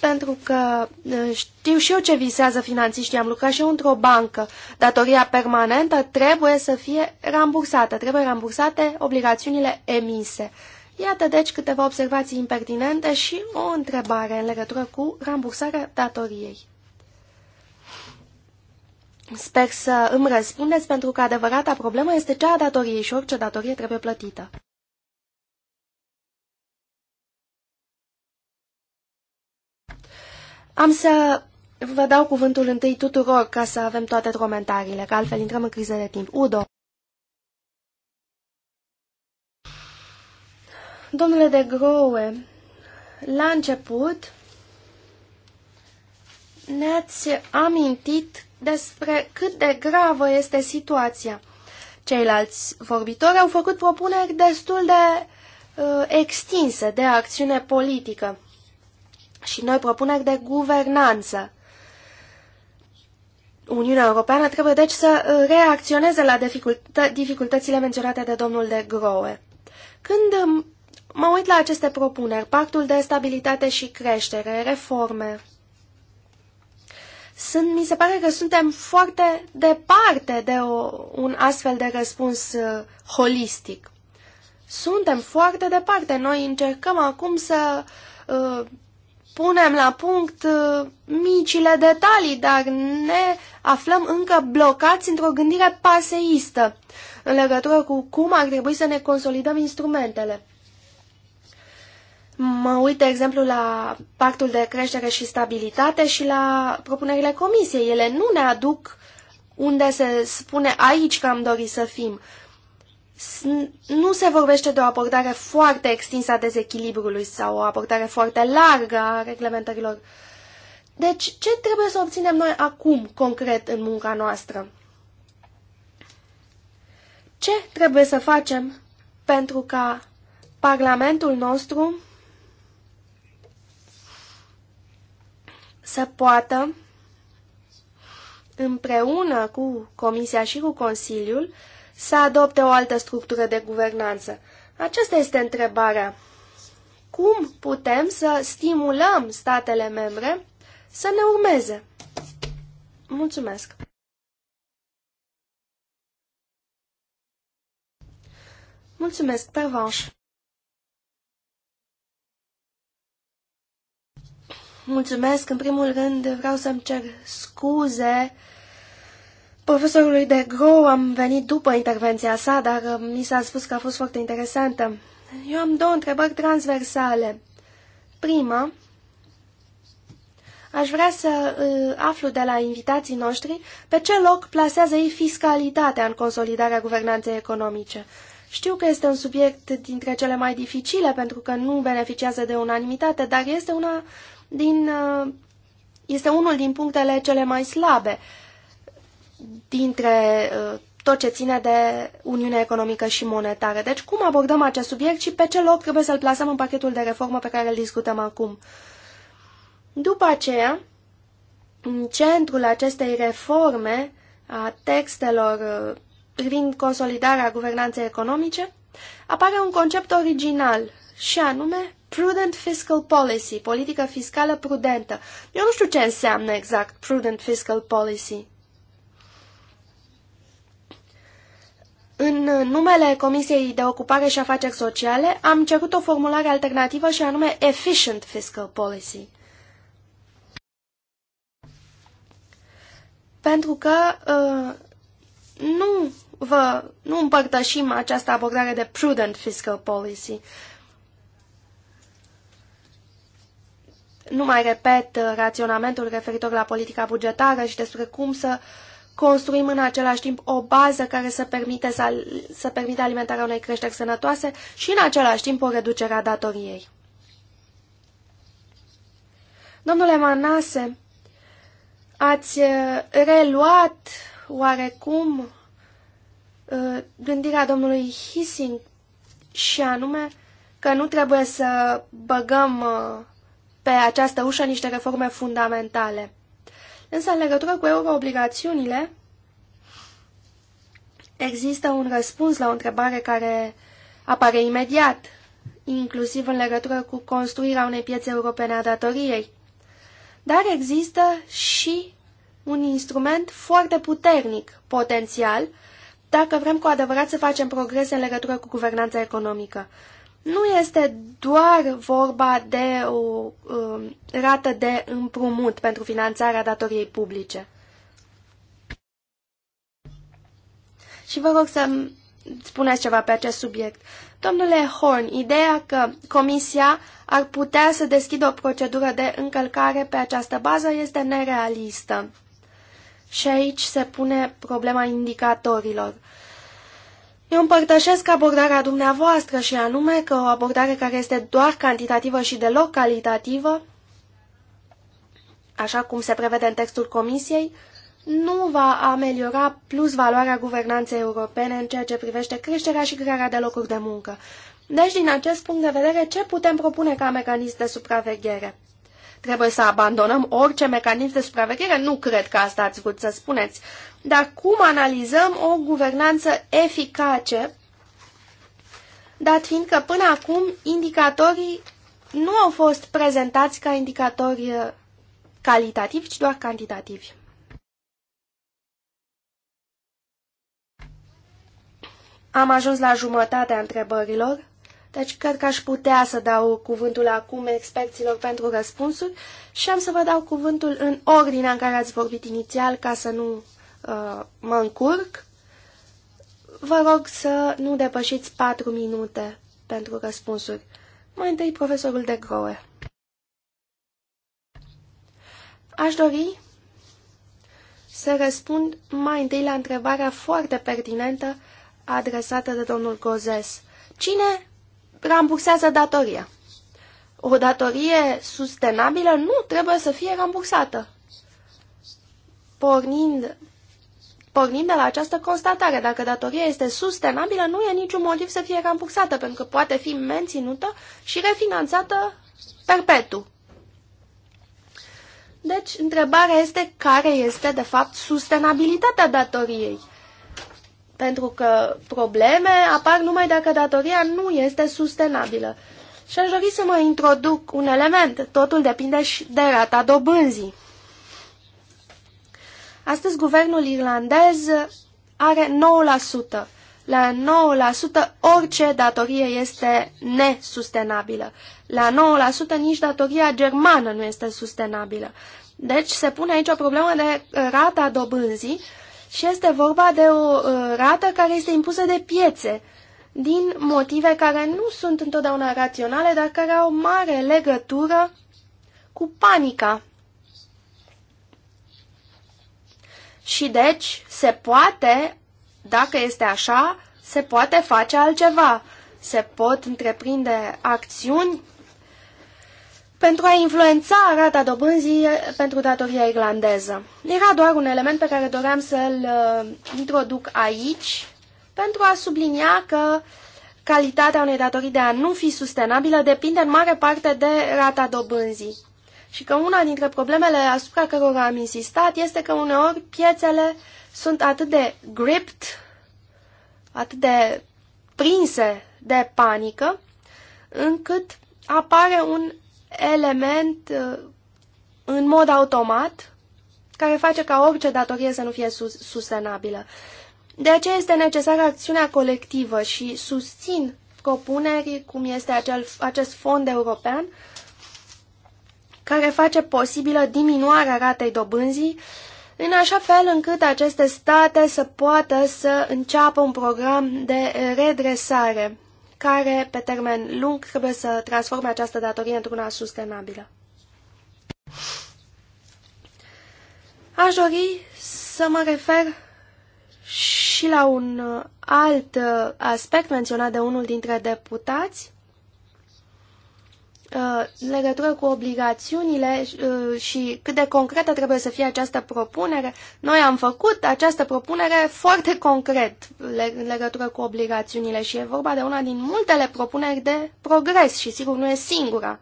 pentru că știu și eu ce visează finanțiștii, am lucrat și eu într-o bancă. Datoria permanentă trebuie să fie rambursată, trebuie rambursate obligațiunile emise. Iată deci câteva observații impertinente și o întrebare în legătură cu rambursarea datoriei. Sper să îmi răspundeți pentru că adevărata problemă este cea a datoriei și orice datorie trebuie plătită. Am să vă dau cuvântul întâi tuturor ca să avem toate comentariile, că altfel intrăm în criză de timp. Udo! Domnule de Groe, la început ne-ați amintit despre cât de gravă este situația. Ceilalți vorbitori au făcut propuneri destul de uh, extinse de acțiune politică și noi propuneri de guvernanță. Uniunea Europeană trebuie deci să uh, reacționeze la dificultă dificultățile menționate de domnul de Groe. Când um, mă uit la aceste propuneri, pactul de stabilitate și creștere, reforme, sunt, mi se pare că suntem foarte departe de o, un astfel de răspuns uh, holistic. Suntem foarte departe. Noi încercăm acum să uh, punem la punct uh, micile detalii, dar ne aflăm încă blocați într-o gândire paseistă în legătură cu cum ar trebui să ne consolidăm instrumentele. Mă uit, de exemplu, la pactul de creștere și stabilitate și la propunerile comisiei. Ele nu ne aduc unde se spune aici că am dorit să fim nu se vorbește de o abordare foarte extinsă a dezechilibrului sau o abordare foarte largă a reglementărilor. Deci, ce trebuie să obținem noi acum, concret, în munca noastră? Ce trebuie să facem pentru ca Parlamentul nostru să poată, împreună cu Comisia și cu Consiliul, să adopte o altă structură de guvernanță. Aceasta este întrebarea. Cum putem să stimulăm statele membre să ne urmeze? Mulțumesc! Mulțumesc, Pervanș! Mulțumesc, în primul rând vreau să-mi cer scuze Profesorului de Grow am venit după intervenția sa, dar uh, mi s-a spus că a fost foarte interesantă. Eu am două întrebări transversale. Prima, aș vrea să uh, aflu de la invitații noștri pe ce loc plasează ei fiscalitatea în consolidarea guvernanței economice. Știu că este un subiect dintre cele mai dificile pentru că nu beneficiază de unanimitate, dar este, una din, uh, este unul din punctele cele mai slabe. Uh, dintre uh, tot ce ține de Uniunea Economică și Monetară. Deci cum abordăm acest subiect și pe ce loc trebuie să-l plasăm în pachetul de reformă pe care îl discutăm acum. După aceea, în centrul acestei reforme a textelor uh, privind consolidarea guvernanței economice, apare un concept original și anume prudent fiscal policy, politică fiscală prudentă. Eu nu știu ce înseamnă exact prudent fiscal policy. În numele Comisiei de Ocupare și Afaceri Sociale am cerut o formulare alternativă și anume Efficient Fiscal Policy. Pentru că uh, nu, vă, nu împărtășim această abordare de Prudent Fiscal Policy. Nu mai repet uh, raționamentul referitor la politica bugetară și despre cum să uh, construim în același timp o bază care să permite, să, să permite alimentarea unei creșteri sănătoase și în același timp o reducere a datoriei. Domnule Manase, ați uh, reluat oarecum uh, gândirea domnului Hissing și anume că nu trebuie să băgăm uh, pe această ușă niște reforme fundamentale. Însă, în legătură cu euroobligațiunile, există un răspuns la o întrebare care apare imediat, inclusiv în legătură cu construirea unei piețe europene a datoriei. Dar există și un instrument foarte puternic, potențial, dacă vrem cu adevărat să facem progrese în legătură cu guvernanța economică nu este doar vorba de o uh, rată de împrumut pentru finanțarea datoriei publice. Și vă rog să spuneți ceva pe acest subiect. Domnule Horn, ideea că Comisia ar putea să deschidă o procedură de încălcare pe această bază este nerealistă. Și aici se pune problema indicatorilor. Uh, împărtășesc abordarea dumneavoastră și anume că o abordare care este doar cantitativă și deloc calitativă, așa cum se prevede în textul Comisiei, nu va ameliora plus valoarea guvernanței europene în ceea ce privește creșterea și crearea de locuri de muncă. Deci, din acest punct de vedere, ce putem propune ca mecanism de supraveghere? Trebuie să abandonăm orice mecanism de supraveghere? Nu cred că asta ați vrut să spuneți. Dar cum analizăm o guvernanță eficace, dat fiind că până acum indicatorii nu au fost prezentați ca indicatori uh, calitativi, ci doar cantitativi. Am ajuns la jumătatea întrebărilor, deci cred că aș putea să dau cuvântul acum experților pentru răspunsuri și am să vă dau cuvântul în ordinea în care ați vorbit inițial ca să nu Uh, mă încurc, vă rog să nu depășiți patru minute pentru răspunsuri. Mai întâi, profesorul de Groe. Aș dori să răspund mai întâi la întrebarea foarte pertinentă adresată de domnul Gozes. Cine rambursează datoria? O datorie sustenabilă nu trebuie să fie rambursată. Pornind Pornind de la această constatare, dacă datoria este sustenabilă, nu e niciun motiv să fie rambursată, pentru că poate fi menținută și refinanțată perpetu. Deci, întrebarea este care este, de fapt, sustenabilitatea datoriei. Pentru că probleme apar numai dacă datoria nu este sustenabilă. Și aș dori să mă introduc un element. Totul depinde și de rata dobânzii. Astăzi, guvernul irlandez are 9%. La 9% orice datorie este nesustenabilă. La 9% nici datoria germană nu este sustenabilă. Deci se pune aici o problemă de rata dobânzii și este vorba de o uh, rată care este impusă de piețe din motive care nu sunt întotdeauna raționale, dar care au mare legătură cu panica Și deci se poate, dacă este așa, se poate face altceva. Se pot întreprinde acțiuni pentru a influența rata dobânzii pentru datoria irlandeză. Era doar un element pe care doream să-l uh, introduc aici pentru a sublinia că calitatea unei datorii de a nu fi sustenabilă depinde în mare parte de rata dobânzii și că una dintre problemele asupra cărora am insistat este că uneori piețele sunt atât de gripped, atât de prinse de panică, încât apare un element uh, în mod automat care face ca orice datorie să nu fie sustenabilă. De aceea este necesară acțiunea colectivă și susțin propuneri cum este acel, acest fond european care face posibilă diminuarea ratei dobânzii, în așa fel încât aceste state să poată să înceapă un program de redresare, care pe termen lung trebuie să transforme această datorie într-una sustenabilă. Aș dori să mă refer și la un alt aspect menționat de unul dintre deputați, în uh, legătură cu obligațiunile uh, și cât de concretă trebuie să fie această propunere, noi am făcut această propunere foarte concret în legătură cu obligațiunile și e vorba de una din multele propuneri de progres și sigur nu e singura.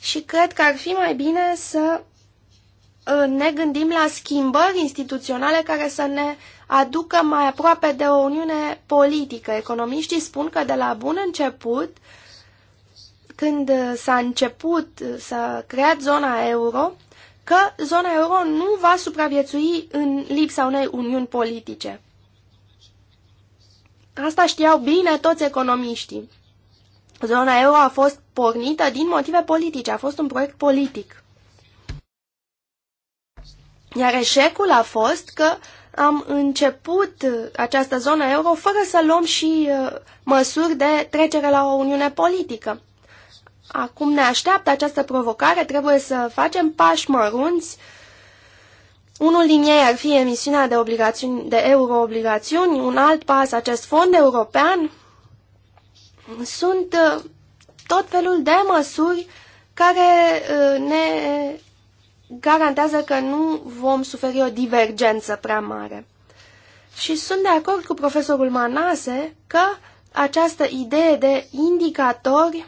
Și cred că ar fi mai bine să uh, ne gândim la schimbări instituționale care să ne aducă mai aproape de o uniune politică. Economiștii spun că de la bun început, când s-a început să creat zona euro, că zona euro nu va supraviețui în lipsa unei uniuni politice. Asta știau bine toți economiștii. Zona euro a fost pornită din motive politice, a fost un proiect politic. Iar eșecul a fost că uh, am început această zonă euro fără să luăm și uh, măsuri de trecere la o uniune politică. Acum ne așteaptă această provocare, trebuie să facem pași mărunți. Unul din ei ar fi emisiunea de, obligațiuni, de euro, euro-obligațiuni, un alt pas acest fond european. Sunt uh, tot felul de măsuri care uh, ne garantează că nu vom suferi o divergență prea mare. Și sunt de acord cu profesorul Manase că această idee de indicatori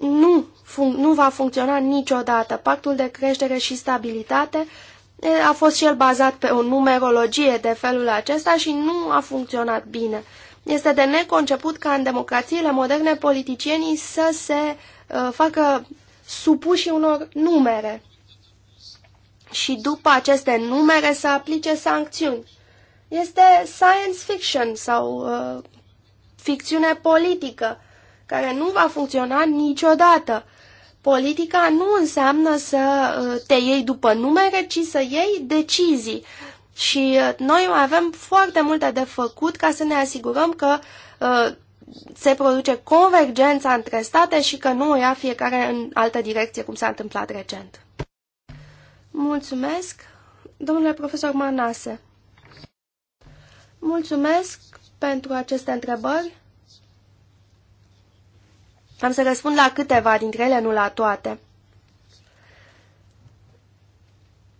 nu, nu va funcționa niciodată. Pactul de creștere și stabilitate a fost și el bazat pe o numerologie de felul acesta și nu a funcționat bine. Este de neconceput ca în democrațiile moderne politicienii să se uh, facă supuși unor numere și după aceste numere să aplice sancțiuni. Este science fiction sau uh, ficțiune politică, care nu va funcționa niciodată. Politica nu înseamnă să uh, te iei după numere, ci să iei decizii. Și uh, noi avem foarte multe de făcut ca să ne asigurăm că uh, se produce convergența între state și că nu o ia fiecare în altă direcție, cum s-a întâmplat recent. Mulțumesc, domnule profesor Manase. Mulțumesc pentru aceste întrebări. Am să răspund la câteva dintre ele, nu la toate.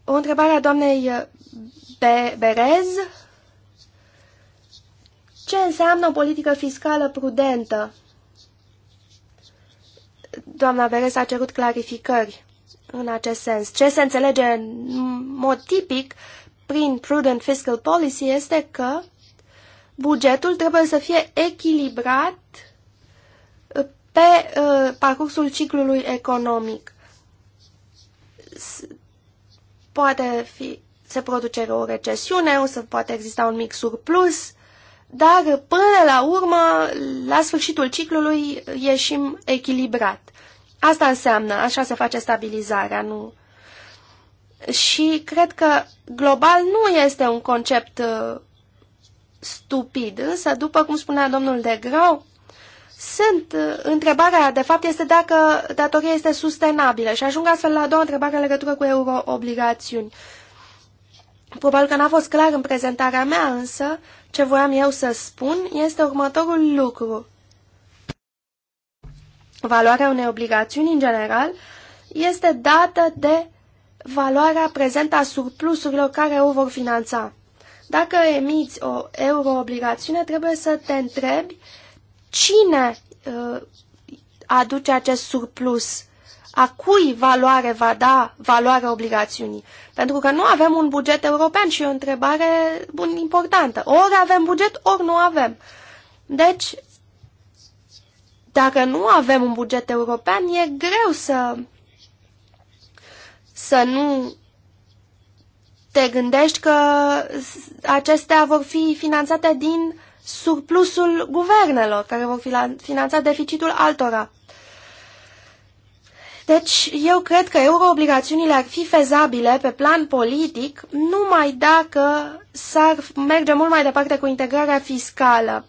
O întrebare a doamnei Be Berez ce înseamnă o politică fiscală prudentă? Doamna Beres a cerut clarificări în acest sens. Ce se înțelege în mod tipic prin prudent fiscal policy este că bugetul trebuie să fie echilibrat pe uh, parcursul ciclului economic. S poate fi, se produce o recesiune, o să poate exista un mic surplus, dar până la urmă, la sfârșitul ciclului, ieșim echilibrat. Asta înseamnă, așa se face stabilizarea, nu? Și cred că global nu este un concept uh, stupid, însă, după cum spunea domnul de Grau, sunt, uh, întrebarea de fapt este dacă datoria este sustenabilă și ajung astfel la a doua întrebare în legătură cu euroobligațiuni. Probabil că n-a fost clar în prezentarea mea, însă ce voiam eu să spun este următorul lucru. Valoarea unei obligațiuni, în general, este dată de valoarea prezentă a surplusurilor care o vor finanța. Dacă emiți o euroobligațiune, trebuie să te întrebi cine uh, aduce acest surplus, a cui valoare va da valoarea obligațiunii. Pentru că nu avem un buget european și e o întrebare bun, importantă. Ori avem buget, ori nu avem. Deci, dacă nu avem un buget european, e greu să, să nu te gândești că acestea vor fi finanțate din surplusul guvernelor, care vor fi finanța deficitul altora. Deci, eu cred că euroobligațiunile ar fi fezabile pe plan politic numai dacă s-ar merge mult mai departe cu integrarea fiscală.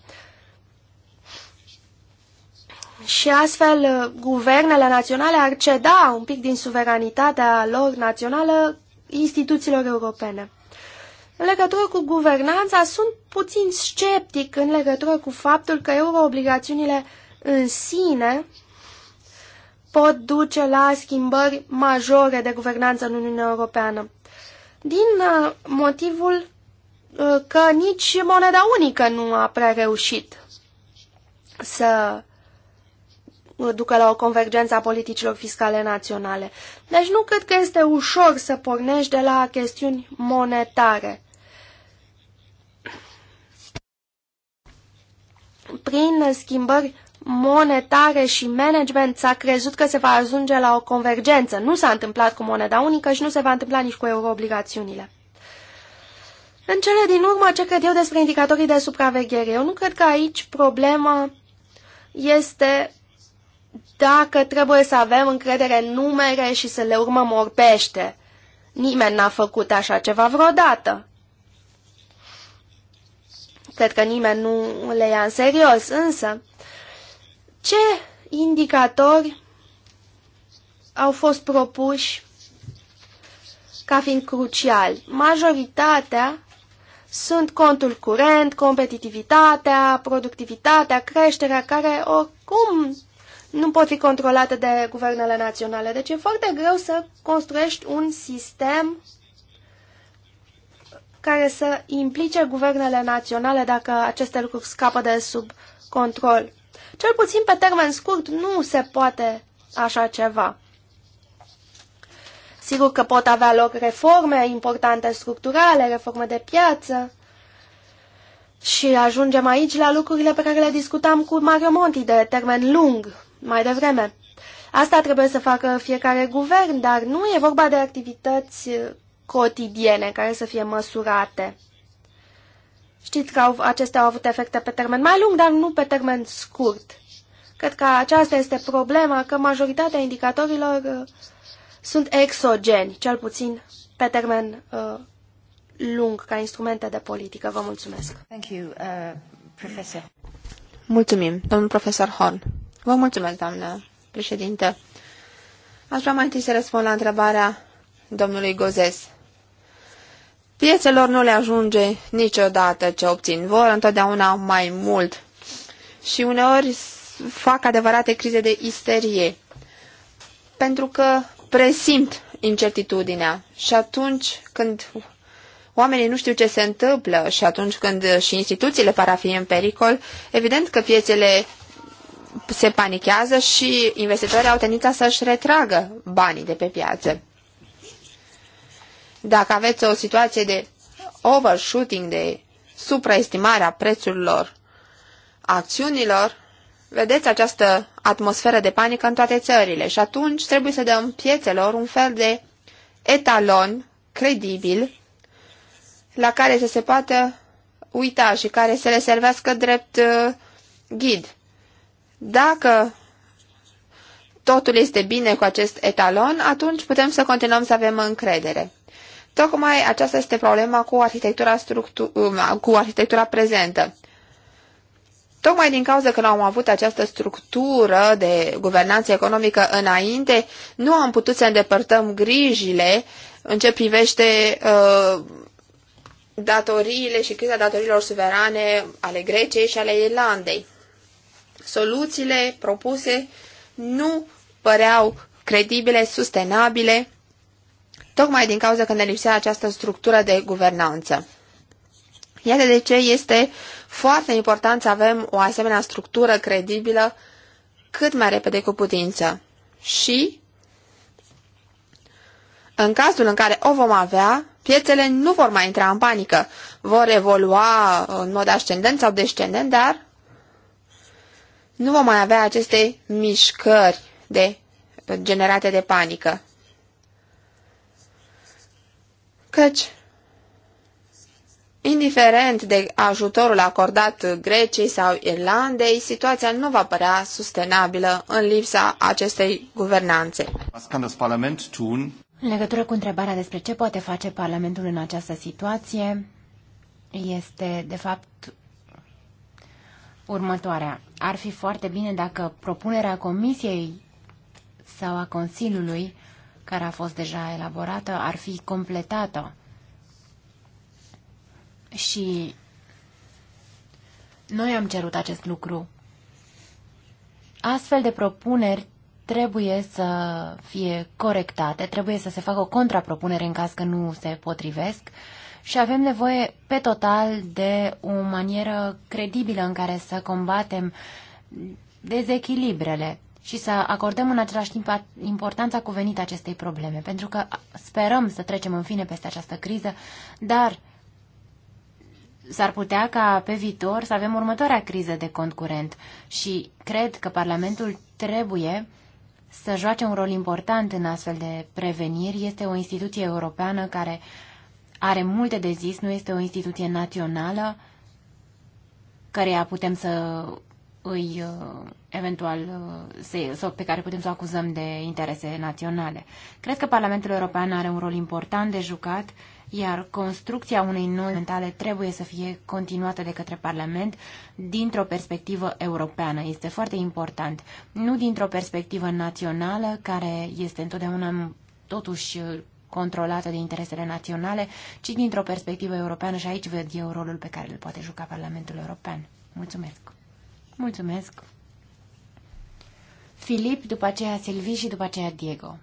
Și astfel, uh, guvernele naționale ar ceda un pic din suveranitatea lor națională instituțiilor europene. În legătură cu guvernanța, sunt puțin sceptic în legătură cu faptul că euroobligațiunile în sine pot duce la schimbări majore de guvernanță în Uniunea Europeană. Din uh, motivul uh, că nici moneda unică nu a prea reușit să uh, ducă la o convergență a politicilor fiscale naționale. Deci nu cred că este ușor să pornești de la chestiuni monetare. Prin schimbări monetare și management s-a crezut că se va ajunge la o convergență. Nu s-a întâmplat cu moneda unică și nu se va întâmpla nici cu euroobligațiunile. În cele din urmă, ce cred eu despre indicatorii de supraveghere? Eu nu cred că aici problema este dacă trebuie să avem încredere în numere și să le urmăm orbește. Nimeni n-a făcut așa ceva vreodată. Cred că nimeni nu le ia în serios, însă ce indicatori au fost propuși ca fiind cruciali? Majoritatea sunt contul curent, competitivitatea, productivitatea, creșterea, care oricum nu pot fi controlate de guvernele naționale. Deci e foarte greu să construiești un sistem care să implice guvernele naționale dacă aceste lucruri scapă de sub control. Cel puțin pe termen scurt nu se poate așa ceva. Sigur că pot avea loc reforme importante structurale, reforme de piață. Și ajungem aici la lucrurile pe care le discutam cu Mario Monti de termen lung mai devreme. Asta trebuie să facă fiecare guvern, dar nu e vorba de activități cotidiene care să fie măsurate. Știți că au, acestea au avut efecte pe termen mai lung, dar nu pe termen scurt. Cred că aceasta este problema, că majoritatea indicatorilor uh, sunt exogeni, cel puțin pe termen uh, lung, ca instrumente de politică. Vă mulțumesc. Thank you, uh, professor. Mulțumim, domnul profesor Horn. Vă mulțumesc, doamnă președinte. Aș vrea mai întâi să răspund la întrebarea domnului Gozes. Piețelor nu le ajunge niciodată ce obțin. Vor întotdeauna mai mult. Și uneori fac adevărate crize de isterie. Pentru că presimt incertitudinea. Și atunci când oamenii nu știu ce se întâmplă și atunci când și instituțiile par a fi în pericol, evident că piețele se panichează și investitorii au tendința să-și retragă banii de pe piață. Dacă aveți o situație de overshooting, de supraestimare a prețurilor acțiunilor, vedeți această atmosferă de panică în toate țările și atunci trebuie să dăm piețelor un fel de etalon credibil la care să se poată uita și care să le servească drept uh, ghid. Dacă totul este bine cu acest etalon, atunci putem să continuăm să avem încredere. Tocmai aceasta este problema cu arhitectura, um, cu arhitectura prezentă. Tocmai din cauza că nu am avut această structură de guvernanță economică înainte, nu am putut să îndepărtăm grijile în ce privește uh, datoriile și criza datorilor suverane ale Greciei și ale Irlandei. Soluțiile propuse nu păreau credibile, sustenabile tocmai din cauza că ne lipsea această structură de guvernanță. Iată de ce este foarte important să avem o asemenea structură credibilă cât mai repede cu putință. Și, în cazul în care o vom avea, piețele nu vor mai intra în panică, vor evolua în mod ascendent sau descendent, dar nu vom mai avea aceste mișcări de, generate de panică. căci Indiferent de ajutorul acordat Greciei sau Irlandei, situația nu va părea sustenabilă în lipsa acestei guvernanțe. În legătură cu întrebarea despre ce poate face Parlamentul în această situație, este de fapt următoarea. Ar fi foarte bine dacă propunerea Comisiei sau a Consiliului care a fost deja elaborată ar fi completată și noi am cerut acest lucru. Astfel de propuneri trebuie să fie corectate, trebuie să se facă o contrapropunere în caz că nu se potrivesc și avem nevoie pe total de o manieră credibilă în care să combatem dezechilibrele și să acordăm în același timp importanța cuvenită acestei probleme, pentru că sperăm să trecem în fine peste această criză, dar s-ar putea ca pe viitor să avem următoarea criză de cont curent și cred că Parlamentul trebuie să joace un rol important în astfel de preveniri. Este o instituție europeană care are multe de zis, nu este o instituție națională căreia putem să îi uh, eventual uh, sau pe care putem să o acuzăm de interese naționale. Cred că Parlamentul European are un rol important de jucat, iar construcția unei noi mentale trebuie să fie continuată de către Parlament dintr-o perspectivă europeană. Este foarte important. Nu dintr-o perspectivă națională, care este întotdeauna totuși uh, controlată de interesele naționale, ci dintr-o perspectivă europeană și aici văd eu rolul pe care îl poate juca Parlamentul European. Mulțumesc! Mulțumesc. Filip, după aceea Silvi și după aceea Diego.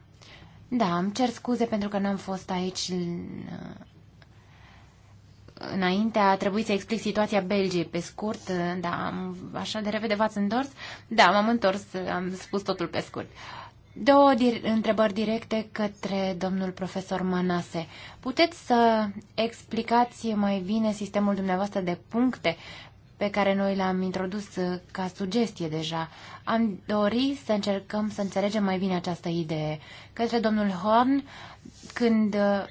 Da, îmi cer scuze pentru că n-am fost aici în... înainte. A trebuit să explic situația Belgiei pe scurt, da, așa de repede v-ați întors? Da, m-am întors, am spus totul pe scurt. Două dir- întrebări directe către domnul profesor Manase. Puteți să explicați mai bine sistemul dumneavoastră de puncte? pe care noi l-am introdus uh, ca sugestie deja. Am dorit să încercăm să înțelegem mai bine această idee. Către domnul Horn, când uh,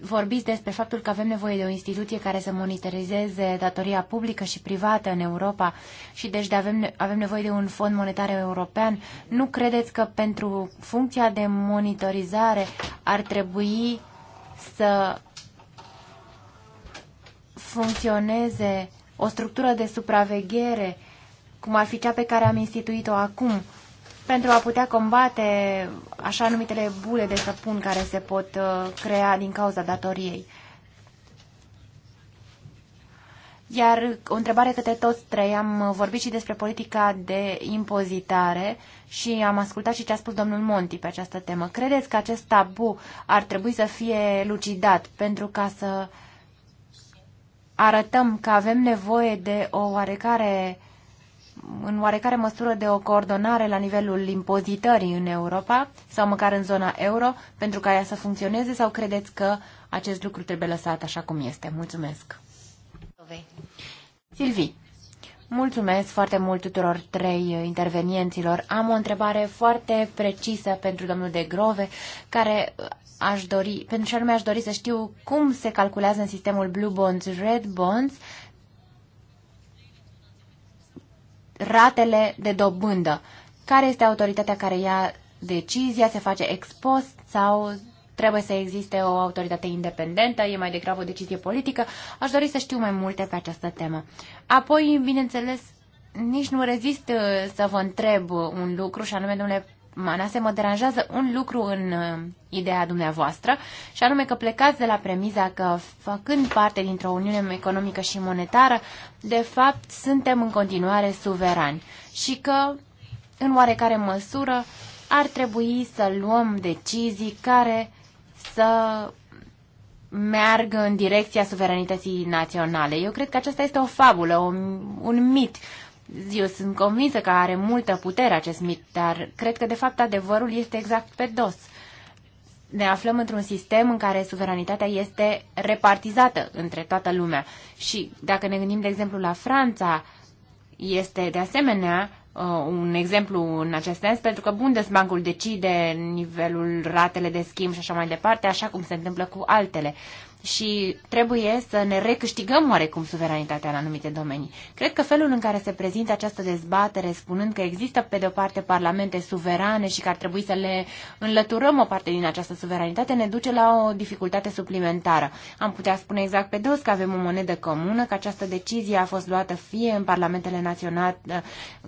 vorbiți despre faptul că avem nevoie de o instituție care să monitorizeze datoria publică și privată în Europa și deci de avem, avem nevoie de un fond monetar european, nu credeți că pentru funcția de monitorizare ar trebui să funcționeze o structură de supraveghere, cum ar fi cea pe care am instituit-o acum, pentru a putea combate așa numitele bule de săpun care se pot uh, crea din cauza datoriei. Iar o întrebare către toți trei. Am vorbit și despre politica de impozitare și am ascultat și ce a spus domnul Monti pe această temă. Credeți că acest tabu ar trebui să fie lucidat pentru ca să uh, arătăm că avem nevoie de o oarecare, în oarecare măsură de o coordonare la nivelul impozitării în Europa sau măcar în zona euro pentru ca ea să funcționeze sau credeți că acest lucru trebuie lăsat așa cum este? Mulțumesc! Silvi, mulțumesc foarte mult tuturor trei intervenienților. Am o întrebare foarte precisă pentru domnul de Grove, care aș dori, pentru ce anume aș dori să știu cum se calculează în sistemul Blue Bonds, Red Bonds, ratele de dobândă. Care este autoritatea care ia decizia, se face expost sau trebuie să existe o autoritate independentă, e mai degrabă o decizie politică. Aș dori să știu mai multe pe această temă. Apoi, bineînțeles, nici nu rezist uh, să vă întreb un lucru și anume, domnule Manase, mă deranjează un lucru în uh, ideea dumneavoastră, și anume că plecați de la premiza că, făcând parte dintr-o uniune economică și monetară, de fapt suntem în continuare suverani și că, în oarecare măsură, ar trebui să luăm decizii care să meargă în direcția suveranității naționale. Eu cred că aceasta este o fabulă, o, un mit, eu sunt convinsă că are multă putere acest mit, dar cred că de fapt adevărul este exact pe dos. Ne aflăm într-un sistem în care suveranitatea este repartizată între toată lumea. Și dacă ne gândim, de exemplu, la Franța, este de asemenea uh, un exemplu în acest sens, pentru că Bundesbankul decide nivelul, ratele de schimb și așa mai departe, așa cum se întâmplă cu altele și trebuie să ne recâștigăm oarecum suveranitatea în anumite domenii. Cred că felul în care se prezintă această dezbatere, spunând că există pe de-o parte parlamente suverane și că ar trebui să le înlăturăm o parte din această suveranitate, ne duce la o dificultate suplimentară. Am putea spune exact pe dos că avem o monedă comună, că această decizie a fost luată fie în parlamentele naționale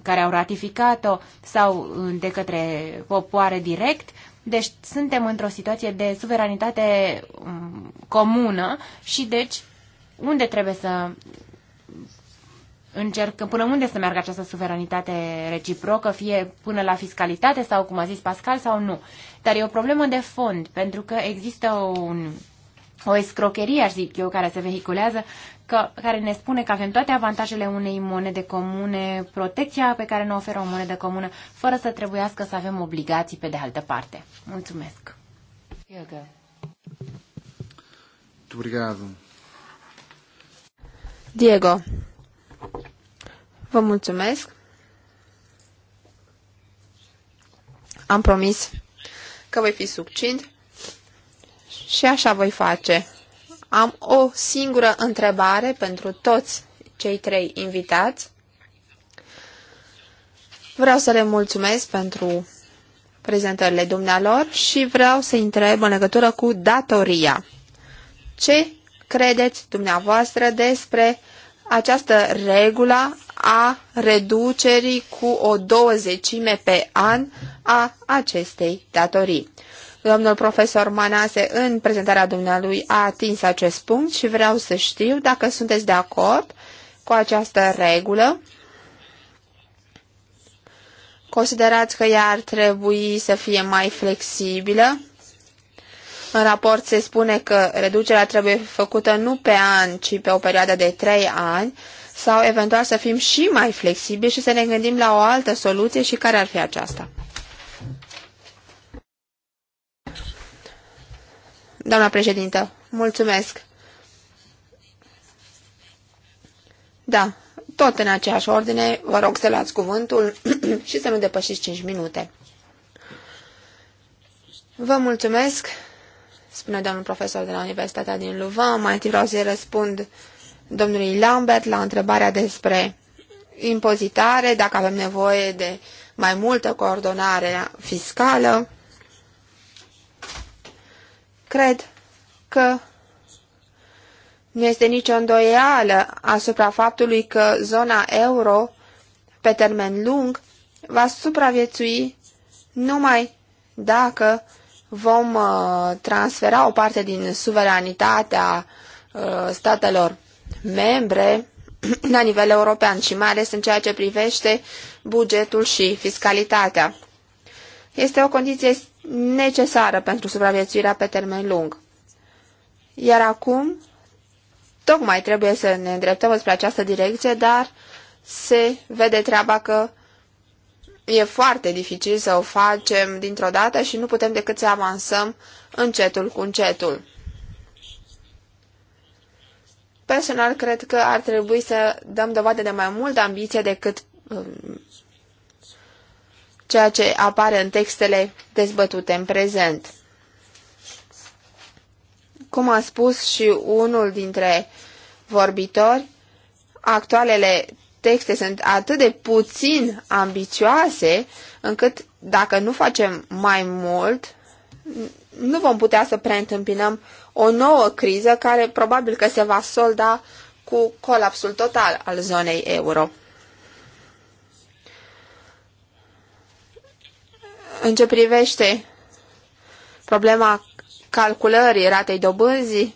care au ratificat-o sau de către popoare direct, deci suntem într-o situație de suveranitate um, comună și deci unde trebuie să încercăm, până unde să meargă această suveranitate reciprocă, fie până la fiscalitate sau, cum a zis Pascal, sau nu. Dar e o problemă de fond, pentru că există un o escrocherie, aș zic eu, care se vehiculează, că, care ne spune că avem toate avantajele unei monede comune, protecția pe care ne oferă o monedă comună, fără să trebuiască să avem obligații pe de altă parte. Mulțumesc! Diego. Diego, vă mulțumesc. Am promis că voi fi succint și așa voi face. Am o singură întrebare pentru toți cei trei invitați. Vreau să le mulțumesc pentru prezentările dumnealor și vreau să întreb în legătură cu datoria. Ce credeți dumneavoastră despre această regulă a reducerii cu o douăzecime pe an a acestei datorii? Domnul profesor Manase, în prezentarea dumnealui, a atins acest punct și vreau să știu dacă sunteți de acord cu această regulă. Considerați că ea ar trebui să fie mai flexibilă? În raport se spune că reducerea trebuie făcută nu pe an, ci pe o perioadă de trei ani, sau eventual să fim și mai flexibili și să ne gândim la o altă soluție și care ar fi aceasta. Doamna președintă, mulțumesc. Da, tot în aceeași ordine, vă rog să luați cuvântul <clears throat> și să nu depășiți 5 minute. Vă mulțumesc, spune domnul profesor de la Universitatea din Luvan. Mai întâi vreau să-i răspund domnului Lambert la întrebarea despre impozitare, dacă avem nevoie de mai multă coordonare fiscală. Cred că nu este nicio îndoială asupra faptului că zona euro, pe termen lung, va supraviețui numai dacă vom uh, transfera o parte din suveranitatea uh, statelor membre <clears throat> la nivel european și mai ales în ceea ce privește bugetul și fiscalitatea. Este o condiție necesară pentru supraviețuirea pe termen lung. Iar acum, tocmai trebuie să ne îndreptăm spre această direcție, dar se vede treaba că e foarte dificil să o facem dintr-o dată și nu putem decât să avansăm încetul cu încetul. Personal, cred că ar trebui să dăm dovadă de mai multă ambiție decât um, ceea ce apare în textele dezbătute în prezent. Cum a spus și unul dintre vorbitori, actualele texte sunt atât de puțin ambițioase încât dacă nu facem mai mult, nu vom putea să preîntâmpinăm o nouă criză care probabil că se va solda cu colapsul total al zonei euro. În ce privește problema calculării ratei dobânzii,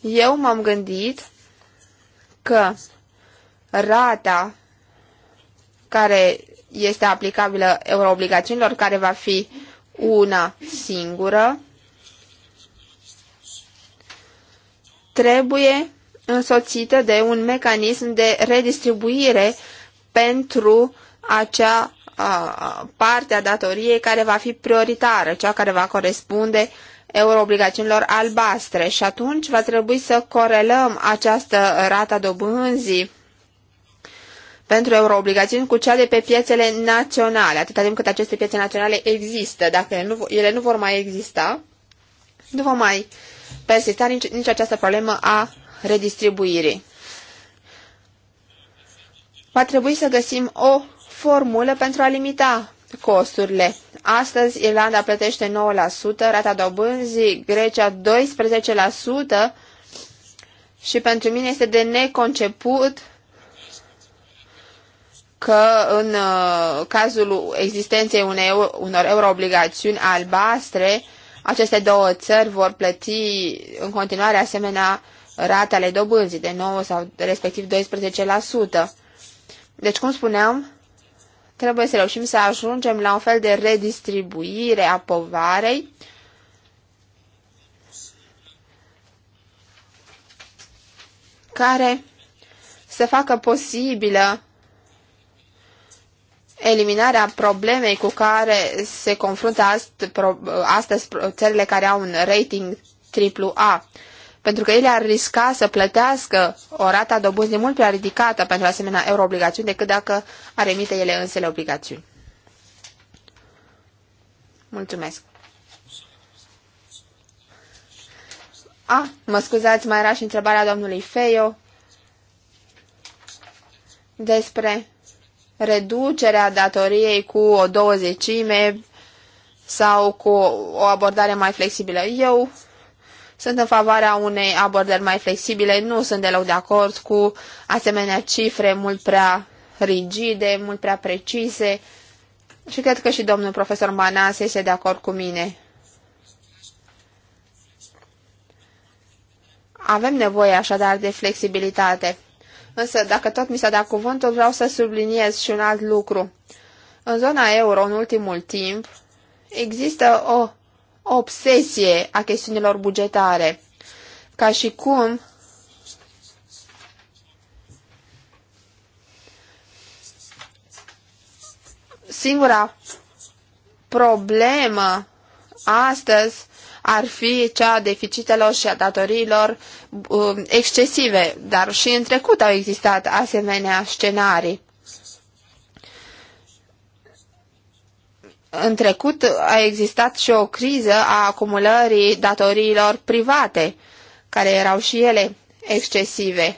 eu m-am gândit că rata care este aplicabilă euroobligațiunilor, care va fi una singură, trebuie însoțită de un mecanism de redistribuire pentru acea partea datoriei care va fi prioritară, cea care va corespunde euroobligațiunilor albastre și atunci va trebui să corelăm această rata dobânzii pentru euroobligațiuni cu cea de pe piețele naționale, atâta timp cât aceste piețe naționale există. Dacă ele nu, ele nu vor mai exista, nu vor mai persista nici, nici această problemă a redistribuirii. Va trebui să găsim o formulă pentru a limita costurile. Astăzi Irlanda plătește 9%, rata dobânzii Grecia 12% și pentru mine este de neconceput că în uh, cazul existenței unei, unor euroobligațiuni albastre, aceste două țări vor plăti în continuare asemenea ratele dobânzii de 9 sau respectiv 12%. Deci, cum spuneam, trebuie să reușim să ajungem la un fel de redistribuire a povarei, care să facă posibilă eliminarea problemei cu care se confruntă astăzi țările care au un rating AAA pentru că ele ar risca să plătească o rată a dobânzii mult prea ridicată pentru asemenea euroobligațiuni decât dacă ar emite ele însele obligațiuni. Mulțumesc. A, mă scuzați, mai era și întrebarea domnului Feio despre reducerea datoriei cu o douăzecime sau cu o abordare mai flexibilă. Eu sunt în favoarea unei abordări mai flexibile, nu sunt deloc de acord cu asemenea cifre mult prea rigide, mult prea precise și cred că și domnul profesor Manas este de acord cu mine. Avem nevoie așadar de flexibilitate. Însă, dacă tot mi s-a dat cuvântul, vreau să subliniez și un alt lucru. În zona euro, în ultimul timp, există o obsesie a chestiunilor bugetare, ca și cum singura problemă astăzi ar fi cea a deficitelor și a datoriilor um, excesive, dar și în trecut au existat asemenea scenarii. în trecut a existat și o criză a acumulării datoriilor private, care erau și ele excesive.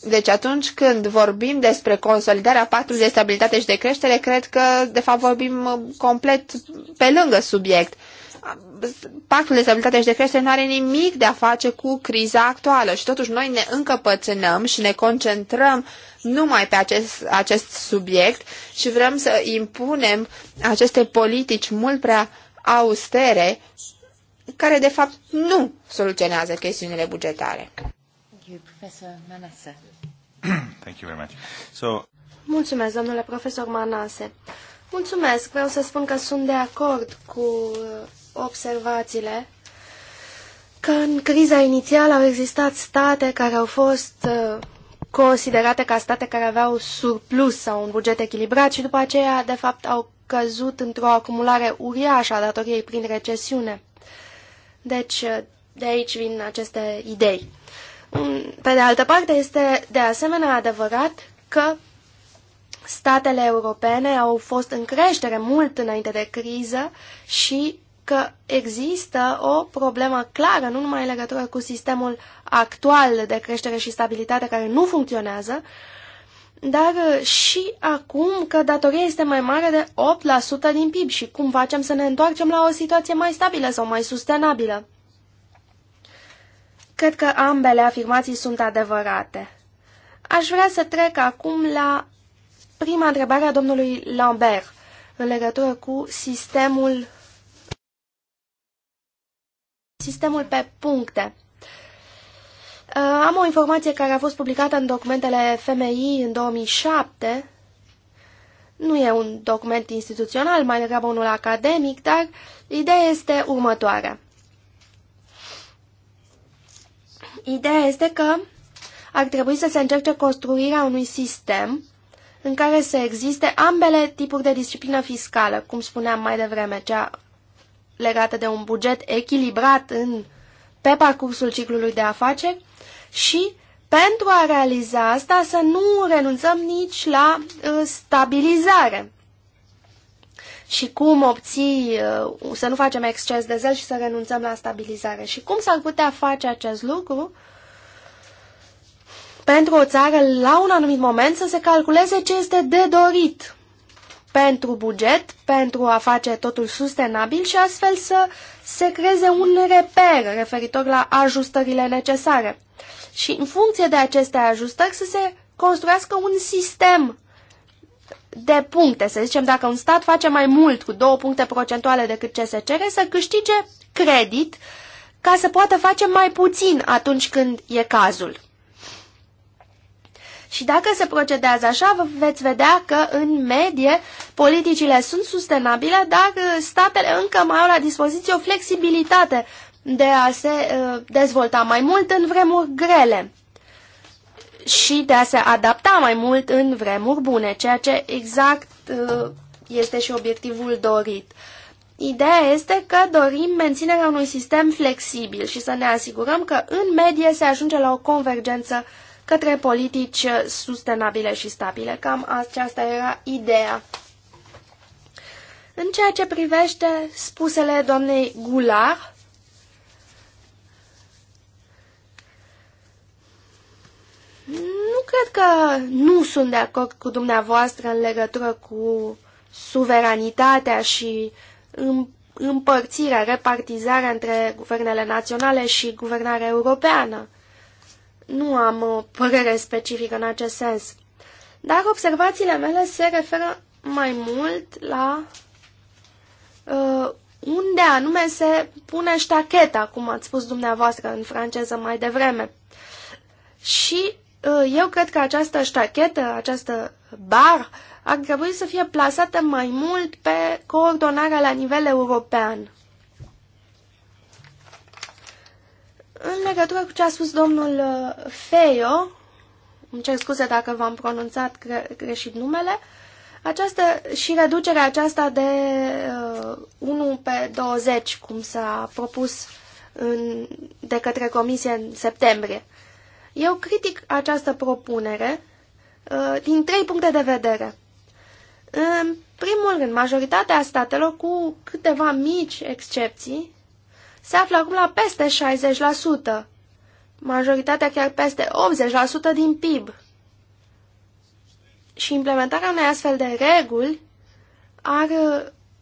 Deci atunci când vorbim despre consolidarea patului de stabilitate și de creștere, cred că de fapt vorbim uh, complet pe lângă subiect pactul de stabilitate și de creștere nu are nimic de a face cu criza actuală și totuși noi ne încăpățânăm și ne concentrăm numai pe acest, acest subiect și vrem să impunem aceste politici mult prea austere care de fapt nu soluționează chestiunile bugetare. Thank you very much. So... Mulțumesc, domnule profesor Manase. Mulțumesc, vreau să spun că sunt de acord cu observațiile că în criza inițială au existat state care au fost uh, considerate ca state care aveau surplus sau un buget echilibrat și după aceea, de fapt, au căzut într-o acumulare uriașă a datoriei prin recesiune. Deci, uh, de aici vin aceste idei. Mm, pe de altă parte, este de asemenea adevărat că statele europene au fost în creștere mult înainte de criză și că există o problemă clară, nu numai în legătură cu sistemul actual de creștere și stabilitate care nu funcționează, dar și acum că datoria este mai mare de 8% din PIB și cum facem să ne întoarcem la o situație mai stabilă sau mai sustenabilă. Cred că ambele afirmații sunt adevărate. Aș vrea să trec acum la prima întrebare a domnului Lambert în legătură cu sistemul Sistemul pe puncte. Uh, am o informație care a fost publicată în documentele FMI în 2007. Nu e un document instituțional, mai degrabă unul academic, dar ideea este următoarea. Ideea este că ar trebui să se încerce construirea unui sistem în care să existe ambele tipuri de disciplină fiscală, cum spuneam mai devreme, cea legată de un buget echilibrat în, pe parcursul ciclului de afaceri și pentru a realiza asta să nu renunțăm nici la uh, stabilizare. Și cum obții, uh, să nu facem exces de zel și să renunțăm la stabilizare. Și cum s-ar putea face acest lucru pentru o țară la un anumit moment să se calculeze ce este de dorit pentru buget, pentru a face totul sustenabil și astfel să se creeze un reper referitor la ajustările necesare. Și în funcție de aceste ajustări să se construiască un sistem de puncte. Să zicem, dacă un stat face mai mult cu două puncte procentuale decât ce se cere, să câștige credit ca să poată face mai puțin atunci când e cazul. Și dacă se procedează așa, veți vedea că, în medie, politicile sunt sustenabile, dar uh, statele încă mai au la dispoziție o flexibilitate de a se uh, dezvolta mai mult în vremuri grele și de a se adapta mai mult în vremuri bune, ceea ce exact uh, este și obiectivul dorit. Ideea este că dorim menținerea unui sistem flexibil și să ne asigurăm că în medie se ajunge la o convergență uh, către politici sustenabile și stabile. Cam aceasta era ideea. În ceea ce privește spusele doamnei Gular, nu cred că nu sunt de acord cu dumneavoastră în legătură cu suveranitatea și împărțirea, repartizarea între guvernele naționale și guvernarea europeană nu am o uh, părere specifică în acest sens. Dar observațiile mele se referă mai mult la uh, unde anume se pune ștacheta, cum ați spus dumneavoastră în franceză mai devreme. Și uh, eu cred că această ștachetă, această bar, ar trebui să fie plasată mai mult pe coordonarea la nivel european. În legătură cu ce a spus domnul uh, Feio, îmi cer scuze dacă v-am pronunțat greșit numele, această, și reducerea aceasta de uh, 1 pe 20, cum s-a propus în, de către comisie în septembrie. Eu critic această propunere uh, din trei puncte de vedere. În primul rând, majoritatea statelor, cu câteva mici excepții, se află acum la peste 60%, majoritatea chiar peste 80% din PIB. Și implementarea unei astfel de reguli ar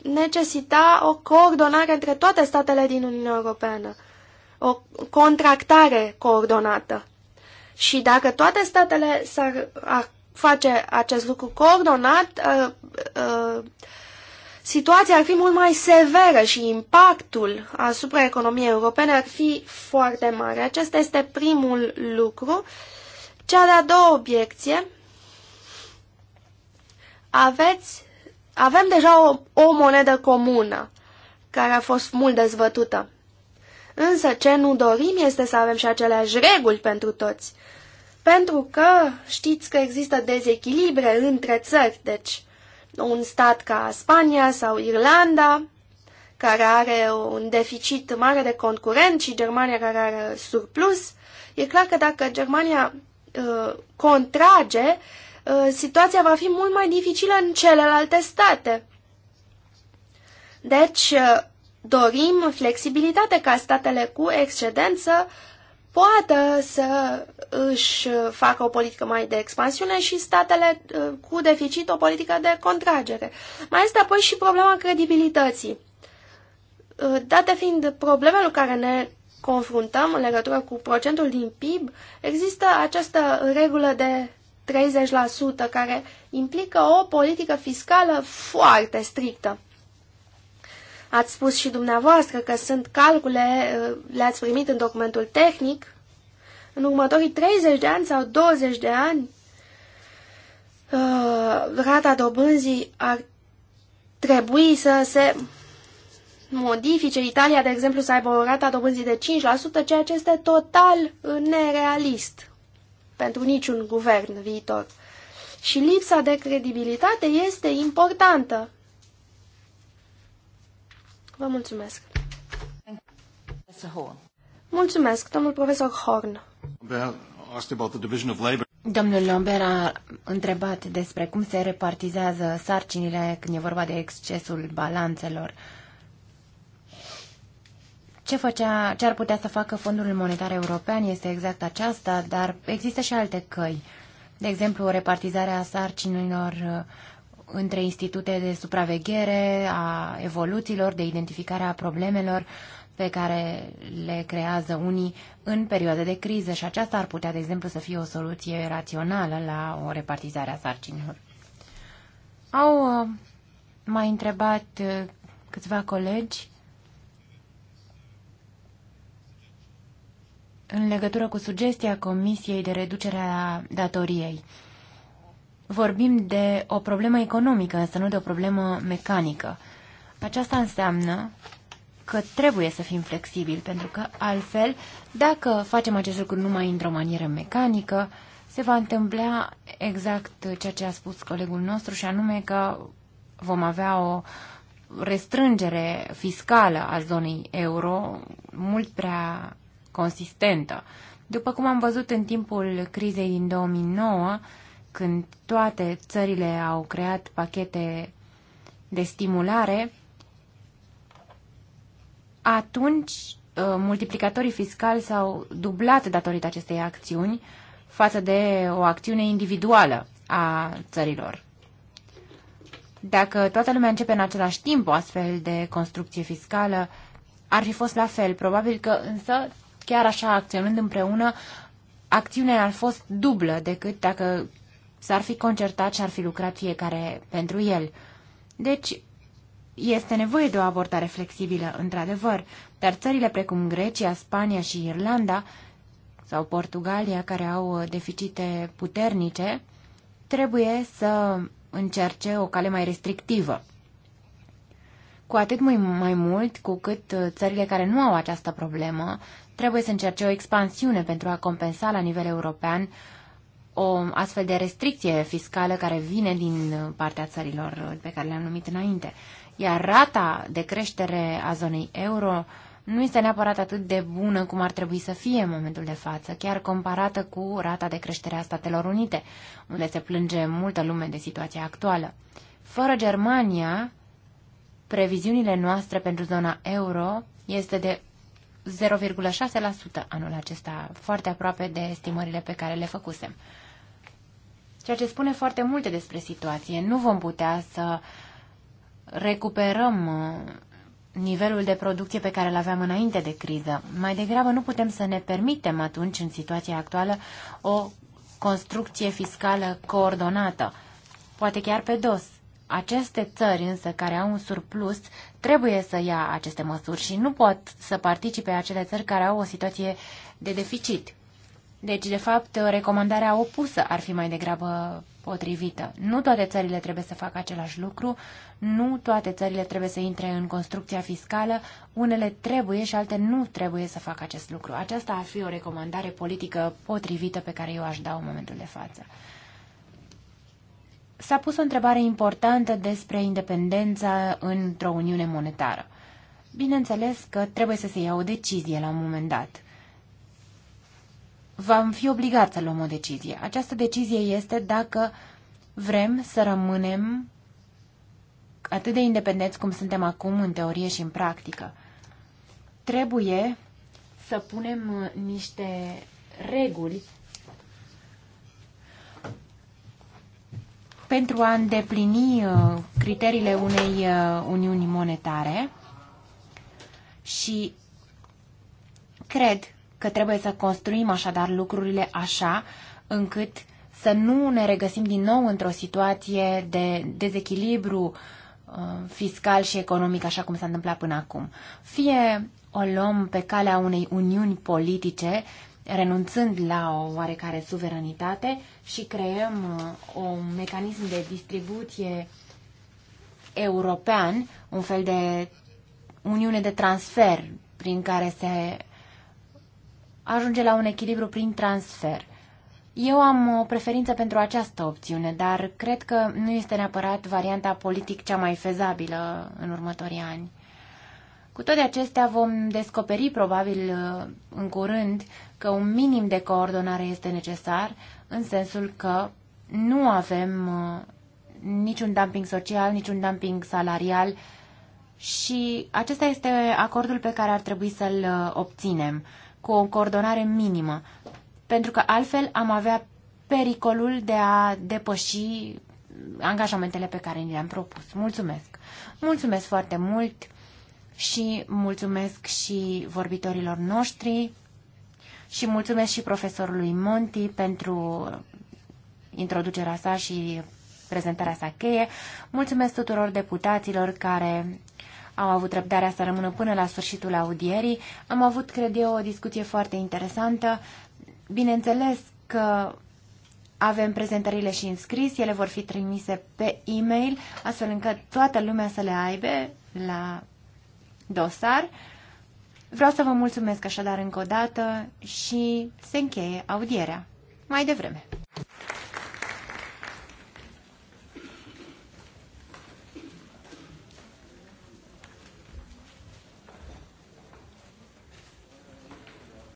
necesita o coordonare între toate statele din Uniunea Europeană, o contractare coordonată. Și dacă toate statele s-ar face acest lucru coordonat, uh, uh, situația ar fi mult mai severă și impactul asupra economiei europene ar fi foarte mare. Acesta este primul lucru. Cea de-a doua obiecție, aveți, avem deja o, o monedă comună care a fost mult dezvătută. Însă ce nu dorim este să avem și aceleași reguli pentru toți. Pentru că știți că există dezechilibre între țări, deci un stat ca Spania sau Irlanda, care are un deficit mare de concurent și Germania care are surplus, e clar că dacă Germania uh, contrage, uh, situația va fi mult mai dificilă în celelalte state. Deci, uh, dorim flexibilitate ca statele cu excedent să poată să își facă o politică mai de expansiune și statele uh, cu deficit o politică de contragere. Mai este apoi și problema credibilității. Uh, date fiind problemele care ne confruntăm în legătură cu procentul din PIB, există această regulă de 30% care implică o politică fiscală foarte strictă. Ați spus și dumneavoastră că sunt calcule, uh, le-ați primit în documentul tehnic. În următorii 30 de ani sau 20 de ani, uh, rata dobânzii ar trebui să se modifice. Italia, de exemplu, să aibă o rata dobânzii de 5%, ceea ce este total nerealist pentru niciun guvern viitor. Și lipsa de credibilitate este importantă. Vă mulțumesc. Mulțumesc, domnul profesor Horn. Domnul Lambert a întrebat despre cum se repartizează sarcinile când e vorba de excesul balanțelor. Ce, făcea, ce ar putea să facă Fondul Monetar European este exact aceasta, dar există și alte căi. De exemplu, repartizarea sarcinilor între institute de supraveghere a evoluțiilor, de identificare a problemelor pe care le creează unii în perioade de criză și aceasta ar putea, de exemplu, să fie o soluție rațională la o repartizare a sarcinilor. Au uh, mai întrebat uh, câțiva colegi în legătură cu sugestia Comisiei de reducere a datoriei vorbim de o problemă economică, însă nu de o problemă mecanică. Aceasta înseamnă că trebuie să fim flexibili, pentru că altfel, dacă facem acest lucru numai într-o manieră mecanică, se va întâmpla exact ceea ce a spus colegul nostru și anume că vom avea o restrângere fiscală a zonei euro mult prea consistentă. După cum am văzut în timpul crizei din 2009, când toate țările au creat pachete de stimulare, atunci uh, multiplicatorii fiscali s-au dublat datorită acestei acțiuni față de o acțiune individuală a țărilor. Dacă toată lumea începe în același timp o astfel de construcție fiscală, ar fi fost la fel. Probabil că însă, chiar așa acționând împreună, acțiunea ar fost dublă decât dacă s-ar fi concertat și ar fi lucrat fiecare pentru el. Deci, este nevoie de o abordare flexibilă, într-adevăr, dar țările precum Grecia, Spania și Irlanda sau Portugalia, care au uh, deficite puternice, trebuie să încerce o cale mai restrictivă. Cu atât mai, mai mult cu cât uh, țările care nu au această problemă trebuie să încerce o expansiune pentru a compensa la nivel european uh, o astfel de restricție fiscală care vine din partea țărilor pe care le-am numit înainte. Iar rata de creștere a zonei euro nu este neapărat atât de bună cum ar trebui să fie în momentul de față, chiar comparată cu rata de creștere a Statelor Unite, unde se plânge multă lume de situația actuală. Fără Germania, previziunile noastre pentru zona euro este de 0,6% anul acesta, foarte aproape de estimările pe care le făcusem ceea ce spune foarte multe despre situație. Nu vom putea să recuperăm uh, nivelul de producție pe care îl aveam înainte de criză. Mai degrabă nu putem să ne permitem atunci, în situația actuală, o construcție fiscală coordonată, poate chiar pe dos. Aceste țări însă care au un surplus trebuie să ia aceste măsuri și nu pot să participe acele țări care au o situație de deficit. Deci, de fapt, recomandarea opusă ar fi mai degrabă potrivită. Nu toate țările trebuie să facă același lucru, nu toate țările trebuie să intre în construcția fiscală, unele trebuie și alte nu trebuie să facă acest lucru. Aceasta ar fi o recomandare politică potrivită pe care eu aș da în momentul de față. S-a pus o întrebare importantă despre independența într-o uniune monetară. Bineînțeles că trebuie să se ia o decizie la un moment dat vom fi obligați să luăm o decizie. Această decizie este dacă vrem să rămânem atât de independenți cum suntem acum în teorie și în practică. Trebuie să punem uh, niște reguli pentru a îndeplini uh, criteriile unei uh, uniuni monetare și cred că trebuie să construim așadar lucrurile așa încât să nu ne regăsim din nou într-o situație de dezechilibru uh, fiscal și economic, așa cum s-a întâmplat până acum. Fie o luăm pe calea unei uniuni politice, renunțând la o oarecare suveranitate și creăm uh, un mecanism de distribuție european, un fel de uniune de transfer prin care se ajunge la un echilibru prin transfer. Eu am o preferință pentru această opțiune, dar cred că nu este neapărat varianta politic cea mai fezabilă în următorii ani. Cu toate acestea vom descoperi probabil uh, în curând că un minim de coordonare este necesar, în sensul că nu avem uh, niciun dumping social, niciun dumping salarial și acesta este acordul pe care ar trebui să-l uh, obținem cu o coordonare minimă, pentru că altfel am avea pericolul de a depăși angajamentele pe care ni le-am propus. Mulțumesc! Mulțumesc foarte mult și mulțumesc și vorbitorilor noștri și mulțumesc și profesorului Monti pentru introducerea sa și prezentarea sa cheie. Mulțumesc tuturor deputaților care au avut răbdarea să rămână până la sfârșitul audierii. Am avut, cred eu, o discuție foarte interesantă. Bineînțeles că avem prezentările și înscris, ele vor fi trimise pe e-mail, astfel încât toată lumea să le aibă la dosar. Vreau să vă mulțumesc așadar încă o dată și se încheie audierea mai devreme.